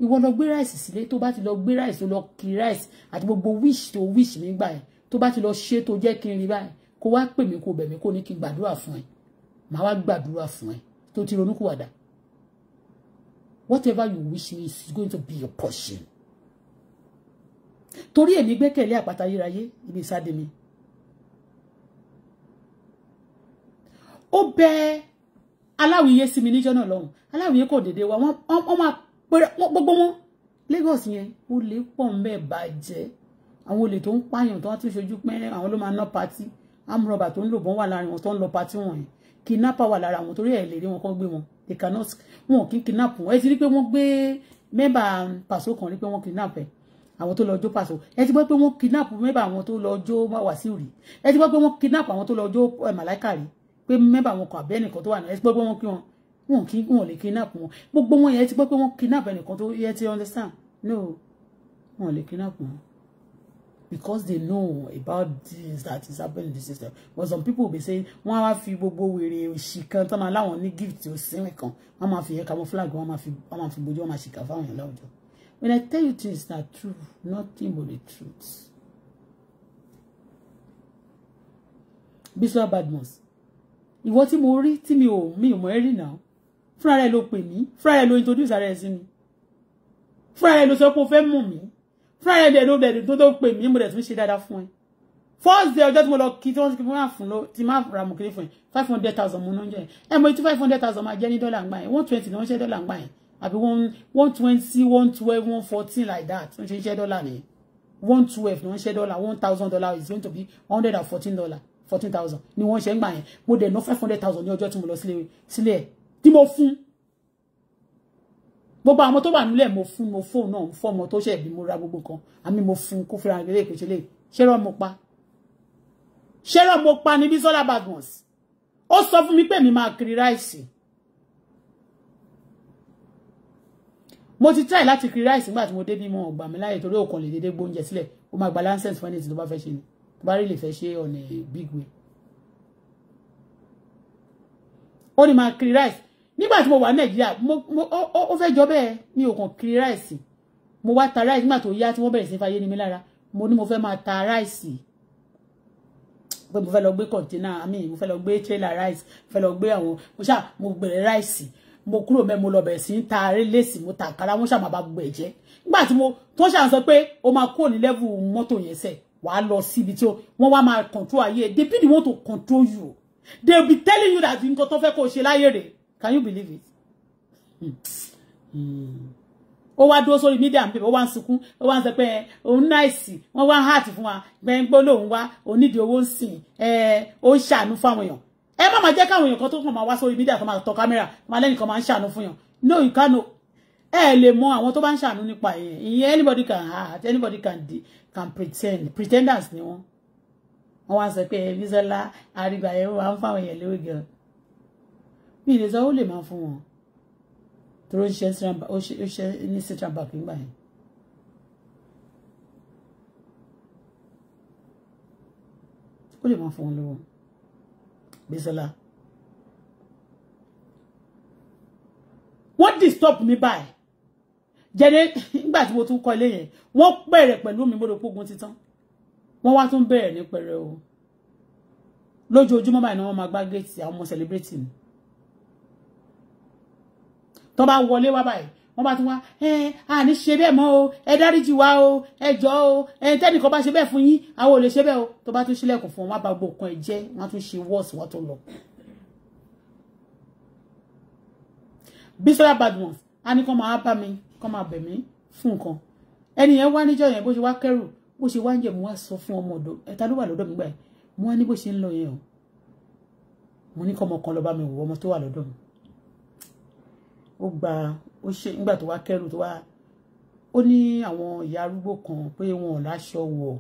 ìwọ lọ gbé ráìsì sílé tó ba ti lọ gbé ráìsì tó lọ kiri ráìsì àti gbogbo wish to wish mi gbà yẹn tó bá ti lọ ṣe tó jẹ́ kí n rí báyìí kó wá pè mí kó bẹ̀ mí kó ní kí n gbàdúrà fún ẹ màá wá gbàdúrà fún ẹ tó ti ronúkúwàdà whatever you wish is going to be your portion torí èmi gbẹ́kẹ̀lé àpáta yíráyé ibi ìsáde mi ó bẹ aláwìyé sí mi níjọ́ náà lọ́hùn aláwìyé kò dédé wa wọ́n máa pẹ́rẹ́ gbogbo wọn Lagos yẹn ó lè pọ̀ ń bẹ́ẹ̀ bàjẹ́ àwọn olè tó ń pààyàn tó wá tún ṣojú pé àwọn ló máa ná patí amúrọ̀bà tó ń lò bọ́n wà lára wọn tó ń lọ patí wọn yìí kidnapper wà lára wọn torí ẹ̀ lè rí wọn kọ́ gbé wọn they cannot wọn kì í kidnap wọn ẹ ti rí pé wọ́n gbé mẹ́bà pàṣọ kan rí pé wọ́n kidnap ẹ̀ àwọn tó lọ jó pàṣọ ẹ ti gbọ́ pé wọ́n kidnap mẹ́bà àwọn tó lọ jó wàsíù rí ẹ ti gbọ́ pé wọ́n kidnap àwọn tó lọ jó eh, màláìkà rí pé mẹ́bà wọn kọ àbẹ́nìkan tó wà náà ẹ ti gbọ́ pé wọ́n kí wọn wọn kì í wọn lè kidnap wọn gbogbo wọn yẹn ti gbọ́ pé wọ́n kidnap ẹnìkan tó yẹ ti understand no wọn lè kidnap wọn because they know about this that is happening in the system but some people be saying wọn á fi gbogbo wèrè òṣì kan tán máa láwọn ní gift òsínwìn kan wọn máa fi yẹ camouflage wọn máa fi wọn máa fi bójú wọn máa ṣìkà fáwọn yẹn láwùjọ when i tell you things na true nothing but the truth Bisola Badmus ìwọ tí mo rí tí mi ò mi ò mọ ẹ rí náà fúnra rẹ ló pè mí fúnra rẹ ló introduce ara ẹ sí mi fúnra rẹ ló sọ pé friday dẹ̀ ló dẹ̀ tó tó pè mí mo dẹ̀ tún ṣe dáadáa fún ẹ first ọjọ́ tí mo lọ kí tí wọ́n ti fún wa fún lọ tí máa ra mọ̀kiri fún ẹ five hundred thousand mo náà jẹ ẹ mo ti five hundred thousand máa jẹ́ ní dọ́là ńgbà yẹn one twenty ni wọ́n ṣe dọ́là ńgbà yẹn àbí one twenty one twelve one fourteen like that wọ́n ṣe ń ṣe dọ́là nìyẹn one twelve ni wọ́n ṣe dọ́là one thousand dollar is going to be one hundred and fourteen dollar fourteen thousand ni wọ́n ṣe ń gbà yẹn mo dẹ̀ ná five hundred thousand ní ọjọ́ tí mo lọ sílé sílé tí mo fún gbogbo àwọn tó wà nílẹ̀ mo fún mo fóun náà fọmọ tó ṣẹ̀ bí mo ra gbogbo kan àmì mo fún kó fira lè kò ṣe lè ṣẹ́rọ̀ mo pa ṣẹ́rọ̀ mo pa ní Bisola Badmus ó sọ fún mi pé mi máa kiri ráìsì mo ti try láti kiri ráìsì nígbà tí mo dé ní mo gbà mí láyè torí òkan lè dédé gbóúnjẹ sílẹ̀ ó máa gba lancet fún ẹni tí ló bá fẹ́ ṣe ni tó bá rí lè fẹ́ ṣe ọ̀nà big way ó ní máa kiri ráìsì nígbà tí mo wà nàìjíríà ó fẹ́ jọ bẹ́ẹ̀ mi ò kàn kiri ráìsì mo wá ta ráìsì nígbà tó yá tí wọ́n bẹ̀rẹ̀ sí fayé ni mi lára mo ní mo fẹ́ máa ta ráìsì pé mo fẹ́ lọ gbé kọ̀ǹtínà àmì mo fẹ́ lọ gbé tírélà ráìsì mo fẹ́ lọ gbé àwọn mo ṣáà mo gbèrè ráìsì mo kúrò mẹ́ mo lọ bẹ̀rẹ̀ sí ń ta lẹ́sì mo ta àkàrà wọ́n ṣáà máa bá gbogbo ẹ̀ jẹ́ nígbà tí mo tó ṣáà sọ pé o máa kúrò ní lẹ́vù mọ́tò yẹn sẹ̀ wàá lọ síbi tí wọ́n wá máa control ayé they be the one to control you they be telling you that nǹkan tó fẹ́ kó o ṣe láyé rèé can you believe it hmm. Hmm. ó wá dúró sórí media paper ó wá ń sunkún ó wá ń sọ pé òun náìsì wọ́n wá ń hàtì fún wa gbẹ̀ngbó lòun wá onídìí owó ń sìn ó ń ṣàánú fáwọn èèyàn ẹ má máa jẹ́ káwọn èèyàn kan tó kàn máa wá sórí media kan máa tọ kámẹ́rà máa lẹ́yìn kan máa ń ṣàánú fún no you can't ẹ lè mọ àwọn tó bá ń ṣàánú nípa ìyẹn ìyẹn anybody can hurt anybody can di can pretend pretenders ni wọ́n wọ́n wá sọ pé Bísọ́lá àrígbà yẹn wà ń fáwọn èèyàn lórí gan-an mi ní sọ ó lè máa fún wọn tó ń ṣe ní central bank nígbà yẹn. ó lè máa fún wọn lówó Bísọ́lá wọ́n disturb mi báyìí jẹne nígbà tí mo tún kọ́ ilé yẹn wọ́n bẹ̀rẹ̀ pẹ̀lú mi mo rò pógun títán wọ́n wá tún bẹ̀rẹ̀ ní pẹ̀rẹ̀ o lójoojúmọ́ báyìí ni wọ́n máa gbá géètì àwọn ọmọ celebrity mi tán bá wọlé wá báyìí wọ́n bá tún wá ẹ à ní ṣe bẹ́ẹ̀ mọ́ o ẹ dáríjì wá o ẹ jọ o ẹ tẹ́nìkan bá ṣe bẹ́ẹ̀ fún yín àwọn ò lè ṣe bẹ́ẹ̀ o tó bá tún ṣílẹ̀kùn fún wọn bá gbogbo nǹkan ẹ jẹ́ wọ́n tún ṣe wọ́ọ̀sì wọ́n tó lọ. bisola badmus a ní kán máa bá mi kán máa bẹ̀ mí fún nǹkan ẹni yẹn wá níjọ́ yẹn bó ṣe wá kẹ́rù bó ṣe wá ń jẹ mo wá sọ fún ọmọ ọ̀dọ̀ ẹ̀ta ló wà lọ́dọ̀ mi gbà yẹn mo wá ní bó ṣe ń lọ yẹn o mo ní kọ́ ọmọ kan lọ bá mi wò ọmọ tó wà lọ́dọ̀ mi ó gba ó ṣe nígbà tó wá kẹ́rù tó wá ó ní àwọn ìyá arúgbó kan pé wọn ò láṣọ wọ̀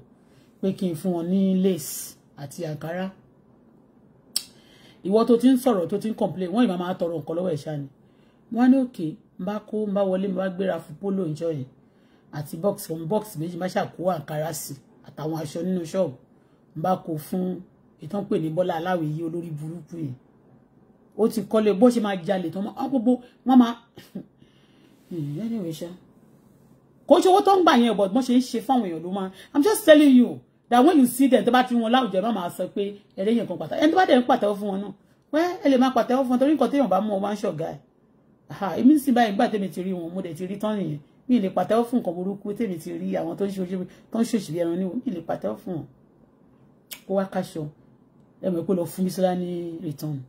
pé kí n fún wọn ní lace àti àǹkárá ìwọ tó ti ń sọ̀rọ̀ tó ti ń complain wọ́n ìmọ̀ máa tọrọ nǹkan lọ́wọ́ ẹ̀ ṣá ni wọ́n ní òkè ń bá kó ń bá wọlé mi wá gbéra fún polo ìjọ yẹn àti box from box méjì má ṣàkó àǹkárá sí àtàwọn aṣọ nínú ṣọ́ọ̀bù ń bá kó fún ìtàn pè ní Bọ́lá aláwìyí olórí burúkú yìí ó ti kọ́lé bó ṣe máa jalè tán wọ́n gbogbo wọ́n máa hmm, anyway ṣá kò ṣe owó tó ń gbà yẹn but wọ́n ṣe ń ṣe fáwọn èèyàn ló máa i'm just telling you that when you see them tó bá ti wọn láwùjọ náà máa sọ pé ẹlẹ́yìn kan pàtàkì ẹni tó bá dẹ̀ ń pàtẹ́wọ́ fún wọn náà wẹ́n ẹ lè máa pàtẹ́wọ́ fún wọn torí nǹkan téèyàn bá mú wọn máa ń ṣọ̀gá ẹ̀ èmi ń sìn báyìí nígbà tèmi ti rí wọn mo dẹ̀ ti rí tán nìyẹn mi lè pàtẹ́wọ́ fún nǹkan burúkú tèmi ti rí àwọn tó ń ṣòṣì bí ẹran níwọ̀n mi lè pàtẹ́wọ́ fún wọn kó wá káṣọ ẹ mọ̀ pé lọ fún mi sílá ní return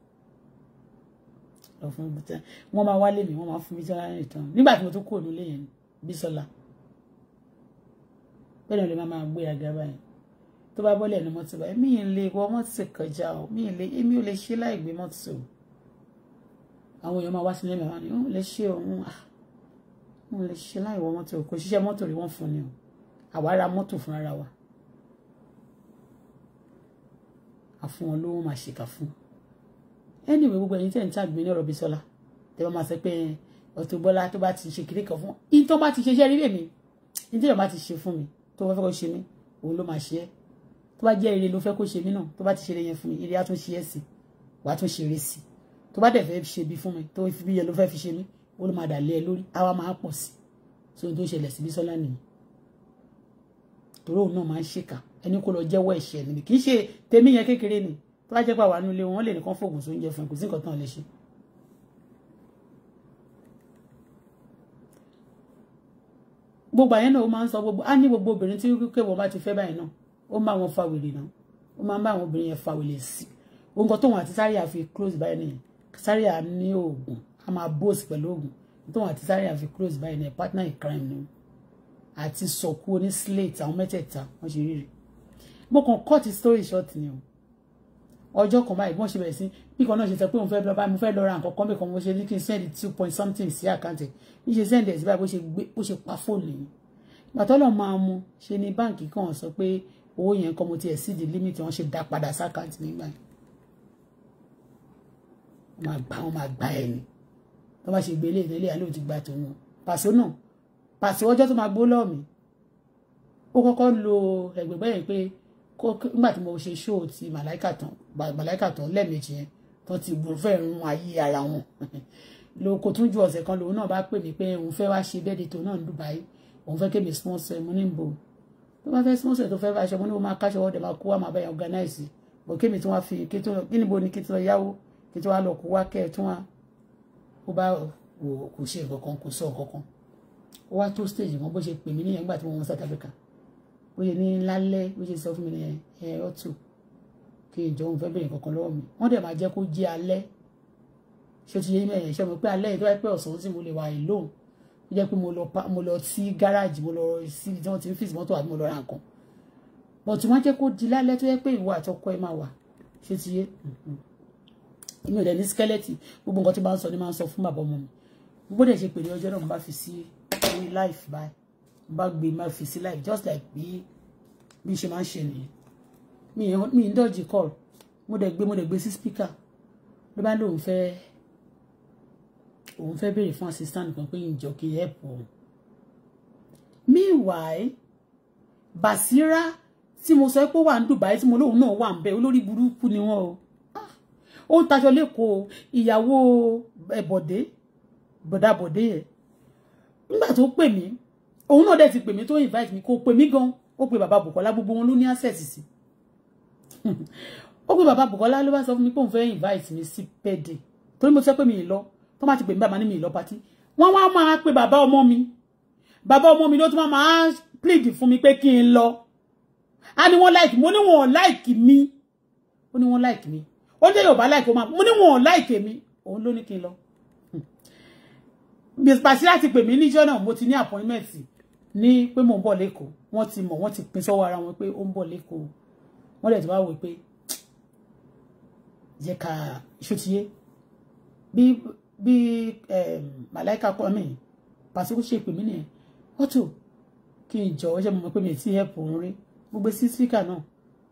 lọ fún mi tán wọ́n máa wálé mi wọ́n máa fún mi tán ìtàn nígbà tí mo tún kúrò nílé yẹn Bísọ́lá bẹ́ẹ̀ ni lè máa gbé àga báyìí tó bá bọ́lẹ̀ ní mọ́tò báyìí mí lè wọ mọ́tò kọjá o mí lè èmi ò lè ṣe láì gbé mọ́tò àwọn èèyàn máa wá sílé mi àwọn ni òun lè ṣe òun à òun lè ṣe láì wọ mọ́tò kò ṣiṣẹ́ mọ́tò rí wọ́n fún ni o àwa ra mọ́tò fúnra wa àfún wọn lówó máa ṣèkà fún un anyway gbogbo ẹ̀yin tẹ̀ ń tàgbé ní ọ̀rọ̀ Bísọ́lá tẹ́ bá máa sọ pé Auto Bola tó bá ti ṣe kiri kan fún in tó bá ti ṣe iṣẹ́ rí èmi in tí yóò bá ti ṣe fún mi tó bá fẹ́ kó ṣe mí òun ló máa ṣe é tó bá jẹ́ ire ló fẹ́ kó ṣe mí náà tó bá ti ṣe ire yẹn fún mi ire á tún ṣe é sí wà á tún ṣe ire sí tó bá dẹ̀ fẹ́ ṣe bí fún mi tó fi bí yẹn ló fẹ́ fi ṣe mí òun ló máa dà lé ẹ lórí àwa máa pọ̀ sí so tó ṣẹlẹ̀ sí Bísọ́lá nìyí tòró òun náà máa ń ṣèkà ẹni kó lọ jẹ́wọ́ ẹ̀ṣẹ̀ nìyí kì í ṣe tèmi yẹn kékeré nìyí tó bá jẹ́ pé àwa nílé wọn lè nìkan fògùn sóúnjẹ fún ẹ kò sí nǹkan tán lè ṣe. gbogbo àyẹn náà ó máa ń sọ gbogbo á ní gbogbo obìnrin tí wípé wọn bá ti fẹ́ báyìí náà ó máa wọn fa wèrè náà ó máa ń bá àwọn obìnrin yẹn fa wèrè sí i nǹkan tóun àti Zaria fi close báyìí nìyẹn Zaria ní oògùn a máa bóòsì pẹ̀lú oògùn tóun àti Zaria fi close báyìí nìyẹn partner in crime ni àti sọ̀kú oní slate àwọn mẹ́tẹ̀ẹ̀ta wọ́n ṣe rí rí mo cut story short ni o ọjọ́ kan báyìí wọ́n ṣe bẹ̀rẹ̀ sí bí kan náà ṣe sọ pé òun fẹ́ lọ bá mo fẹ́ lọ ra nǹkan kan bẹ́ẹ̀ kan mo ṣe ní kí n send two point something sí àkáǹtì bí ṣe send ẹ̀ sí báyìí bó ṣe gbé bó ṣe pa fóònù yìí gbàtọ́lọ̀ máa mu ṣe ni báǹkì kan sọ pé owó yẹn kan mo ti ẹ̀ sí di limit wọn ṣe dá padà sí àkáǹtì nígbà yẹn wọ́n máa gbà wọ́n máa gbà ẹ̀yìn tó bá ṣe gbé ilé ìtẹ́lẹ̀ àlóò ti gba tòun pàṣẹ náà pàṣẹ ọjọ́ tó máa gbó lọ́ọ̀mí ó kọ́kọ́ ti màláìkà màláìkà tó ń lẹ́ẹ̀mejì yẹn tó ti gbòòrò fẹ́ run ayé ara wọn <laughs> lóko tún ju ọ̀sẹ̀ kan lòun náà bá pè mí pé òun fẹ́ wá ṣe bẹ́ẹ̀dì tó náà ń Dubai òun fẹ́ kémi sponsor mo ní ń bo tó bá fẹ́ sponsor tó fẹ́ bá aṣọ mo ní mo máa káṣọ ọ̀dẹ̀ máa kó wá máa bá yẹn organize bò kémi tí wọ́n fi kí níbo ni kí tí wọ́n yáwó kí tí wọ́n lọ kó wá kẹ́ ẹ̀ tún wá ó bá wò kò ṣe nǹkan kò sọ nǹkan ó wá tó stage mọ́ bó ṣe pè mí níyẹn nígbà tí mo wọ́n South Africa bó ṣe ní lálẹ́ bó ṣe sọ fún mi nìyẹn ẹ̀ ọ́ tù kí ìjọ òun fẹ́ bẹ̀rẹ̀ kankan lọ́wọ́ mi wọ́n dẹ̀ máa jẹ́ kó jẹ́ alẹ́ ṣé o ti yé mẹ́yẹn ṣé o mọ̀ pé alẹ́ yìí tó bá pẹ́ ọ̀sán tí mo lè wà ìlóhùn ó jẹ́ pé mo lọ sí gáràjì mo lọ sí ibi tí wọ́n ti ń fìsì mọ́tò àbí mo lọ ra nǹkan bọ̀tù wọ́n jẹ́ kó di lálẹ́ tó yẹ pé ìwọ àtọkọ ẹ máa wà ṣé o ti yé mm-hmm. inú ìdẹ̀ ní skẹ́lẹ́tì gbogbo nǹkan tí máa ń sọ ni máa ń sọ fún bàbá ọmọ mi bó dẹ̀ ṣe pèrè ọjọ́ náà mo bá fi sí life báyìí mo bá gbé life just like bí bí ṣe máa mi mi ń call mo dẹ̀ gbé mo dẹ̀ gbé sí speaker ló bá lóun fẹ́ òun fẹ́ béèrè fún assistant kan pé ìjọ kì help òun meanwhile Basira tí mo sọ pé ó wà ní Dubai tí mo lóun náà wà ń bẹ olórí ni wọn o ah, ó ń tajọ lẹ́kọ̀ọ́ ìyàwó ẹ̀bọ̀dé eh, bọ̀dàbọ̀dé yẹn nígbà tó pè mí òun náà dẹ̀ ti pè mí tó invite mi ko pè mí gan ó pe bàbá Bùkọ́lá gbogbo wọn ló ní access sí i ó pé bàbá Bùkọ́lá ló bá sọ fún mi pé òun fẹ́ invite mi sí pẹ́ẹ́dẹ̀ torí mo sọ pé mi ì lọ tó má ti pè mí bàbá ní mi ì lọ patí wọ́n wá máa pe bàbá ọmọ mi bàbá ọmọ mi ló tún máa plead fún mi pé kí n lọ a ní wọ́n like mo ní wọ́n like mi ó ní wọ́n like mi ó ní Yorùbá like ó máa mo ní wọ́n like mi òun ló ní kí n lọ pàṣẹ láti pè mí níjọ́ náà mo ti ní appointment ní pé mò ń bọ̀ lẹ́kọ̀ọ́ wọ́n ti mọ̀ wọ́n ti pín sọ́wọ́ ara wọn pé ó ń bọ̀ lẹ́kọ̀ọ́ wọ́n dẹ̀ ti wá wò pé jẹ́ ká ṣòtiyé bí bí màláìka kọ́ mi pàṣípò ṣe pè mí nìyẹn ọ̀tò kí n jọ ṣe mọ̀ pé mi ti help òun rí gbogbo sí síkà náà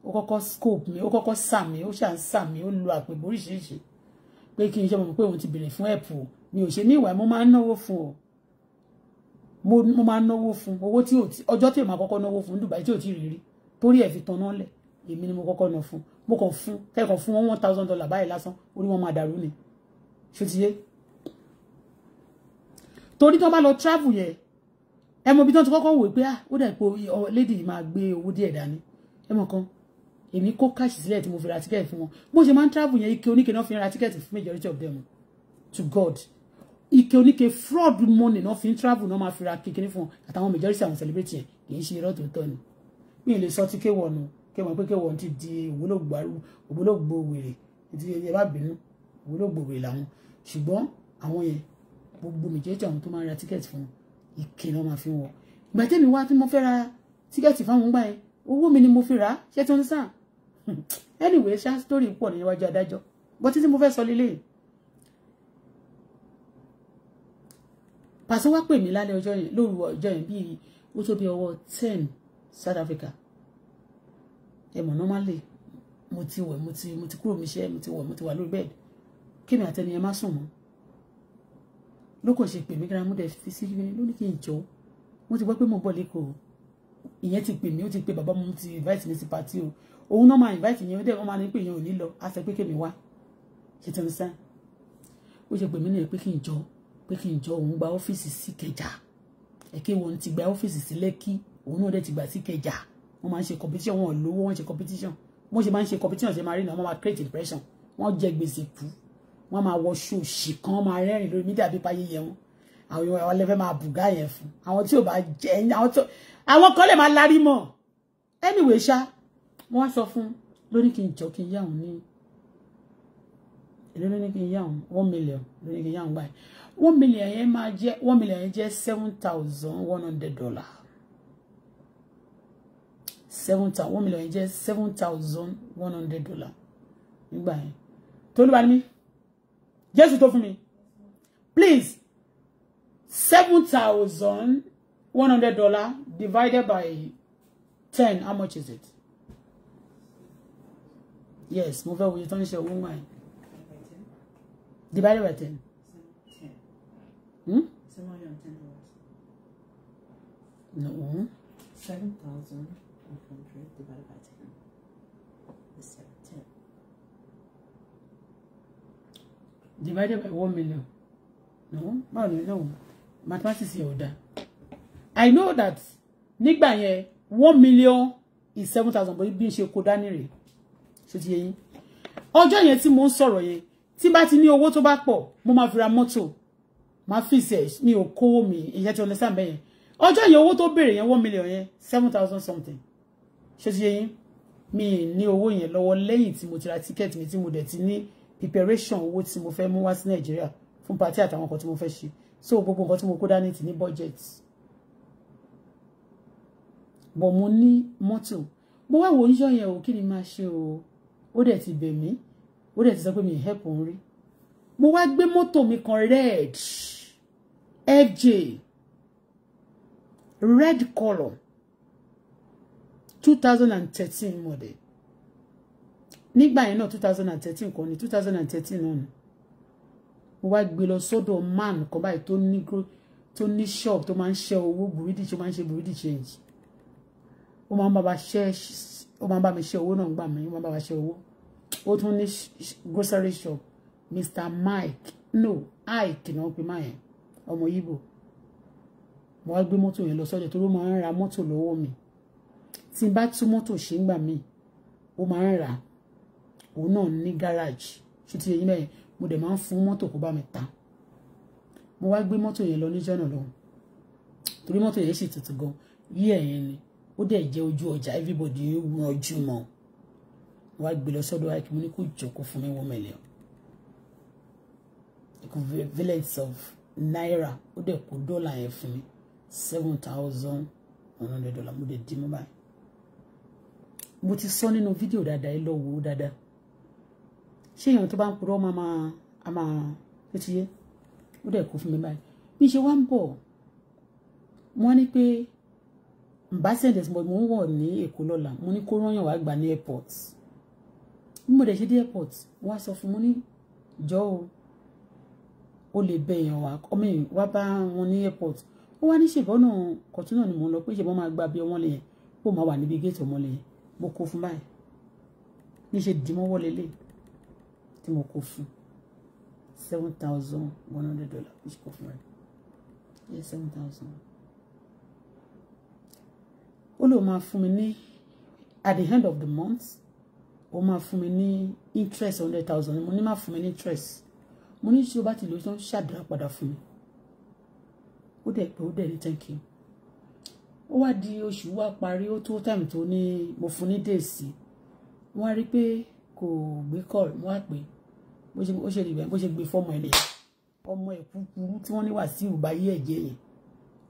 ó kọ́kọ́ scope mi ó kọ́kọ́ sà mí ó ṣà ń sà mí ó lo àpèbó oríṣiríṣi pé kí n ṣe mọ̀ pé òun ti béèrè fún help o mi ò ṣe ní ìwà mo máa ń náwó fún o mo máa ń náwó fún owó tí ọjọ́ tí èèmọ̀ àkọ́kọ́ náwó fún Dubai tí ò tí ì rí rí torí ẹ̀ fi tanná lẹ̀ èmi ni mo kọ́kọ́ nà fún mo kàn fún kẹ́kọ̀ọ́ fún wọn one thousand dollar báyìí lásán ó ní wọ́n máa dàrú ni ṣòtìyé torí tó bá lọ travel yẹn ẹ mọ ibi tó ti kọ́kọ́ wò pé ah ó dà pé lady yìí máa gbé owó díẹ̀ dání ẹ mọ kan èmi kó káàsì sílẹ̀ tí mo fi ra tíkẹ́ẹ̀tì fún wọn bó ṣe máa ń travel yẹn ike oníke náà fi ra tíkẹ́ẹ̀tì fún majority of them to God ike oníke fraud money náà fi ń travel náà máa fi ra kékeré fún wọn àtàwọn majority àwọn celebrity yẹn kì í ṣe irọ́ tó tọ́ ni mi ò lè sọ tí kéwọ̀n nù kẹwọn pé kẹwọn ti di ògbólógbò wèrè ètò ìyẹn bá bínú ògbólógbò wèrè làwọn ṣùgbọ́n àwọn yẹn gbogbo méjèèjì àwọn tó máa ra tíkẹ́ẹ̀tì fún ìkìlọ̀ máa fi wọ̀ ìgbà tẹ́mi wá tí mo fẹ́ ra tíkẹ́ẹ̀tì fáwọn gbà yẹn owó mi ni mo fi rà á ṣé tó ń sàn anyway ṣá story pọ̀ níwájú adájọ́ bó títí mo fẹ́ sọ lílé Pàṣẹ wá pè mí lálẹ́ ọjọ́ yẹn lóru ọjọ́ yẹn bíi ó tó bí ọwọ́ ten South Africa ẹ mọ̀ normally mo ti wẹ̀ mo ti mo ti kúrò mi iṣẹ́ mo ti wẹ̀ mo ti wà lórí bẹ́ẹ̀dì kémi àtẹni ẹ má sùn mọ́ lókàn ṣe pè mí kí n amúdẹ fi sí kí ni ló ní kí n jọ wọ́n ti gbọ́ pé mo bọ̀ lẹ́kọ̀ọ́ ìyẹn ti pè mí ó ti pè bàbá mo ti invite mi sí party o òun náà máa invite yẹn ó dẹ̀ wọ́n máa ní pé yẹn ò ní lọ á sọ pé kémi wá ṣe ti ń sá ṣe pè mí nìyẹn pé kí n jọ pé kí n jọ òun gba ọ́fíìsì sí kẹjà ẹ̀kẹ́ wọn ti gba ọ́fíìsì sí lẹ́kì òun náà dẹ̀ ti gbà sí kẹjà wọ́n máa ń ṣe competition wọn ò lówó wọ́n ṣe competition wọ́n ṣe máa ń ṣe competition ṣe máa rí náà wọ́n máa create impression wọ́n jẹ gbèsè kú wọ́n máa wọ ṣòṣì kan máa rẹ́rìn lórí mídíà bí payẹyẹ wọn àwọn ìwọ̀n àwọn lẹ́fẹ̀ẹ́ máa bùgá yẹn fún àwọn tí ò bá jẹ àwọn tó àwọn kan lè máa larí mọ̀ anyway ṣá wọ́n sọ fún lórí kí n jọ kí n yá òun ní èlé lórí kí n yá òun one million lórí kí n yá òun báyìí one million yẹn máa jẹ́ one million yẹn jẹ́ seven thousand one hundred dollars seven thousand one million yẹn seven thousand one hundred dollar nígbà yẹn tolúwa ni mí jésù tó fún mi please seven thousand one hundred dollar divided by ten how much is it yes mo fẹ́ wòye tó ń ṣe owó wáyé divided by ten. Hmm? Seven thousand. 100 divided by 10 is 710. Divided by 1 million. No, no, no. Mathematics yẹn ò I know that Nick yẹn 1 million is 7,000 but it n ṣe kó dání So Ṣó ti yé yín? Ọjọ́ yẹn tí mo ń sọ̀rọ̀ yẹn tí bá ti ní owó tó bá pọ̀ mo máa fi ra mọ́tò máa fi ṣe mi ò kówó mi ìyẹn ti ọ̀nà sáà bẹ́yẹn ọjọ́ yẹn owó tó béèrè yẹn one million yẹn seven thousand something ṣé ti yé yín mi ní owó yẹn lọ́wọ́ lẹ́yìn tí mo ti ra tíkẹ́ẹ̀tì mi tí mo dẹ̀ ti ní preparation owó tí mo fẹ́ mú wá sí nàìjíríà fún pàtí àtàwọn nǹkan tí mo fẹ́ ṣe so gbogbo nǹkan tí mo kó dání ti ní budget bọ̀ mo ní mọ́tò mo wá wo oníṣẹ́ yẹn o kí ni máa ṣe o ó dẹ̀ ti bẹ̀ mí ó dẹ̀ ti sọ pé mi help òun rí mo wá gbé mọ́tò mi kan red fj red colour 2013 thousand and thirteen mọ̀dẹ̀ nígbà yẹn náà two thousand and thirteen kọ́ ni two thousand and thirteen náà ni mo wá gbé lọ sọ́dọ̀ man kan báyìí tó ní tó ní shop tó máa ń ṣe owó burúdì tó máa ń ṣe burúdì change O máa baba bá o ṣe ó máa ń bá mi ṣe owó náà gbà mí ó máa ń bá wa ṣe owó grocery shop Mr. Mike no Ike No pe máa yẹn ọmọ Yíbò mo wá gbé mọ́tò yẹn lọ sọ́dọ̀ tó ló máa ra mọ́tò lọ́wọ́ mi tí n bá tún mọ́tò ṣe ńgbà míì ó máa ń rà òun náà ní gáràjì ṣùtì èyí mẹ́rin mo dẹ̀ máa ń fún mọ́tò kó bá mi ta mo wá gbé mọ́tò yẹn lọ níjọ́ náà lọ́hùn torí mọ́tò yẹn sì tutù gan yí ẹ̀yìn ni ó dẹ̀ jẹ́ ojú ọjà everybody ń wọ́n ojú mọ́ mo wá gbé lọ sọ́dọ̀ àìkú mo ní kó jókòó fún mi wọ́n mẹ́lẹ̀ equivalent of naira ó dẹ̀ kó dọ́là yẹn fún mi seven thousand one hundred dollar mo dẹ̀ dì mọ́ báyìí mo ti sọ nínú fídíò dáadáa ẹ lọ wò ó dáadáa ṣé èèyàn tó bá ń purọ́ máa máa a máa tó ti yé ó dẹ̀ kú fún mi báyìí bí ṣe wá ń bọ̀ wọ́n ní pé ambassadors mo ń wọ̀ ní èkó lọ́la mo ní kó rányàn wá gbà ní airport bí mo dẹ̀ ṣe dé airport wọ́n sọ fún mo ní jọ́ o ó lè bẹ èèyàn wá ọmọ yìí wá bá wọn ní airport ó wá ní ṣèbọ́nà kọ̀tún náà ni mò ń lọ pé ṣèbọ́n máa gbà bí ọmọ lè yẹn ó máa wà níbi géètì mo kó fún báyìí níṣẹ́ dìmọ́wọ́ lélẹ̀ tí mo kó fún seven thousand one hundred dollars níṣẹ́ kó fún rẹ̀ seven thousand. ó lóun máa fún mi ní at the end of the month ó máa fún mi ní interest hundred thousand mo ní máa fún mi ní interest mo ní tí o bá ti lò ṣàdúrà padà fún mi ó dẹ̀ pé ó dẹ̀ ní thank you. ó wá di oṣù wa parí ó tó time tó ní mo fún ní dèsì wọ́n rí pé kò gbé call wọ́n á pè bó ṣe ó ṣe lè bẹ́ẹ̀ bó ṣe gbé fọ́ọ̀mù ẹ̀ ọmọ ẹ̀ tí wọ́n ní Wàsíù bá yí ẹ̀jẹ̀ yẹn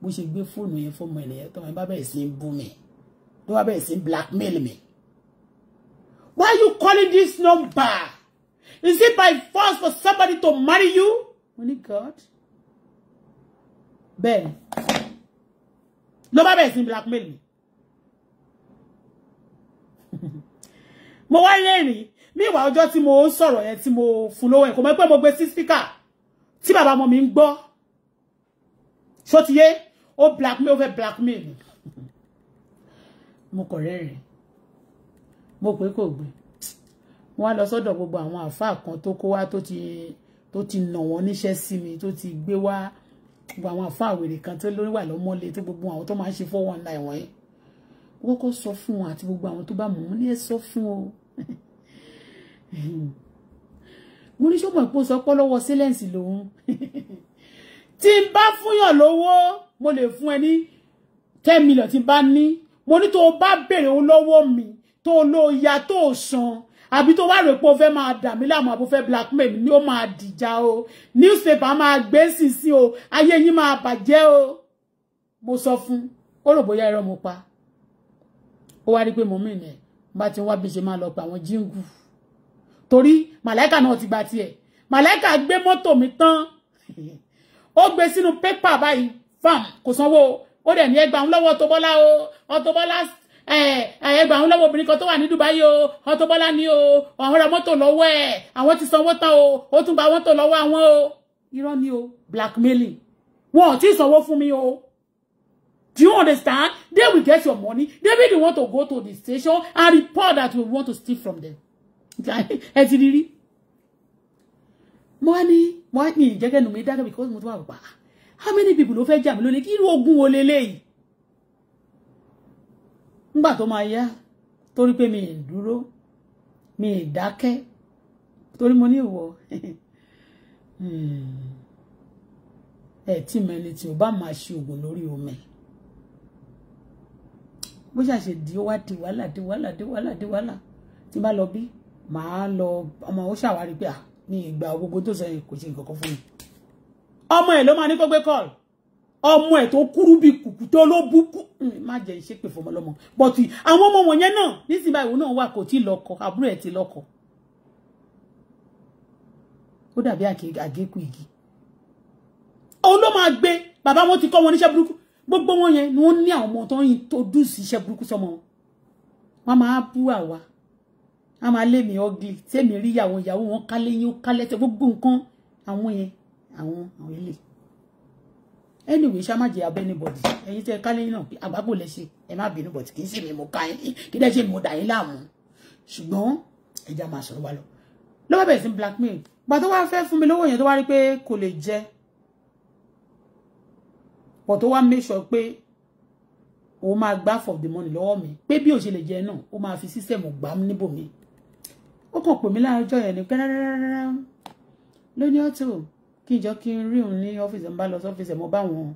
bó ṣe gbé fóònù yẹn fọ́ọ̀mù ẹ̀ lẹ̀ tọ́mọ bá bẹ̀rẹ̀ sí bú mi tó bá bẹ̀rẹ̀ sí blackmail mi. Why you calling this number? Is it by force for somebody to marry you? Only God. Ben. ló bá bẹ̀rẹ̀ sí blackmail mi <laughs> mo wá lẹ́rìn míwà ọjọ́ tí mo sọ̀rọ̀ yẹn tí mo fún lówó ẹ̀ kò mọ̀ pé mo gbé sí spíkà tí bàbá ọmọ mi ń gbọ́ ṣó ti yé ó blackmail ó fẹ́ blackmail mi mo kọ̀ rẹ́rìn mo pé kò gbé wọn á lọ gbogbo àwọn àáfàá kan tó kó wá tó ti tó ti nà wọ́n níṣẹ́ sí mi tó ti gbé Wa gbogbo àwọn àfa àwèrè kan tó lórí wà lọ́mọ́lé tó gbogbo àwọn tó máa ń ṣe four one nine wọ̀nyí wọ́n kọ́ sọ fún wọn àti gbogbo àwọn tó bá mọ̀ wọ́n ní ẹ sọ fún o <laughs> mo ní sọ́mọ̀ ìpò sọ pé sílẹ̀ǹsì lòun <laughs> tí n bá fúnyàn lówó mo lè fún ẹ ní ten million tí n bá ní mo ní tó o bá béèrè owó lọ́wọ́ mi tó o lo tó o san àbí tó wá rò pé o fẹ́ máa dà mí láàmú àbò fẹ́ blackmail ni ó máa dìjà o newspaper máa gbé sísí o ayé yín máa bàjẹ́ o mo sọ fún ó rò bóyá irọ́ mo pa ó wá rí pé mo mìíràn bá ti wá bí ṣe máa lọ pa àwọn jíǹgù torí màláìka náà ti gba tiẹ̀ màláìka gbé mọ́tò mi tán ó gbé sínú pépà báyìí fam kò sanwó ó dẹ̀ ní ẹgbàá ń lọ́wọ́ Auto Bola o Auto ẹgbà àwọn lọ́wọ́ obìnrin kan tó wà ní Dubai o Auto Bola ni o àwọn ra mọ́tò lọ́wọ́ ẹ̀ àwọn ti sanwó tán o ó tún gba mọ́tò lọ́wọ́ àwọn o irọ́ ni o blackmailing wọn ò tí ì sanwó fún mi o do you understand they will get your money they will want to go to the station and report that you want to steal from them <laughs> ẹ ti rí rí mo wá mi dákẹ́ because mo tún wà pa ah, how many people ló fẹ́ jà mí lónìí kí irú ogun wo leléyìí nígbà tó máa yá torí pé mi ì dúró mi ì dákẹ́ torí mo ní ìwọ <laughs> ẹ tí mẹni tí o bá máa ṣe oògùn lórí omi bó ṣàṣe di wá di wàhálà di wàhálà di wàhálà di wàhálà tí bá lọ bí màá lọ ọmọ ó ṣàwárí pé à ní ìgbà gbogbo tó sọ yẹn kò ṣe nǹkan kan fún mi ọmọ ẹ ló máa ní kó gbé kọ́ọ̀lù ọmọ ẹ̀ tó kúrú bí kùkùté olóbùkù mm, má jẹ́ ìṣépè fọmọ lọ́mọ but àwọn ọmọ wọ̀nyẹn náà nísìnyí báyìí òun náà wà kò tí ì lọ́kọ àbúrò ẹ̀ ti lọ́kọ ó dàbí àgékù igi òun ló máa gbé bàbá wọn ti kọ́ wọn níṣẹ́ burúkú gbogbo wọn yẹn ni wọ́n ní àwọn ọmọ tó ń introduce iṣẹ́ burúkú sọmọ wọn wọn máa bú àwa wọn máa lé mi ugly tèmi rí àwọn ìyàwó wọn kálé yín ó kálé tẹ gbogbo nǹkan àwọn yẹn àwọn àwọn eléyìí anyway ṣá má jẹ abẹ anybody ẹ̀yin tẹ kálẹ náà àgbákò lẹ ṣe ẹ má bínú but kì í ṣe mi mo ká yín kí lẹ ṣe mi mo dà yín láàmú ṣùgbọ́n ẹja máa sọ̀rọ̀ wa lọ ló bá bẹ̀rẹ̀ sí blackmail gbà tó wá fẹ́ fún mi lówó yẹn tó wá rí pé kò lè jẹ pọ̀ tó wá make sure pé òun máa gbá for the money lọ́wọ́ mi pé bí ò ṣe lè jẹ náà ó máa fi system gbà mí níbò mi ó kàn pè mí láàárọ̀ yẹn ní pẹ́rẹ́rẹ́rẹ́rẹ́ lóní ọ̀tún kí ìjọ kí n rí òun ní ọ́fíìsì ń bá lọ sọ́fíìsì mo bá wọn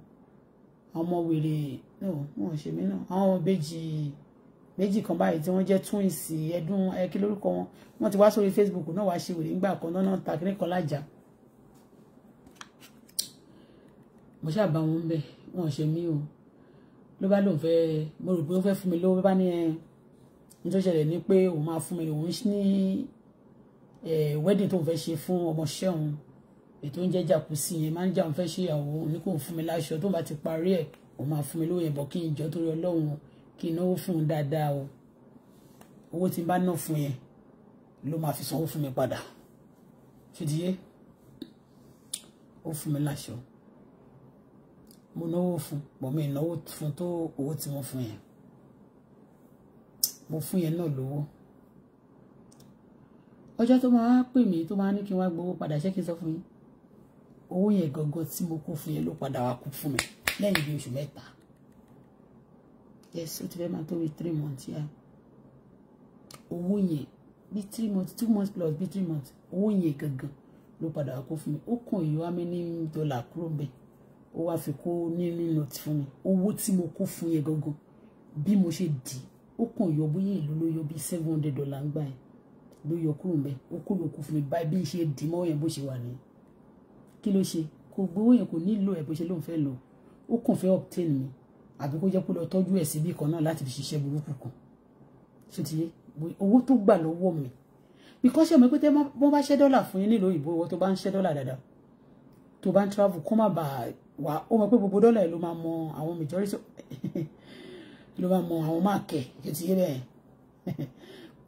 ọmọ wèrè no wọn ò ṣe mí náà àwọn méjì méjì kan báyìí tí wọ́n jẹ́ twins ẹdún ẹkí lórúkọ wọn wọ́n ti wá sórí Facebook náà wá ṣe wèrè ńgbà kan náà ta kíní kan lájà mo ṣáà bá wọn bẹ̀ wọn ò ṣe mí o ló bá lóun fẹ́ mo rò pé ó fẹ́ fún mi lówó bá ní ẹ tó ṣẹlẹ̀ ni pé òun máa fún mi òun ní wedding tóun fẹ́ ṣe fún ọmọọṣẹ́ òun ètò oúnjẹ jacuzzi yẹn máa ń jà ń fẹ́ ṣe ìyàwó ní kò fún mi láṣọ tó bá ti parí ẹ̀ ò máa fún mi lówó yẹn bọ̀ kí n jọ torí ọlọ́run kí n náwó fún un dáadáa o owó tí n bá ná fún yẹn ló máa fi sanwó fún mi padà ṣèdíyé ó fún mi láṣọ mo náwó fún bọ̀ mi ìnáwó fún tó owó tí mo fún yẹn mo fún yẹn náà lówó ọjọ́ tó máa pè mí tó máa ní kí n wá gbowó padà ṣé kí n sọ fún yín owó yẹn gangan tí mo kó fún yẹn ló padà wá kú fún mi lẹ́yìn bí oṣù mẹ́ta yes ó ti fẹ́ máa tó bí three months yá owó yẹn bí three months two months plus bí three months owó yẹn gangan ló padà wá kó fún mi ó kàn yìí wá mi ní dọ́là kúrò bẹ́ẹ̀ ó wá fi kó nínú note fún mi owó tí mo kó fún yẹn gangan bí mo ṣe dì ó kàn yọ bóyá èlò ló yọ bíi seven hundred dollar ń gbà yẹn ló yọ kúrò bẹ́ẹ̀ ó kó yòókù fún mi báyìí bí n ṣe dì mọ́ yẹn bó ṣe wà nìyẹn kí ló ṣe kò gbowó yẹn kò nílò ẹ̀ bó ṣe lóun fẹ́ lọ ó kàn fẹ́ obtain mi àbí kó jẹ́ kó lọ tọ́jú ẹ̀ síbì kan náà láti fi ṣiṣẹ́ burúkú kan ṣé owó tó gbà lọ́wọ́ mi because ṣé mo pé tẹ́ wọ́n bá ṣẹ́ dọ́là fún yín nílùú òyìnbó ìwọ tó bá ń ṣẹ́ dọ́là dáadáa tó bá ń travel kó má bàa wà ó mọ̀ pé gbogbo dọ́là yìí ló máa mọ àwọn majority <laughs> ló máa mọ àwọn máàkì ṣe ti yé <laughs>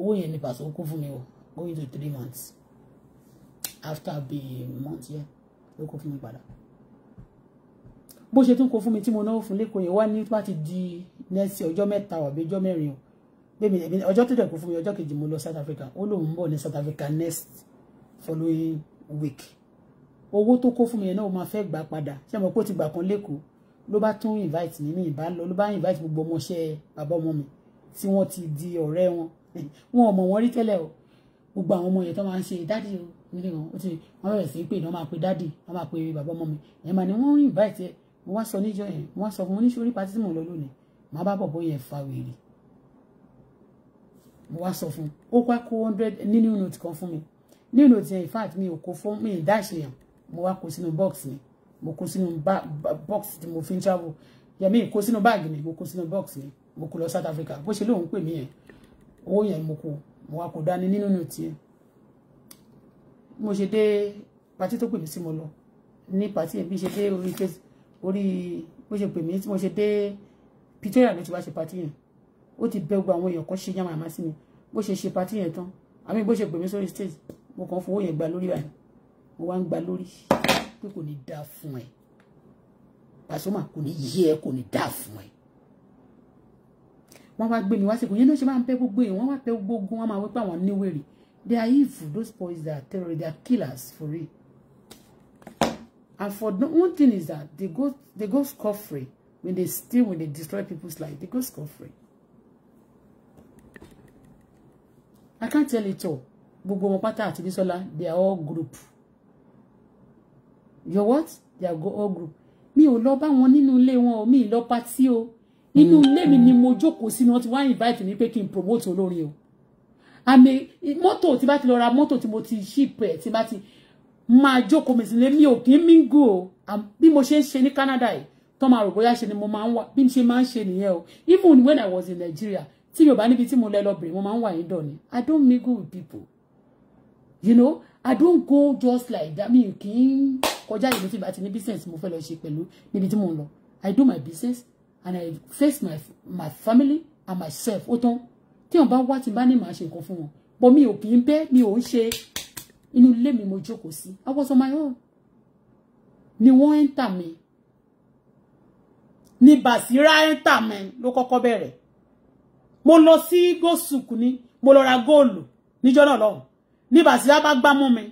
owó yẹn ni pàṣẹ ó kún fún mi o going to three months after be month yẹn. Yeah pé kó fún mi padà bó ṣe tún kó fún mi tí mo náwó fún lẹ́kọ̀ọ́ yẹn wá ní bá ti di nẹ́ẹ̀sì ọjọ́ mẹ́ta àbí ọjọ́ mẹ́rin o bẹ́ẹ̀ mi ọjọ́ tó dẹ̀ kó fún mi ọjọ́ kejì mo lọ South Africa ó lóun ń bọ̀ ní South Africa next following week owó tó kó fún mi yẹn náà ó máa fẹ́ gbà padà ṣé mo kó ti gbà kan lẹ́kọ̀ọ́ ló bá tún invite mi mi ìbá lọ ló bá invite gbogbo ọmọọṣẹ́ bàbá ọmọ mi tí wọ́n ti di ọ̀rẹ́ wọn <laughs> wọn ò mọ̀ wọ́n rí tẹ́lẹ̀ o gbogbo àwọn ọmọ yẹn tó máa ń ṣe dáàdi o nílé wọn ó ti wọn bẹ̀rẹ̀ sí í pè ní wọn máa pe dádì wọn máa pe bàbá ọmọ mi ẹ̀ mà ní wọ́n ń invite ẹ̀ mo wá sọ níjọ́ yẹn mo wá sọ fún mo ní sórí patí tí mo lọ lónìí màá bá bọ̀bọ̀ yẹn fa wèrè mo wá sọ fún ó wá kó hundred ní new note kan fún mi new note yẹn in fact mi ò kó fún mi dáṣe yẹn mo wá kó sínú box mi mo kó sínú box tí mo fi ń travel yẹmi kó sínú báàgì mi mo kó sínú box mi mo kó lọ South Africa bó ṣe lóun pè mí yẹn owó yẹn mo kó mo wá kó dání nínú note yẹn mo ṣe dé pàtí tó pè mí sí mo lọ ní pàtí ẹ̀ bí ṣe dé orí orí bó ṣe pè mí tí mo ṣe dé Pretoria ló ti wá ṣe pàtí yẹn ó ti bẹ gbogbo àwọn èèyàn kan ṣe yàmàyàmá sí mi bó ṣe ṣe pàtí yẹn tán àmì bó ṣe pè mí sórí stage mo kàn fowó yẹn gba lórí báyìí mo wá ń gba lórí pé kò ní dáa fún ẹ Pasuma kò ní yé ẹ kò ní dáa fún ẹ wọn wá gbé mi wá sí kò yẹn náà ṣe máa ń pẹ gbogbo èèyàn wọn wá pẹ gbogbo wọn máa wípé àwọn níwèrè They are evil. Those boys, they are terrorists. They are killers for real. And for the, one thing is that they go they go scot-free when they steal, when they destroy people's life. They go scot-free. I can't tell it all. Gbogbo wọn pátá àti Bisola, they are all group. Your what? They are all group. Me o lọ bá wọn nínú ilé wọn o, mi ì lọ o. Nínú ilé mi ni mo jókòó sí ni wọ́n ti wá invite mi pé kí promote olórin o. àmì mọ́tò tí bá ti lọ ra mọ́tò tí mo ti ṣìpẹ̀ tí bá ti máa jókòó mi sílé mi ò kí bí mo ṣe ṣe ní Canada yìí tó máa rò bóyá ṣe ni mo bí mo ṣe máa ṣe o even when I was in Nigeria tí mi ò bá tí mo lẹ lọ bèrè mo I don't mingle with people you know I don't go just like that mi kí ìlú ti ní business mo fẹ́ lọ ṣe pẹ̀lú tí mo lọ I do my business and I face my my family and myself ó tí wọn bá wá tí bá ní màá ṣe nǹkan fún wọn but mi ò kì í bẹ́ mi ò ń ṣe inú ilé mi mo jókòó sí I was on my own ni wọ́n ẹ́ńtà mi ni Basira ẹ́ńtà mi ló kọ́kọ́ bẹ̀rẹ̀ mo lọ sí gosùkù ni mo lọ ra góòlù níjọ́ náà lọ́hùn ni Basira bá gbá mú mi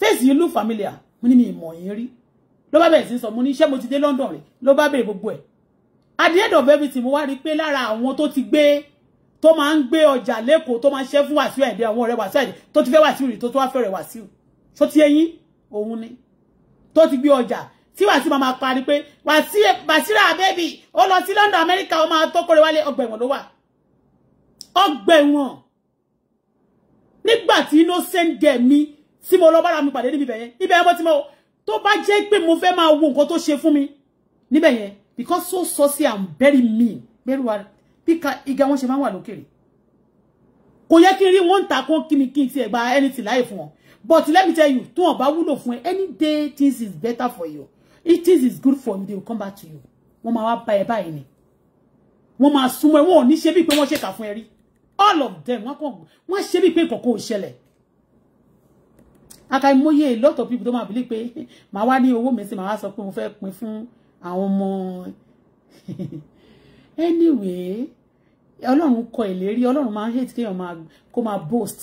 fèsì ìlú familia mo ní mi ìmọ̀ yín rí ló bá bẹ̀rẹ̀ sí sọ mo ní iṣẹ́ mo ti dé London rẹ̀ ló bá bẹ̀rẹ̀ gbogbo ẹ̀ at the end of everything mo wá rí i pé lára àwọn tó ti gbé tó máa ń gbé ọjà lẹ́kọ̀ọ́ tó máa ń ṣẹ́ fún wàsíù ẹ̀dẹ́ àwọn ọ̀rẹ́ wàsíù ẹ̀dẹ́ tó ti fẹ́ wàsíù rí tó tó wá fẹ́rẹ̀ wàsíù tó ti ẹyin òun ni tó ti gbé ọjà tí wàsíù máa máa parí pé wàsíra bẹ́bì ó lọ sí London America ó máa tókòrè wálé ọgbà ẹ̀wọ̀n ló wà ọgbà ẹ̀wọ̀n nígbà tí innocent girl mi tí mo lọ bára mi pàdé níbi bẹ̀yẹn ibẹ̀ yẹn bó ti tó bá jẹ́ pé mo fẹ́ máa wo nǹkan tó ṣe fún mi níbẹ̀ yẹn because so saucy and very mean very well bí ìga wọn ṣe máa ń wà lókèrè kò yẹ kí n rí ta kó kí ni kí n gba anything life fún but let me tell you tó wọn bá wúlò fún any day things is better for you if things is good for you they will come back to you wọn máa wá bá ẹ báyìí ni wọn máa súnmọ́ ẹ wọn ò ní ṣe bíi pé wọn ṣèkà fún all of them wọn kàn wọn ṣe bíi pé kọ̀ọ̀kan ò ṣẹlẹ̀ akaimoye a lot of people don't máa bìlí pé màá ni owo owó mi sí màá wá sọ pé mo fẹ́ pin fún àwọn ọmọ <laughs> anyway ọlọ́run kọ ìlérí ọlọ́run máa ń hate kéèyàn máa kó máa boast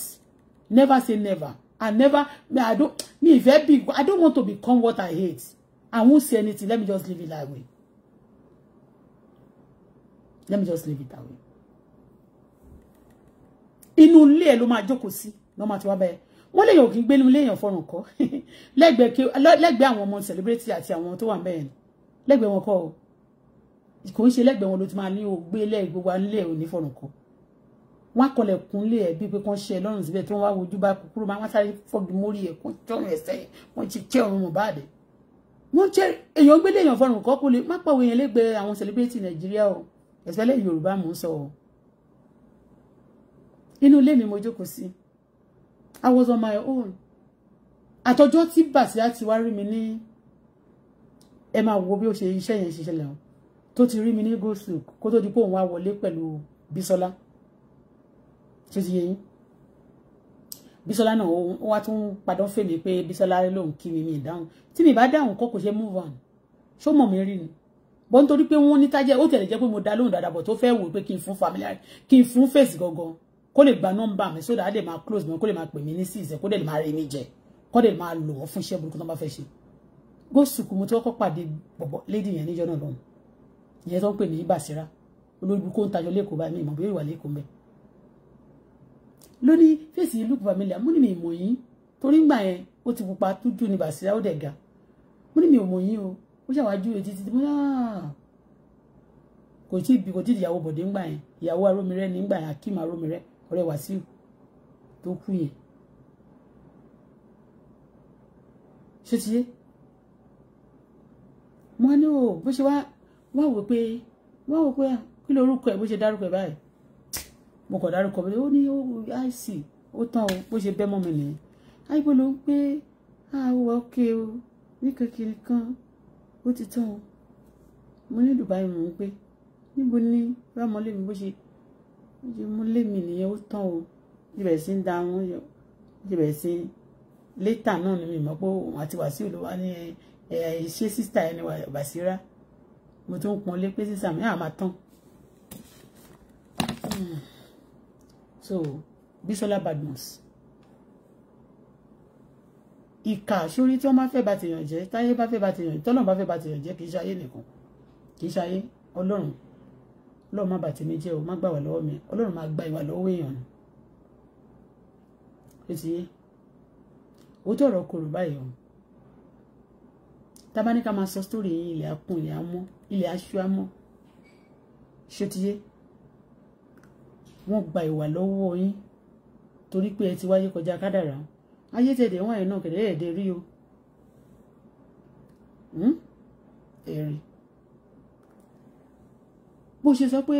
never say never i never i don't me if i i don't want to become what i hate i won't say anything let me just leave it that way let me just leave it that way inú ilé ẹ ló máa jókòó sí ló máa ti wá bẹ́ẹ̀ wọ́n lè yàn kí n gbé inú ilé èèyàn fọrùn kọ́ <laughs> lẹ́gbẹ̀ẹ́ àwọn ọmọ celebrity àti àwọn tó wà bẹ́ẹ̀ lẹ́gbẹ̀ẹ́ wọn kọ́ o kò ń ṣe lẹ́gbẹ̀ẹ́ wọn ló ti máa ní ògbé lẹ́ gbogbo nílẹ̀ òní fọ̀rùn kan wọn akọlẹ̀ kúnlé ẹ̀ bíi pé kán ṣe lọ́rùn síbẹ̀ tí wọ́n wá wojú bá kúkúrú máa wọ́n sáré fọ́gi mórí ẹ̀ kán jọ̀rùn ẹ̀sẹ̀ wọ́n ti jẹ́ ọ̀run Mohbad wọ́n jẹ́ èèyàn gbélé èèyàn fọ̀rùn kan kò lè má pọ̀ wẹ̀yẹn lẹ́gbẹ̀ẹ́ àwọn celebrity Nàìjíríà o especially Yorùbá mò ń sọ o inú ilé mi mo jókòó sí I was on my own àtọjọ́ tí bàtí á ti wá rí mi ní ẹ máa wo bí ó ṣe iṣẹ́ yẹn ṣiṣẹ́ lẹ́wọ̀n tó ti rí mi ní gòsù kó tó di pé òun wá wọlé pẹ̀lú Bísọ́lá ṣé ti yé yín Bísọ́lá náà ó wá tún padà fè mí pé Bísọ́lá lòun kí mi mi dáhùn tí mi bá dáhùn kọ́ kò ṣe move on ṣó mọ̀ mí rí ni bọ́n torí pé wọ́n ní tájẹ́ ó tẹ̀lé jẹ́ pé mo dá lóhùn dáadáa bọ̀ tó fẹ́ wò pé kí n fún familiar kí n fún fèsì gangan kó lè gba nọ́mbà mi sódà á máa close mi kó lè máa pè mí ní sísẹ kó lè máa rí mi jẹ kó lè máa lò wọ́n fún iṣẹ́ burúkú tó bá fẹ́ ṣe. gósùkù mo ti kọ́kọ́ pàdé bọ̀bọ̀ lady yẹn níjọ́ náà lọ́hùn ìyẹn tó ń pè ní Basira olóògbé kó ń tajọ lẹ́kọ̀ọ́ báyìí mi ìmọ̀ bí yóò wà lẹ́kọ̀ọ́ mbẹ́ lónìí fèsì look familiar múni mi ìmọ̀ yín torí ngbà yẹn ó ti pupa dúdú ní Basira ó dẹ̀ ga múni mi ìmọ̀ yín o ó ṣàwájú etí títí mú náà ah. kò tí ì bí kò tí ì ìyàwó bọ̀dé ngbà yẹn ìyàwó arómirẹ́ ní ngbà yẹn Akeem arómirẹ́ ọ̀rẹ́ Wàsíù tó kú yẹn ṣé ti yé mo ní o oh, bó ṣe wá wá wò pé wá wò pé kí lorúkọ ẹ bó ṣe dárúkọ ẹ báyìí mo kàn dárúkọ mi ó ní àìsí ó tán o bó ṣe bẹ́ mọ́ mi nìyẹn àìbò ló ń pé ah, àwọ̀ òkè o ní kékeré kan ó ti tán o mo ní Dubai mò ń gbé níbo ni rámọlé mi bó ṣe ṣe mú lé mi nìyẹn ó tán o ibẹ̀ sí ń da wọn yọ ibẹ̀ sí létà náà ni mi mọ̀ pé òun àti Wàsíù ló wá ní ẹ̀ eh, ẹ̀ eh, ṣé sísítà ẹni Basira mo tún pọn lé pé sísà mi àmà tán so Bísọ́lá Badmus ìkà sórí tí wọ́n bá fẹ́ bà tèèyàn jẹ́ táyé bá fẹ́ bà tèèyàn jẹ́ tọ́lọ́run bá fẹ́ bà tèèyàn jẹ́ kì í ṣayé nìkan kì í ṣayé Ọlọ́run Ọlọ́run má bà tèmi jẹ́ o má gbà wá lọ́wọ́ mi Ọlọ́run má gba ìwà lọ́wọ́ èèyàn ni ó ti yé òótọ́ ọ̀rọ̀ korò báyìí o tá máa sọ sítórì yìí ilẹ̀ akún ilẹ̀ amú ilẹ̀ aṣọ́amọ́ ṣètìyé wọ́n gba ìwà lọ́wọ́ yín torí pé ẹ ti wáyé kọjá kádàrá ayé tẹ̀dẹ̀ wọ́n ẹ̀ náà kẹ̀dẹ̀ ẹ̀ẹ́dẹ̀ rí o hmm? ẹ̀rì bó ṣe sọ pé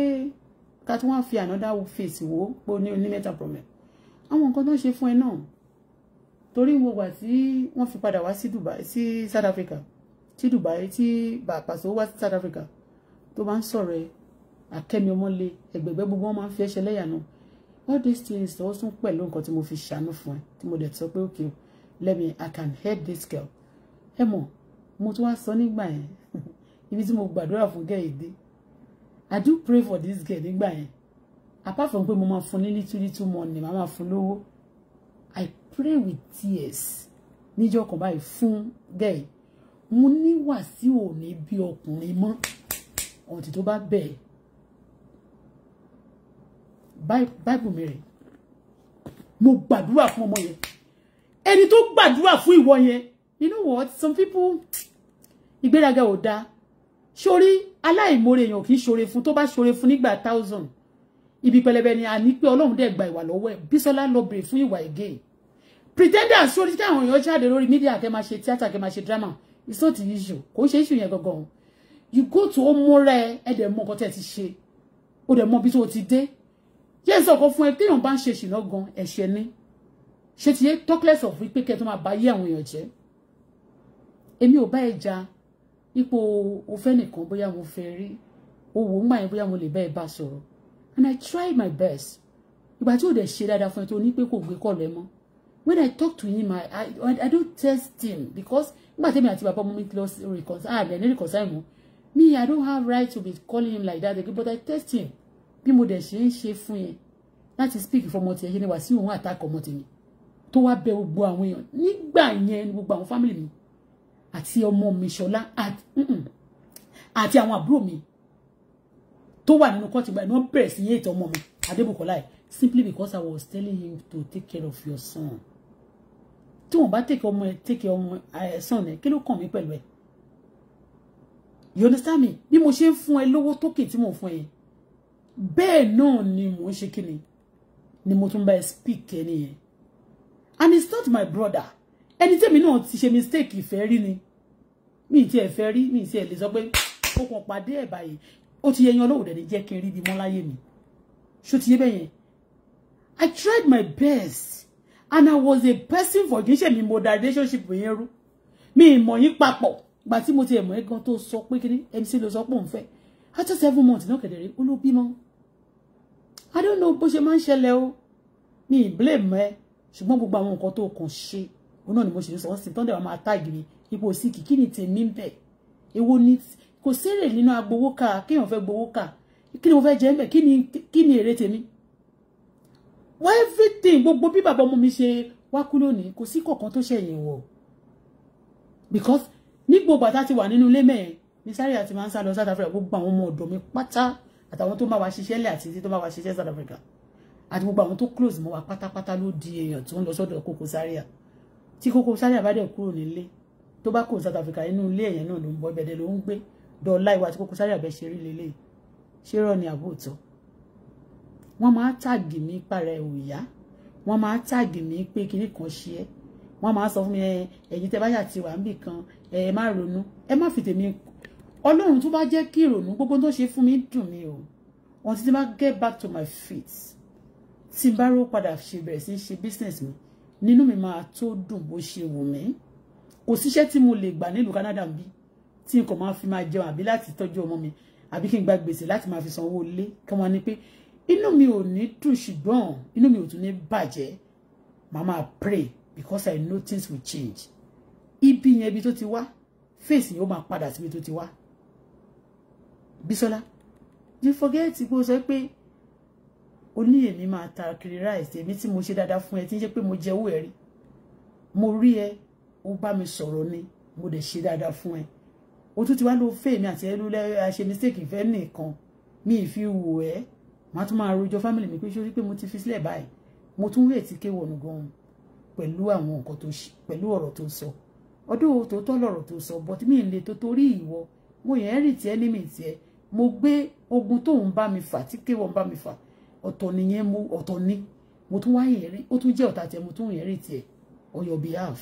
ká tí wọ́n fi another face wò pé ó ní onímẹ́ta problem àwọn nǹkan tó ń ṣe fún ẹ náà torí wọ́n wà tí wọ́n fi padà wá sí South Africa tí Dubai tí bàpàṣẹ ó wá South Africa tó bá ń sọ̀rọ̀ ẹ akẹ́mi ọmọlé ẹgbẹ̀gbẹ́ gbogbo wọn máa ń fi ẹsẹ̀ lẹ́yà náà all these things ó tún pẹ̀lú nǹkan tí mo fi ṣàánú fún ẹ tí mo dẹ̀ sọ pé okay let me I can help this girl ẹ mọ̀ mo tún wá sọ nígbà yẹn <laughs> ibi tí mo gbàdúrà fún gẹ̀ẹ́dé I do pray for this girl nígbà yẹn apart from pé mo máa fún ní little little money màá máa fún lówó I pray with tears níjọ́ kan báyìí fún gẹ̀ẹ́ mo ní Wàsíù ò ní bí ọkùnrin mọ́ ọ̀tí tó bá bẹ̀ báìbù mi rẹ̀ mo gbàdúrà fún ọmọ yẹn ẹni tó gbàdúrà fún ìwọ yẹn you know what some people ìgbéraga ò dáa sórí aláìmoore èèyàn kì í ṣoore fún tó bá ṣoore fún nígbà thousand ibi pẹlẹbẹ ni a ní pé Ọlọ́run dẹ̀ gba ìwà lọ́wọ́ ẹ̀ Bísọ́lá lọ bèrè fún ìwà again pretenders sórí táwọn èèyàn jáde lórí mídíà kẹ́ máa ṣe tíátà kẹ́ máa ṣe drama it's not the issue kò ń ṣe issue yẹn gangan you go to omore ẹ dẹ̀ mọ nǹkan tẹ́ ti ṣe o dẹ̀ mọ bí tó ti dé yẹ ẹ sọkọ fún ẹ téèyàn bá ń ṣe ṣìnà gan ẹ̀ṣẹ̀ ni ṣe ti yẹ talkless of wípé kẹ́ tó máa bá yé àwọn èèyàn jẹ́ èmi ò bá ẹ jà ipò òfẹ́ nìkan bóyá mo fẹ́ rí owó ń gbà yẹn mo lè bá ẹ bá and I try my best ìgbà tí ò dẹ̀ ṣe dáadáa fún ẹ tó ní pé kò gbé kọ̀ lẹ́ when I talk to him I I I don't test him because nígbà tẹ́mi àti bàbá ọmọ mi lọ reconcile ah then reconcile mo me I don't have right to be calling him like that again but I test him bí mo dẹ̀ ṣe ń ṣe fún yẹn láti speak fọmọ tiẹ̀ ṣe ni Wàsíù òun àtàkọ̀ ọmọ tèmi tó wá bẹ gbogbo àwọn èèyàn nígbà yẹn gbogbo àwọn family At mi àti ọmọ mi at àti àwọn àbúrò mi tó wà nínú kọ́ọ̀tù ìgbà ni wọ́n bẹ̀rẹ̀ sí yé ètò ọmọ mi Adébùkọ́lá yìí simply because I was telling him to take care of your son tí wọ́n bá tèkè ọmọ ẹ tèkè ọmọ ẹ̀sán ẹ kí ló kàn mí pẹ̀lú ẹ you understand me bí mo ṣe ń fún ẹ lówó tókè tí mo fún ẹ bẹ́ẹ̀ náà ni mo ń ṣe kíni ni mo tún bá ẹ speak ẹni yẹn and it's not my brother ẹni tèmi náà ti ṣe mistake ìfẹ́ rí ni mi ti ẹ̀ fẹ́ rí mi ti ẹ̀ lè sọ pé ó kàn pàdé ẹ̀ báyìí ó ti yẹ yan olówó dẹ̀ ní jẹ́ kí n rí ibi mọ́ láyé mi ṣó ti yé bẹ́yẹn I tried my best and I was a person for kì í ṣe mi mo da relationship yẹn rú mi ìmọ̀ yín papọ̀ gbà tí mo ti ẹ̀mọ́ ẹ̀ gan tó sọ pé kí MC ló sọ pé òun fẹ́ after seven months náà kẹ̀dẹ̀ rí ó ló bímọ I don't know bó ṣe máa ń o mi blame ẹ ṣùgbọ́n gbogbo àwọn nǹkan tó kàn ṣe òun náà ni mo ṣe sọ sí tọ́ndẹ̀ wàá máa táàgì ipò sí kìkì ní tèmi bẹ̀ èwo ni kò sí èrè nínú agbowó ká kéèyàn fẹ́ gbowó ká kí ni mo fẹ́ jẹ́ ń bẹ̀ kí ni èrè wọ́n everything gbogbo bí bàbá ọmọ mi ṣe wá kú lónìí kò sí kọ̀ọ̀kan tó ṣẹ̀yìn wọ̀ because ní gbogbo àtà ti wà nínú ilé mẹ́ẹ̀ ní sáré àti máa ń sá lọ South Africa gbogbo àwọn ọmọ ọ̀dọ́ mi pátá àtàwọn tó máa wá ṣiṣẹ́ lẹ̀ àti tí tó máa wá ṣiṣẹ́ South Africa àti gbogbo àwọn tó close mọ́ wa pátápátá ló di èèyàn tó ń lọ sọ́dọ̀ Koko Zaria tí Koko Zaria bá dẹ̀ kúrò nílé tó bá kúrò South Africa inú ilé èèyàn náà ló ń bọ́ ibẹ̀dẹ̀ ló ń gbé dọ̀ọ́lá ìwà tí Koko Zaria bẹ́ẹ̀ ṣe rí lélẹ́yìí ṣé rọ̀ ni àbóòtọ́ wọ́n máa tàgì mí para ẹ̀ òyà wọ́n máa tàgì mí pé kinní kan ṣe ẹ́ wọ́n máa sọ fún mi ẹ̀yin tẹ́ bá yà ti wà níbì kan ẹ má ronú ẹ má fi tèmi ọlọ́run tó bá jẹ́ kí ìrònú gbogbo tó ṣe fún mi dùn mí o wọ́n ti ti máa get back to my feet tí n bá ró padà ṣe bẹ̀rẹ̀ sí ṣe business mi nínú mi máa tó dùn bó ṣe wù mí kò síṣẹ́ tí mo lè gbà nílùú Canada bí tí n kò máa fi máa jẹun àbí láti tọ́jú ọmọ mi àbí kí n gba gbèsè láti máa fi sanwó ilé kí wọ́n ní pé inú mi ò ní dùn ṣùgbọ́n inú mi ò tún ní bàjẹ́ màá pray because I know things will change ibi yẹn ibi tó ti wá fèsì yóò máa padà síbi tó ti wá Bísọ́lá you forget pé o sọ pé o ní èmi máa ta kiri rice èmi tí mo ṣe dáadáa fún ẹ tí ń ṣe pé mo jẹ owó ẹ rí mo rí ẹ o bá mi sọ̀rọ̀ ni mo dẹ̀ ṣe dáadáa fún ẹ o tún ti wá lọ fẹ́ mi àti ẹ ló lẹ́ àṣẹ mistake ìfẹ́ nìkan mi ì fi wò ẹ́ màá tún máa rojọ́ family mi pé sórí pé mo ti fi sílẹ̀ báyìí mo tún rètí kéwọnù gan pẹ̀lú àwọn nǹkan tó ṣe pẹ̀lú ọ̀rọ̀ tó sọ ọdún òtòótọ́ lọ̀rọ̀ tó sọ but mi ì le tó torí ìwọ mo yẹn rì tiẹ́ ní mi tiẹ́ mo gbé ogun tóun bá mi fà tí kéwọ̀n bá mi fà ọ̀tọ̀ nìyẹn mo ọ̀tọ̀ ni mo tún wá yẹn rí ó tún jẹ́ ọ̀tá tiẹ̀ mo tún yẹn rí tiẹ̀ on your behalf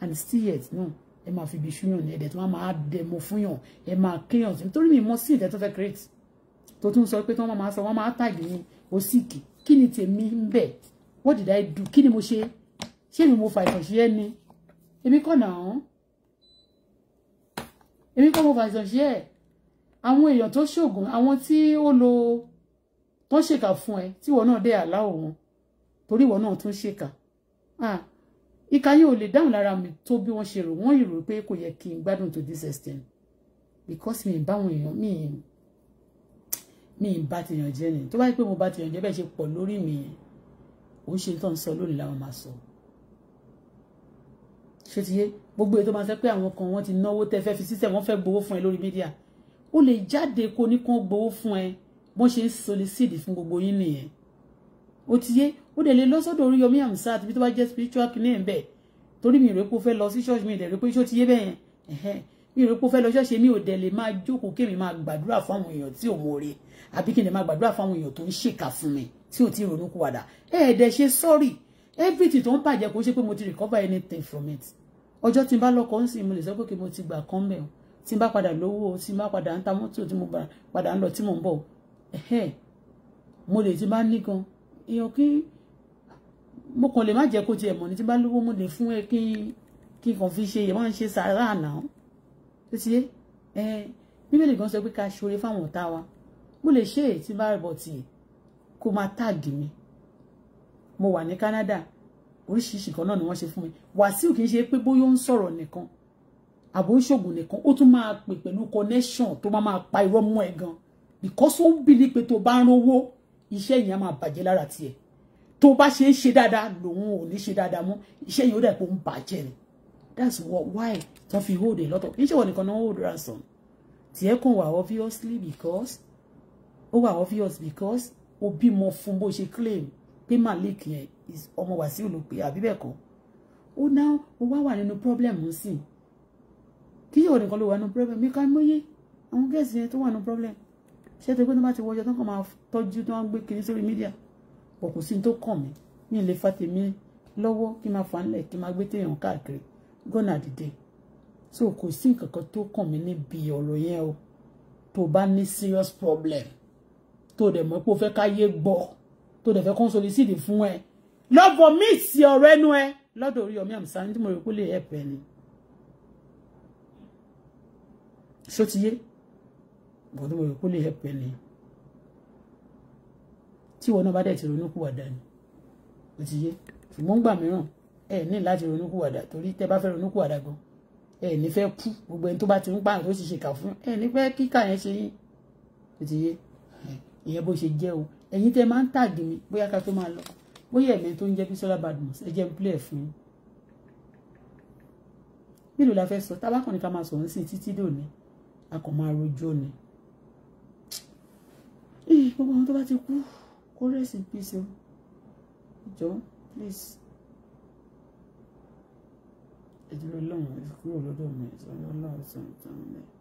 and still yet no, ẹ máa fi ibi ṣúyàn ní ẹ̀dẹ̀ tí wọ́n máa dẹ̀ mo fúnyàn ẹ máa kéyàn sí nítorí mi mọ́ sí ìtẹ́ tó fẹ́ create tó tún sọ pé tí wọ́n máa sọ wọ́n máa tàgé òsìkì kí ni tèmi ń bẹ̀ what did I do kí ni mo ṣe ṣé èmi mo fa ìtànṣe ni èmi kọ́ nà án èmi kọ́ mo fa ìtànṣe ẹ̀ àwọn èèyàn tó ṣoògùn àwọn tí ó lo tó ṣèkà fún ẹ tí ìwọ náà dé àláwọ̀ wọn torí ìwọ náà tún ṣèkà ìka yóò lè dáhùn lára mi tó bí wọ́n ṣe rò wọ́n ìrò pé kò yẹ kí n gbádùn to this extent because mi ì báwọn èèyàn mi ì mi ì bá tèèyàn jẹ́ ni tó bá yẹ pé mo bá tèèyàn jẹ́ bẹ́ẹ̀ ṣe pọ̀ lórí mi yẹn ò ń ṣe tó ń sọ lónìí làwọn máa sọ ṣé ti yé gbogbo èyí tó máa sọ pé àwọn kan wọ́n ti náwó tẹ́ fẹ́ fi sísẹ̀ wọ́n fẹ́ gbowó fún ẹ lórí mídíà ó lè jáde kó ní kán gbowó fún ẹ bọ́n ṣe ń solicit fún gbogbo yín nìyẹn ó ti yé ó dẹ̀ lè lọ sọ́dọ̀ Oríyọmí Hamzat bí tó bá jẹ́ spiritual kìnìún ẹ̀ ń bẹ̀ torí mi rè pé ó fẹ́ lọ sí ṣọ́ọ̀ṣì mi dẹ̀ rè pé ṣó ti yé bẹ́ẹ̀ mi rè pé ó fẹ́ lọ ṣọ́ọ̀ṣì mi ò dẹ̀ lè máa jókòó kémi máa gbàdúrà fún àwọn èèyàn tí ò mọ̀ àbí kí n lè máa gbàdúrà fáwọn èèyàn tó ń ṣèkà fún mi tí ò ti ronú kú wàdà ẹ ẹ̀ dẹ̀ ṣe sorry everything tó ń bàjẹ́ kò ṣe pé mo ti recover anything from it ọjọ́ tí n bá lọ́kọ̀ ń sìn mo lè sọ pé kí mo ti gbà kán mẹ́ o tí n bá padà lówó o tí n bá padà ń ta mọ́tò tí mo padà ń lọ tí mò ń bọ̀ o mo lè ti bá ní gan èèyàn kí mo kàn lè má jẹ́ kó tiẹ̀ mọ̀ ní tí n bá lówó mo lè fún ẹ kí kí n kàn fi ṣe ìyẹn máa ń ṣe sàárà àná mo lè ṣe èyí tí bá rẹ̀ bọ̀ tì kó máa táàgì mi mo wà ní Canada oríṣiríṣi kan náà ni wọ́n ṣe fún mi Wàsíù kì í ṣe pé bóyá ó ń sọ̀rọ̀ nìkan àbò ń ṣògùn nìkan ó tún máa pè pẹ̀lú connection tó máa máa pa irọ́ mọ́ ẹ gan because ó bìlí pé tó bá ń rówó iṣẹ́ yẹn á máa bàjẹ́ lára tiẹ̀ tó bá ṣe ń ṣe dáadáa lòun ò ní ṣe dáadáa mọ́ iṣẹ́ yẹn ó dà pé ó ń bàjẹ́ ni that's what why tó fi hold a lot of iṣẹ́ wọn nìkan náà hold ransom tiẹ̀ kàn wà obviously because ó wà obvious because o bímọ fún bó ṣe claim pé Malik yẹn ọmọ Wàsíù ló pé àbí bẹ́ẹ̀ kọ́ ó ná o wá wà nínú problem sí i kí yóò nìkan ló wà nínú problem mi ká mọ́yé àwọn gẹ̀ẹ́sì yẹn tó wà nínú problem ṣé tó gbé tó bá ti wọjọ tó kàn máa tọ́jú tó wọ́n gbé kiri sórí mídíà pọ̀ kò sí ní tó kàn mí mi ì lè fa tèmi lọ́wọ́ kí n máa fa nílẹ̀ kí n máa gbé téèyàn káàkiri gọ́nà dìde so kò sí nǹkan kan tó kàn mí níbi ọ̀rọ̀ yẹn o tó bá ní serious problem tó dẹ̀ mọ́ pé o fẹ́ káyé gbọ́ tó dẹ̀ fẹ́ kó ń solisíìdì fún ẹ lọ́bọ̀ míì sí ọ̀rọ̀ ẹnu ẹ lọ́dọ̀ Oríyọmí Àmsánì tí mo rò pé ó lè help ẹ ni. ṣó ti yé bọ̀ tí mo rò pé ó lè help ẹ ni tí ìwọ náà bá dẹ̀ ti ronúkúwàdà ni ó ti yé ṣùgbọ́n gbà mìíràn ẹ ní láti ronúkúwàdà torí tẹ bá fẹ́ ronúkúwàdà gan ẹ ní fẹ́ kú gbogbo ẹni tó bá ti ń pààyàn tó sì ṣèkà fún ẹ ní fẹ́ kíkà yẹn ṣe yín ó ti yé ìyẹn bó ṣe jẹ́ o ẹ̀yin tẹ́ máa ń tàgì mi bóyá ká tó máa lọ bóyá ẹ̀mí tó ń jẹ́ Bísọ́lá Badmus ẹ jẹ́ ń play ẹ̀ fún yín mélòó la fẹ́ sọ tábàkàn ni ká máa sọ̀rọ̀ sí títí dòní a kàn máa rojọ́ ni gbogbo àwọn tó bá ti kú kó rest in peace jọ please ẹ̀dùn ọlọ́run ẹ̀dùn kúrò lọ́dọ̀ mi ẹ̀dùn ọlọ́run ẹ̀dùn ọlọ́run ẹ̀dùn ọlọ́run.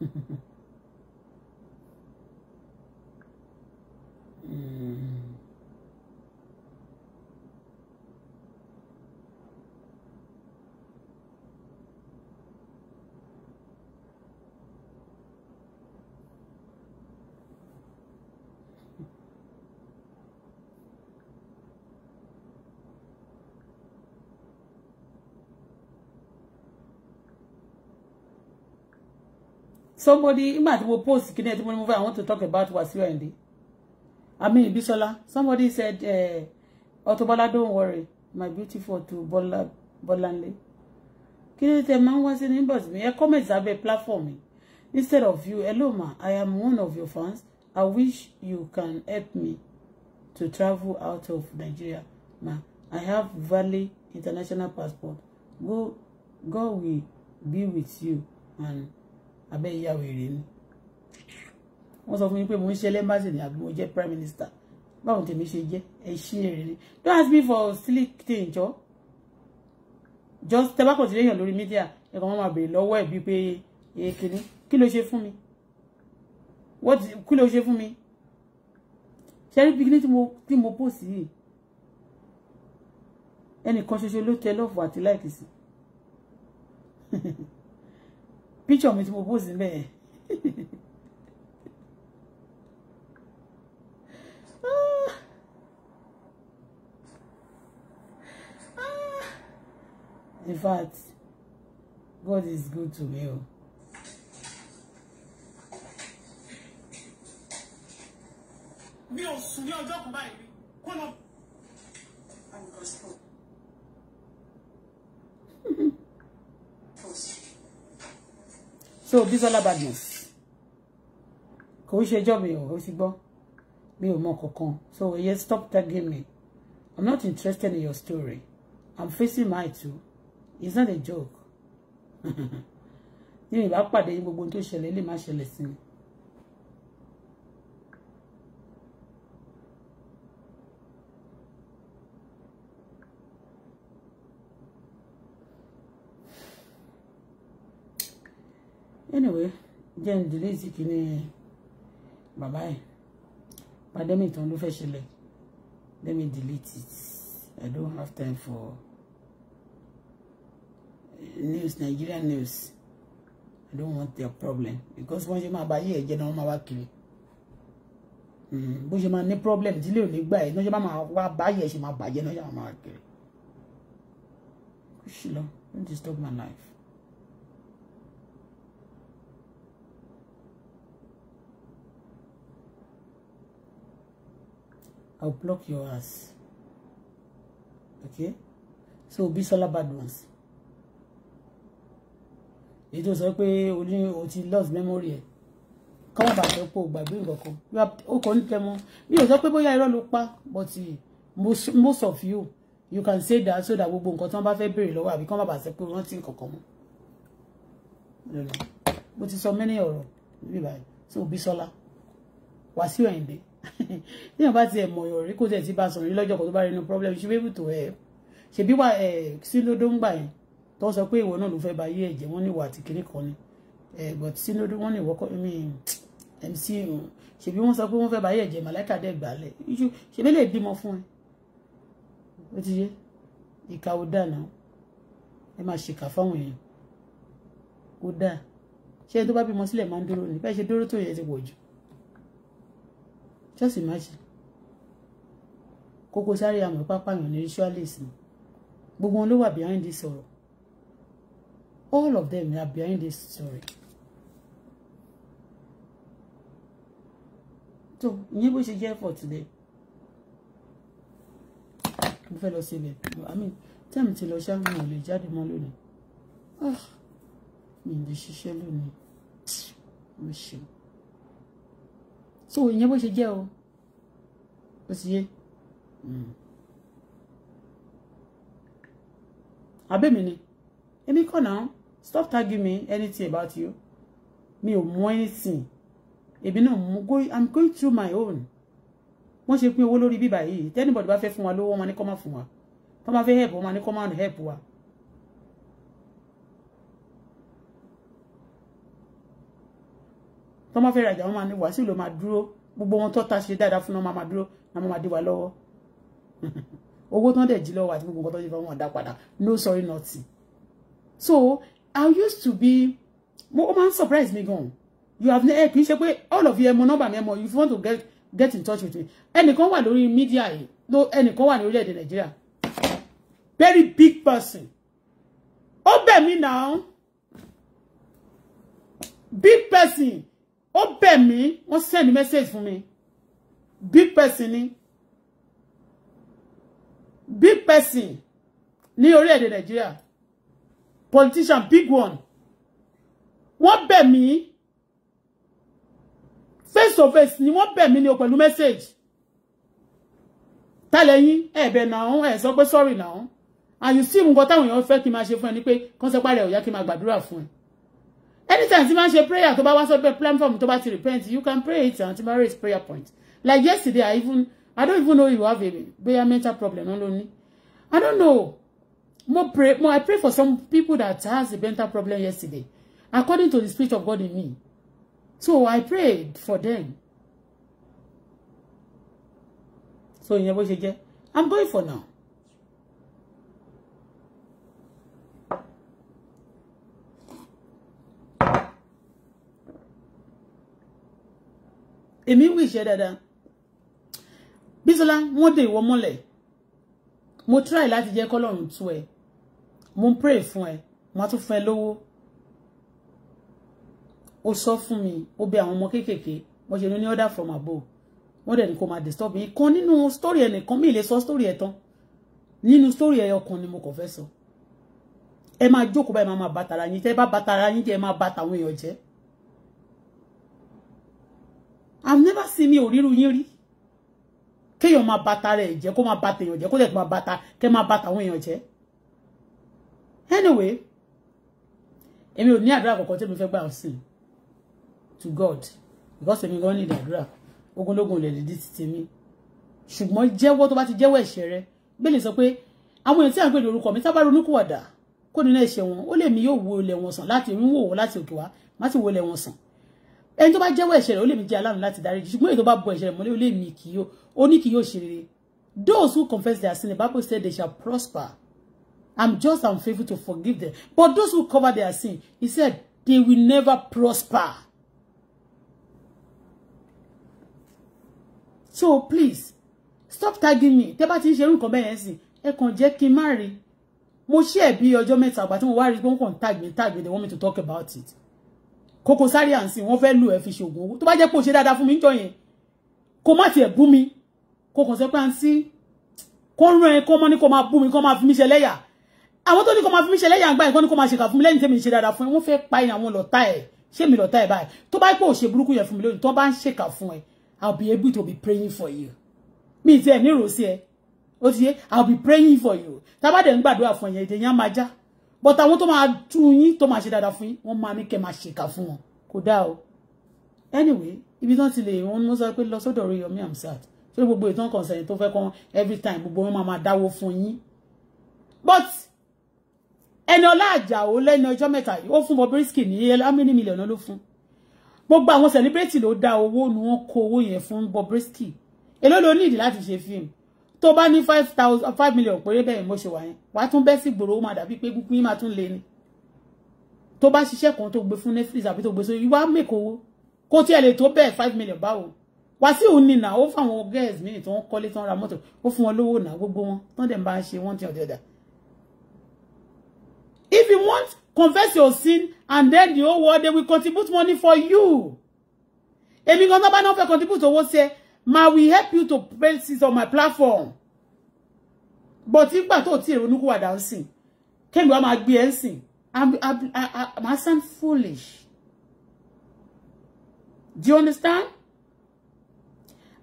<laughs> mm. somebody imagine we post kíní ẹ tí mo ní i want to talk about Wasiu Ayinde I mean Bisola somebody said uh, Auto don't worry my beautiful To Bola Bolanle kí ló tẹ máa ń wá sí ní inbox mi ẹ comment a platform mi instead of you hello ma I am one of your fans I wish you can help me to travel out of Nigeria ma I have valid international passport go God will be with you and abẹ́ ìyá wèrè ni wọ́n sọ fún mi pé mo ń ṣe lẹ́mbàsì ni àbí mo jẹ́ prime minister báwo tèmi ṣe jẹ́ ẹ ṣí èrè ni don't ask me for slick thing jọ just tẹ́bá kò sí léèyàn lórí media. ẹ̀kọ́ wọn máa béèrè lọ́wọ́ ẹ̀ bíi pé èyí kìíní kí ló ṣe fún mi kí ló ṣe fún mi ṣe rí bikini tí mo pò sí yìí ẹnìkan ṣoṣo ló tẹ lọ́ọ̀fù àti láìkì sí. <laughs> picture mi tí mo post in fact God is good to me o. Oh. mi ò <laughs> so Bisola Badmus kò ń ṣe job mi o ti gbọ́ mi ò mọ kankan so oye stop tagging me i'm not interested in your story i'm facing my too it's not a joke ní <laughs> ìbá pàdé gbogbo tó ṣẹlẹ̀ lè má ṣẹlẹ̀ sí mi. anyway jẹ́ n delete kìíní bàbá ẹ̀ pandemic tán ló fẹ́ ṣẹlẹ̀ let me delete it I don't have time for news Nigerian news I don't want their problem because wọ́n ṣe máa bá yí ẹ̀jẹ̀ náà wọ́n máa wá kiri mm-hmm. bó ṣe máa ní problem ìdílé ò ní gbà ẹ̀ náà ṣe máa wá báyẹ̀ ṣe máa bàjẹ́ náà ṣe máa kiri kó ṣì don't disturb my life. I'll block your ass. Okay? So be Bisola bad ones. Èyí tó sọ pé o ní o ti lost memory ẹ̀. Kọ́mọ̀ bá sọ pé o gbàgbé nǹkan kan. O kò ní tẹmọ. Mi ò sọ pé bóyá irọ́ ló pa but most, most of you you can say that so that we nǹkan tí wọ́n bá fẹ́ béèrè lọ́wọ́ àbí kọ́mọ̀ bá sọ pé o rántí nǹkan kan mọ́. Mo ti sọ many ọ̀rọ̀ níbàyìí téèyàn bá tiẹ̀ mọ̀ ọ̀rẹ́ kó tẹ̀ ti bá sọ̀rọ̀ lọ́jọ́ kan tó bá rí inú problem ṣe wéwù tó ẹ̀ ṣe bí wà ẹ̀ sílódó ń gbà yẹn tó sọ pé ìwọ náà ló fẹ́ ba ayé ẹ̀jẹ̀ wọ́n ní ìwà àti kiri kan ni ẹ̀ but sílódó wọ́n ní ìwọ kọ́ mi mc ṣe bí wọ́n sọ pé wọ́n fẹ́ ba ayé ẹ̀jẹ̀ màláìka dẹ̀ gbàlẹ̀ ṣe bí lè bímọ fún ẹ ó ti yé ìka ó dà náà ẹ máa ṣèkà fáwọn èèyàn ó dà ṣé tó bá bímọ sílẹ̀ máa ń dúró ni bẹ́ẹ̀ ṣe dúró tó yẹ ti pọ̀ jù just imagine Koko Zaria àmọ́ pápáyàn ní ritualist ni gbogbo wọn ló wà behind this ọ̀rọ̀ all of them are behind this story. So, ìyẹn bó ṣe jẹ́ for today mo fẹ́ lọ síbẹ̀ i mean tẹ́mi ti lọ ṣáà mi ò lè jáde mọ́ lónìí ah, mi ò lè ṣiṣẹ́ lónìí mo ṣeun so ìyẹn bó ṣe jẹ́ o ó sì yé mm. abẹ́mi ni èmi kọ́ náà stop tagging me anything about you mi ò mú anything èmi náà mo go i'm going through my own wọ́n ṣe pín owó lórí bíbá yìí tẹ́nibọ̀dì bá fẹ́ fún wa lówó wọn ni kọ́ máa fún wa tọ́ bá fẹ́ help wọn ni kọ́ máa help wa tó máa fẹ́ rajà wọn máa ní wàásù ló máa dúró gbogbo wọn tó ta ṣe dáadáa fún wọn máa dúró wọn máa dé wa lọ́wọ́ <laughs> owó tó ń dẹ̀ jí lọ́wọ́ àti gbogbo nǹkan tó ṣe fún wọn dá padà no sorry nothing so I used to be mo ó máa ń surprise mi gan you have ẹ eh, kì í ṣe pé all of you ẹ mọ nọ́mbà mi ẹ mọ if you want to get get in touch with me ẹnìkan wà lórí mídíà yìí ẹnìkan wà ní orílẹ̀-èdè Nàìjíríà very big person ó bẹ̀ mí náà big person ó bẹ̀ mí wọ́n send message fún mi big person ni big person ni orílẹ̀-èdè nàìjíríà politician big one wọ́n bẹ̀ mí face to face ni wọ́n bẹ̀ mí ni o pẹ̀lú message tálẹ̀ yín ẹ̀bẹ̀ náà ẹ̀ sọ pé sorry náà and you see nǹkan táwọn èèyàn fẹ́ kí n máa ṣe fún ẹ ni pé kọ́nsẹ́pá rẹ̀ ò yá kí n máa gbàdúrà fún ẹ anytime you máa ń ṣe prayer tó bá wá sọ́dọ̀ platform tó bá ti repent you can pray it and tomorrow is prayer point like yesterday i even i don't even know you have a bóyá mental problem ló ló i don't know More pray more i pray for some people that has a mental problem yesterday according to the spirit of God in me so i prayed for them so ìyẹn bó ṣe jẹ́ i'm going for now. èmi wí ìṣe dáadáa Bísọ́lá wọ́n dè ìwọ mọ́lẹ̀ mo try láti jẹ́ kọ́lọ́run tú ẹ mo ń pray fún ẹ mo tún fún ẹ lówó ó sọ fún mi ó bẹ àwọn ọmọ kéékèèké mo ṣe ní order from above wọ́n dẹ̀ ní kó máa disturb mi kan nínú story ẹ̀ nìkan mi ì lè story ẹ̀ tán nínú story ẹ̀ ọkàn ni mo kàn fẹ́ sọ ẹ máa jókòó báyìí máa bàtàrà yín jẹ́ ẹ bá bàtàrà yín jẹ́ ẹ máa bàtà àwọn èèyàn jẹ́ I've never seen me ò ríru yín rí kéèyàn máa bata rẹ̀ jẹ́ kó máa bata èèyàn jẹ́ kó dẹ̀ máa bàtà kẹ́ máa bàtà àwọn èèyàn jẹ́ anyway emi ò ní àdúrà kọ̀ọ̀kan tí mo fẹ́ gbà sí to God because èmi gan ní ìdàdúrà ogunlógún lè dìdí ti tèmi ṣùgbọ́n jẹ́wọ́ tó bá ti jẹ́wọ́ ẹ̀ṣẹ̀ rẹ bẹ́ẹ̀ sọ pé àwọn èèyàn tí à ń pè ní orúkọ mi tá bá ronúkúwàdà kó nínú ẹ̀ṣẹ̀ wọn ó lè mi yóò wo ilẹ̀ wọn sàn láti wíwò wọn láti òkè wá má wo le wọn sàn ẹni tó bá jẹ́wọ́ ẹ̀ṣẹ̀ rẹ̀ ó lè mi jẹ́ aláàánú láti dáríjì ṣùgbọ́n èyí tó bá bu ẹ̀ṣẹ̀ rẹ̀ mọ́lẹ̀ ó lè mi kì yóò ó ní kì yóò ṣe rere those who confess their sin the bible said they shall prosper i'm just unfaithful to forgive them but those who cover their sin he said they will never prosper so please stop tagging me tẹ́ bá ti ń ṣe irú nǹkan bẹ́ẹ̀ yẹn sìn ẹ kàn jẹ́ kí n má rí mo ṣe ẹ̀ bí ọjọ́ mẹ́ta àgbà tí mo wá rí pé wọ́n kàn tag me tag me they want me to talk about it Koko Zaria ń sìn wọ́n fẹ́ lù ẹ́ fi ṣoògùn owó tó bá jẹ́ pé o ṣe dáadáa fún mi níjọ́ yẹn kó má tiẹ̀ bú mi kó kàn sọ pé à ń sí kó rán ẹ kó mọ́ ní kó máa bú mi kó máa fi mí ṣe lẹ́yà àwọn tó ní kó máa fi mí ṣe lẹ́yà ń gbà yẹn kó ní kó máa ṣèkà fún mi lẹ́yìn tẹ́mi ṣe dáadáa fún ẹ wọ́n fẹ́ pa ẹ̀yìn àwọn lọ́tà ẹ̀ ṣé mi lọ́tà ẹ̀ báyìí tó bá pẹ́ ò ṣe burúkú yẹn fún mi lónìí tó bá ń ṣèkà fún I'll be able to be praying for you mi ì tiẹ̀ ní ìròsí ẹ ó ti yé I'll be praying for you tábàdẹ̀ ń gbàdúrà fún ẹ̀yẹ̀ ìdẹ̀yìn á máa já but àwọn tó máa tú yín tó máa ṣe dáadáa fún yín wọ́n máa ní kẹ́ máa ṣèkà fún wọn kò dáa o anyway ibi tán ti lè wọ́n mú sọ pé lọ sọ́dọ̀ Oríyọmí Hamzat ṣé gbogbo ìtàn kọ̀ọ̀sẹ̀yìn tó fẹ́ kọ́ every time gbogbo wọn máa máa dáwó fún yín but Ẹniọlá Àjàó lẹ́nu ọjọ́ mẹ́ta yìí ó fún Bobrisky ní amíní mílíọ̀nù ló fún gbogbo àwọn sẹ̀líbrétì ló dá owó ni wọ́n kó owó yẹn fún Bobrisky èló ló nídìí láti ṣe fíìmù tó bá ní five thousand uh, five million péré bẹ́ẹ̀ mo ṣe wà yẹn wàá tún bẹ́ sí gbòòrò ó máa dàbí pé gúngún yín máa tún lé ni tó bá ṣiṣẹ́ kan tó gbé fún Netflix àbí tó gbé so, wàá mẹ́kọ̀ owó kó tiẹ̀ lè tó bẹ́ẹ̀ five million báwo wá sí òun nìyà ó fáwọn girls mi tí wọ́n kọ́lé tí wọ́n ra mọ́tò ó fún wọn lówó náà gbogbo wọn tán dẹ̀ ń ṣe one thing or the if you want confess your sin and then the whole world they will contribute money for you èmi gan tó bá náà fẹ́ contribute owó sí ẹ ma we help you to place it on my platform but nígbà tó ti ronú kó wà dá nsìn kémi wá máa gbé ẹ nsìn ma sound foolish do you understand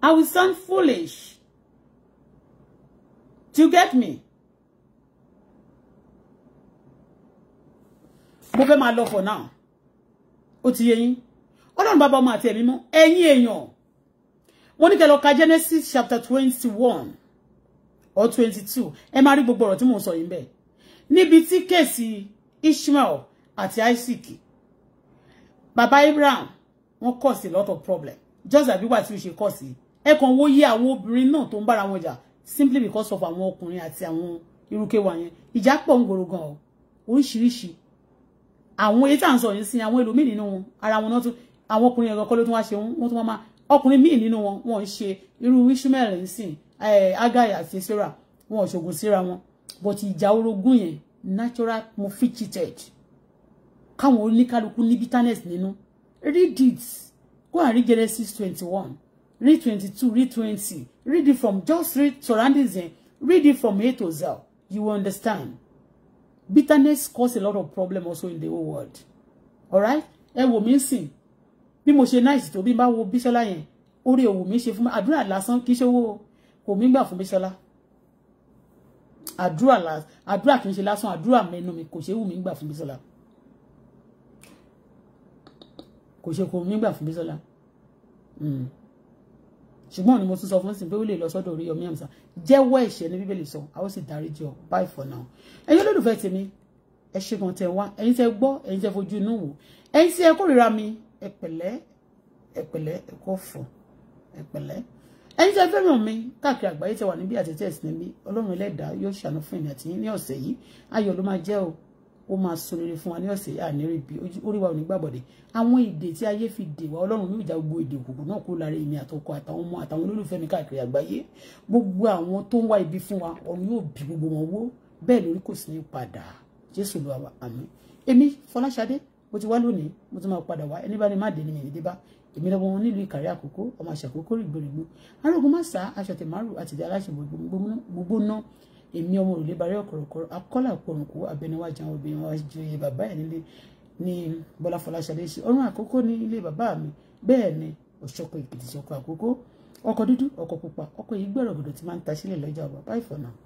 i will sound foolish do you get me mo fẹ́ máa lọ for now ó ti yé yín ọlọ́run bàbá ọmọ àti ẹ̀mí mọ́ ẹ̀yin èèyàn wọ́n ní kẹ́ lọ ka Genesis chapter twenty one or twenty two ẹ máa rí gbogbo ọ̀rọ̀ tí mò ń sọ yìí bẹ́ẹ̀ níbi tí Ishmael àti Isaac baba Abraham wọ́n cause a lot of problem just àbí wà tí o ṣe cause ẹ kàn wo yé àwọn obìnrin náà to ń bára wọn jà simply because of àwọn ọkùnrin àti àwọn irúkẹ́ wa yẹn ìjà pọ̀ ń gbòòrò gan oríṣiríṣi àwọn èyí tá à ń sọ yìí sí àwọn ẹlòmíì nínú ara wọn náà tún àwọn ọkùnrin ẹ̀rọ kọ́ ló tún wá ṣe wọ́n tún wá ọkùnrin míì nínú wọn wọn ń ṣe irú ishmael nsìn eh, agai àti sarah wọn ò ṣògùn síra wọn but ìjà orogún yẹn natural mo fi cheated káwọn oníkálukú ní bitterness nínú read it go and read genesis twenty one read twenty two read twenty read it from just read surroundings yẹn read it from a to z you will understand bitterness cause a lot of problem also in the whole world alright ẹ wò mí sìn bí mo ṣe náìsì tó bí bá wo Bísọ́lá yẹn orí òwò mi ṣe fún mi àdúrà lásán kì í ṣe owó kò mí gbà fún Bísọ́lá àdúrà àdúrà kì í ṣe lásán àdúrà mẹ́nu mi kò ṣe wù mí gbà fún Bísọ́lá kò ṣe kò mí gbà fún Bísọ́lá hmm. ṣùgbọ́n ni mo tún sọ fún sí pé ó lè lọ sọ́dọ̀ Oríyọmí Àmsà jẹ́wọ́ ẹ̀ṣẹ̀ ní bíbélì sọ a ó sì dáríjì ọ́ bye for now ẹ̀yin olólùfẹ́ tèmi ẹ ṣe kan tẹ wá ẹ̀yin tẹ gbọ́ ẹ̀yin tẹ fojú inú wò ẹ̀yin tí ẹ kórìíra mi ẹ̀pẹ̀lẹ́ ẹ̀pẹ̀lẹ́ ẹ̀kọ́ fún ẹ̀pẹ̀lẹ́ ẹni tí a fẹ́ràn mi káàkiri àgbáyé tẹ wà níbí àtẹ̀tẹ̀ ẹ̀sìn níbí ọlọ́run ẹlẹ́dàá yóò ṣàánú fún ìrìn àtìyín ní ọ̀sẹ̀ yìí ayọ̀ ló máa jẹ́ o ó máa so rere fún wa ní ọ̀sẹ̀ yìí àníri bí orí wa ò ní gbàbọ̀dẹ̀ àwọn èdè tí ayé fi dè wá ọlọ́run yóò já gbogbo èdè òkùnkùn náà kúrò lára èmi àtọkọ àtàwọn ọmọ àtàwọn olólùfẹ́ mi káàkiri àgbáyé gbogbo àwọn tó ń wá ibi fún wa ọ̀run yóò bí gbogbo wọn wó bẹ́ẹ̀ lórí kò sí ní padà jésù lọ́wọ́ àmín èmi fọláṣadé mo ti wá lónìí mo ti máa padà wá ẹni bá ní má dé ní mi nídé bá èmi lọ́wọ́ wọn nílùú ìkàrí àkókò ọmọ àṣàkókò rìgbòrìgbò arógun má sá aṣọ tèmárù àtìdá aláṣẹ gbogbo ná èmi ọmọ òrùlé barẹ́ ọ̀kọ̀rọ̀kọ̀rọ̀ akọ́là pọ̀rùnkù abẹniwájà obìnrin wa joyè bàbá ẹ̀ nílé ní bọ́lá fọláṣadé ṣe ọ̀run àkókò ní ilé bàbá mi bẹ́ẹ̀ ni ọ̀ṣọ́kọ̀ ìpìtìṣọ́kọ̀ àkókò ọkọ̀ dúdú ọkọ̀ pupa ọkọ̀ yìí gbẹ̀rọ̀gọ̀dọ̀ ti máa ń ta sílẹ̀ lọ́jà bàbá ìfọ̀nà